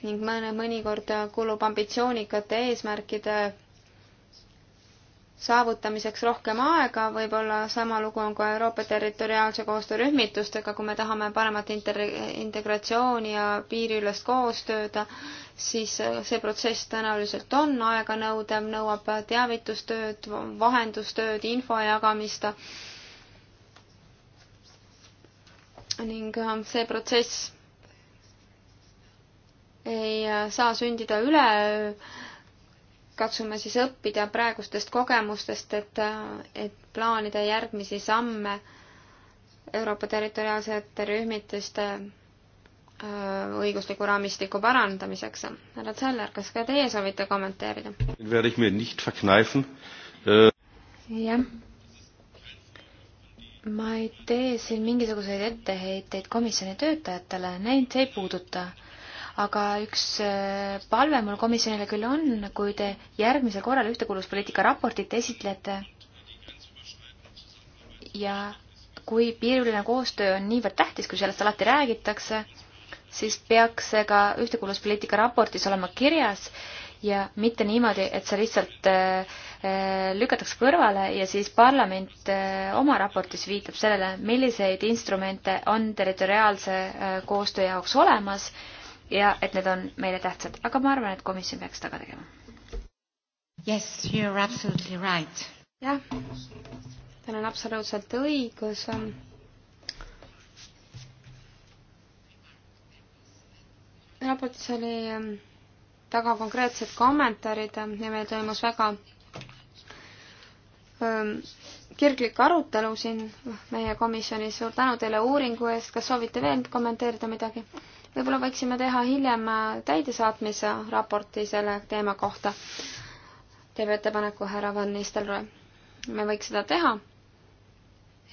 ning mõne, mõnikord kulub ambitsioonikate eesmärkide saavutamiseks rohkem aega, võib-olla sama lugu on ka Euroopa territoriaalse koostöö rühmitustega, kui me tahame paremat integratsiooni ja piiriülest koostööd, siis see protsess tõenäoliselt on aeganõudev, nõuab teavitustööd, vahendustööd, info jagamist. ning äh, see protsess ei äh, saa sündida üleöö katsume siis õppida praegustest kogemustest, et, et plaanida järgmisi samme Euroopa territoriaalsete rühmituste äh, õigusliku raamistiku parandamiseks. härra Zeller, kas ka teie soovite kommenteerida? jah. ma ei tee siin mingisuguseid etteheiteid komisjoni töötajatele, neid see ei puuduta aga üks äh, palve mul komisjonile küll on, kui te järgmisel korral ühtekuuluvuspoliitika raportit esitlete ja kui piiriline koostöö on niivõrd tähtis, kui sellest alati räägitakse, siis peaks see ka ühtekuuluvuspoliitika raportis olema kirjas ja mitte niimoodi, et see lihtsalt äh, äh lükatakse kõrvale ja siis parlament äh, oma raportis viitab sellele, milliseid instrumente on territoriaalse äh, koostöö jaoks olemas äh, ja et need on meile tähtsad, aga ma arvan, et komisjon peaks seda ka tegema. Yes, you are absolutely right. jah, teil on absoluutselt õigus. raportis oli väga ähm, konkreetsed kommentaarid ja meil toimus väga ähm, kirglik arutelu siin meie komisjonis. suur tänu teile uuringu eest. kas soovite veel kommenteerida midagi? võib-olla võiksime teha hiljem äh, täidesaatmise raporti selle teema kohta. teeb ettepaneku härra Van Nistelrooy. me võiks seda teha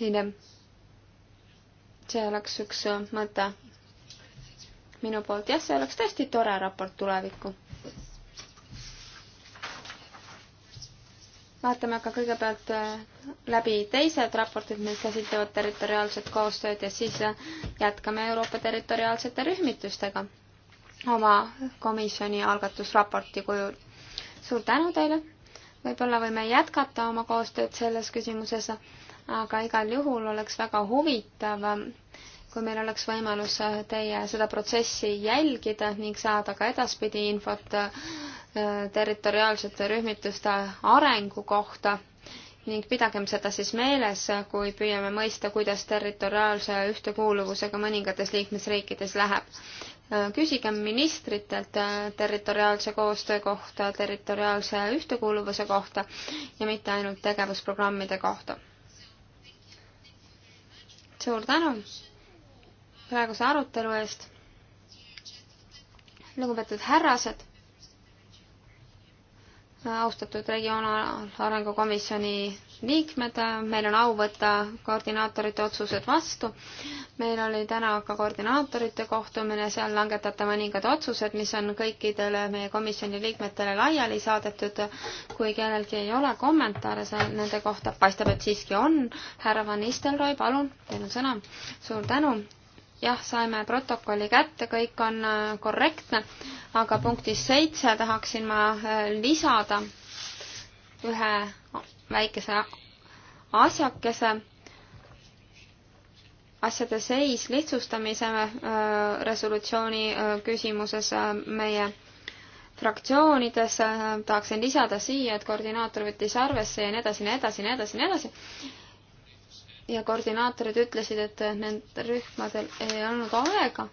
hiljem. see oleks üks äh, mõte minu poolt. jah, see oleks tõesti tore raport tulevikku vaatame aga kõigepealt äh, läbi teised raportid, mis käsitlevad territoriaalset koostööd ja siis äh, jätkame Euroopa territoriaalsete rühmitustega oma komisjoni algatusraporti kujul. suur tänu teile, võib-olla võime jätkata oma koostööd selles küsimuses, aga igal juhul oleks väga huvitav, kui meil oleks võimalus äh, teie seda protsessi jälgida ning saada ka edaspidi infot äh, Äh, territoriaalsete rühmituste arengu kohta ning pidagem seda siis meeles, kui püüame mõista, kuidas territoriaalse ühtekuuluvusega mõningates liikmesriikides läheb. Äh, küsigem ministritelt äh, territoriaalse koostöö kohta, territoriaalse ühtekuuluvuse kohta ja mitte ainult tegevusprogrammide kohta. suur tänu praeguse arutelu eest. lugupeetud härrased austatud Regionaalarengu Komisjoni liikmed, meil on au võtta koordinaatorite otsused vastu. meil oli täna ka koordinaatorite kohtumine, seal langetati mõningad otsused, mis on kõikidele meie komisjoni liikmetele laiali saadetud. kui kellelgi ei ole kommentaare nende kohta, paistab, et siiski on. härra Van Nistelrooy, palun, teil on sõna. suur tänu jah, saime protokolli kätte, kõik on äh, korrektne, aga punktis seitse tahaksin ma äh, lisada ühe väikese asjakese. asjade seis lihtsustamise äh, resolutsiooni küsimuses meie fraktsioonides tahaksin lisada siia, et koordinaator võttis arvesse ja nii edasi, nii edasi, nii edasi, nii edasi ja koordinaatorid ütlesid, et nendel rühmadel ei olnud aega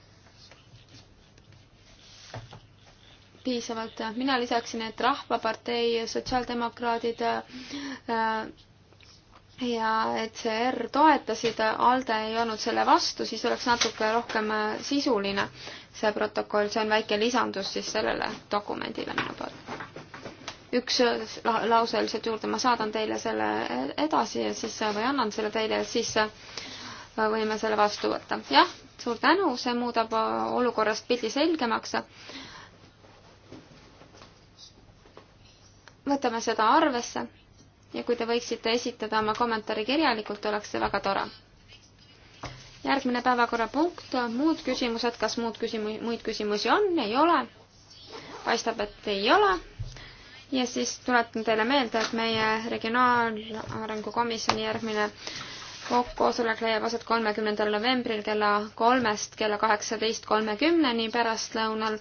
piisavalt. mina lisaksin, et Rahvapartei, Sotsiaaldemokraadid äh, ja ECR toetasid, ALDE ei olnud selle vastu, siis oleks natuke rohkem äh, sisuline see protokoll, see on väike lisandus siis sellele dokumendile minu poolt üks lause lihtsalt juurde, ma saadan teile selle edasi ja siis või annan selle teile ja siis äh, võime selle vastu võtta. jah, suur tänu, see muudab äh, olukorrast pildi selgemaks. võtame seda arvesse ja kui te võiksite esitada oma kommentaari kirjalikult, oleks see väga tore. järgmine päevakorrapunkt, muud küsimused, kas muud küsimu-, muid küsimusi on, ei ole? paistab, et ei ole ja siis tuletan teile meelde, et meie Regionaalarengu Komisjoni järgmine koosolek leiab aset kolmekümnendal novembril kella kolmest kella kaheksateist kolmekümneni pärastlõunal.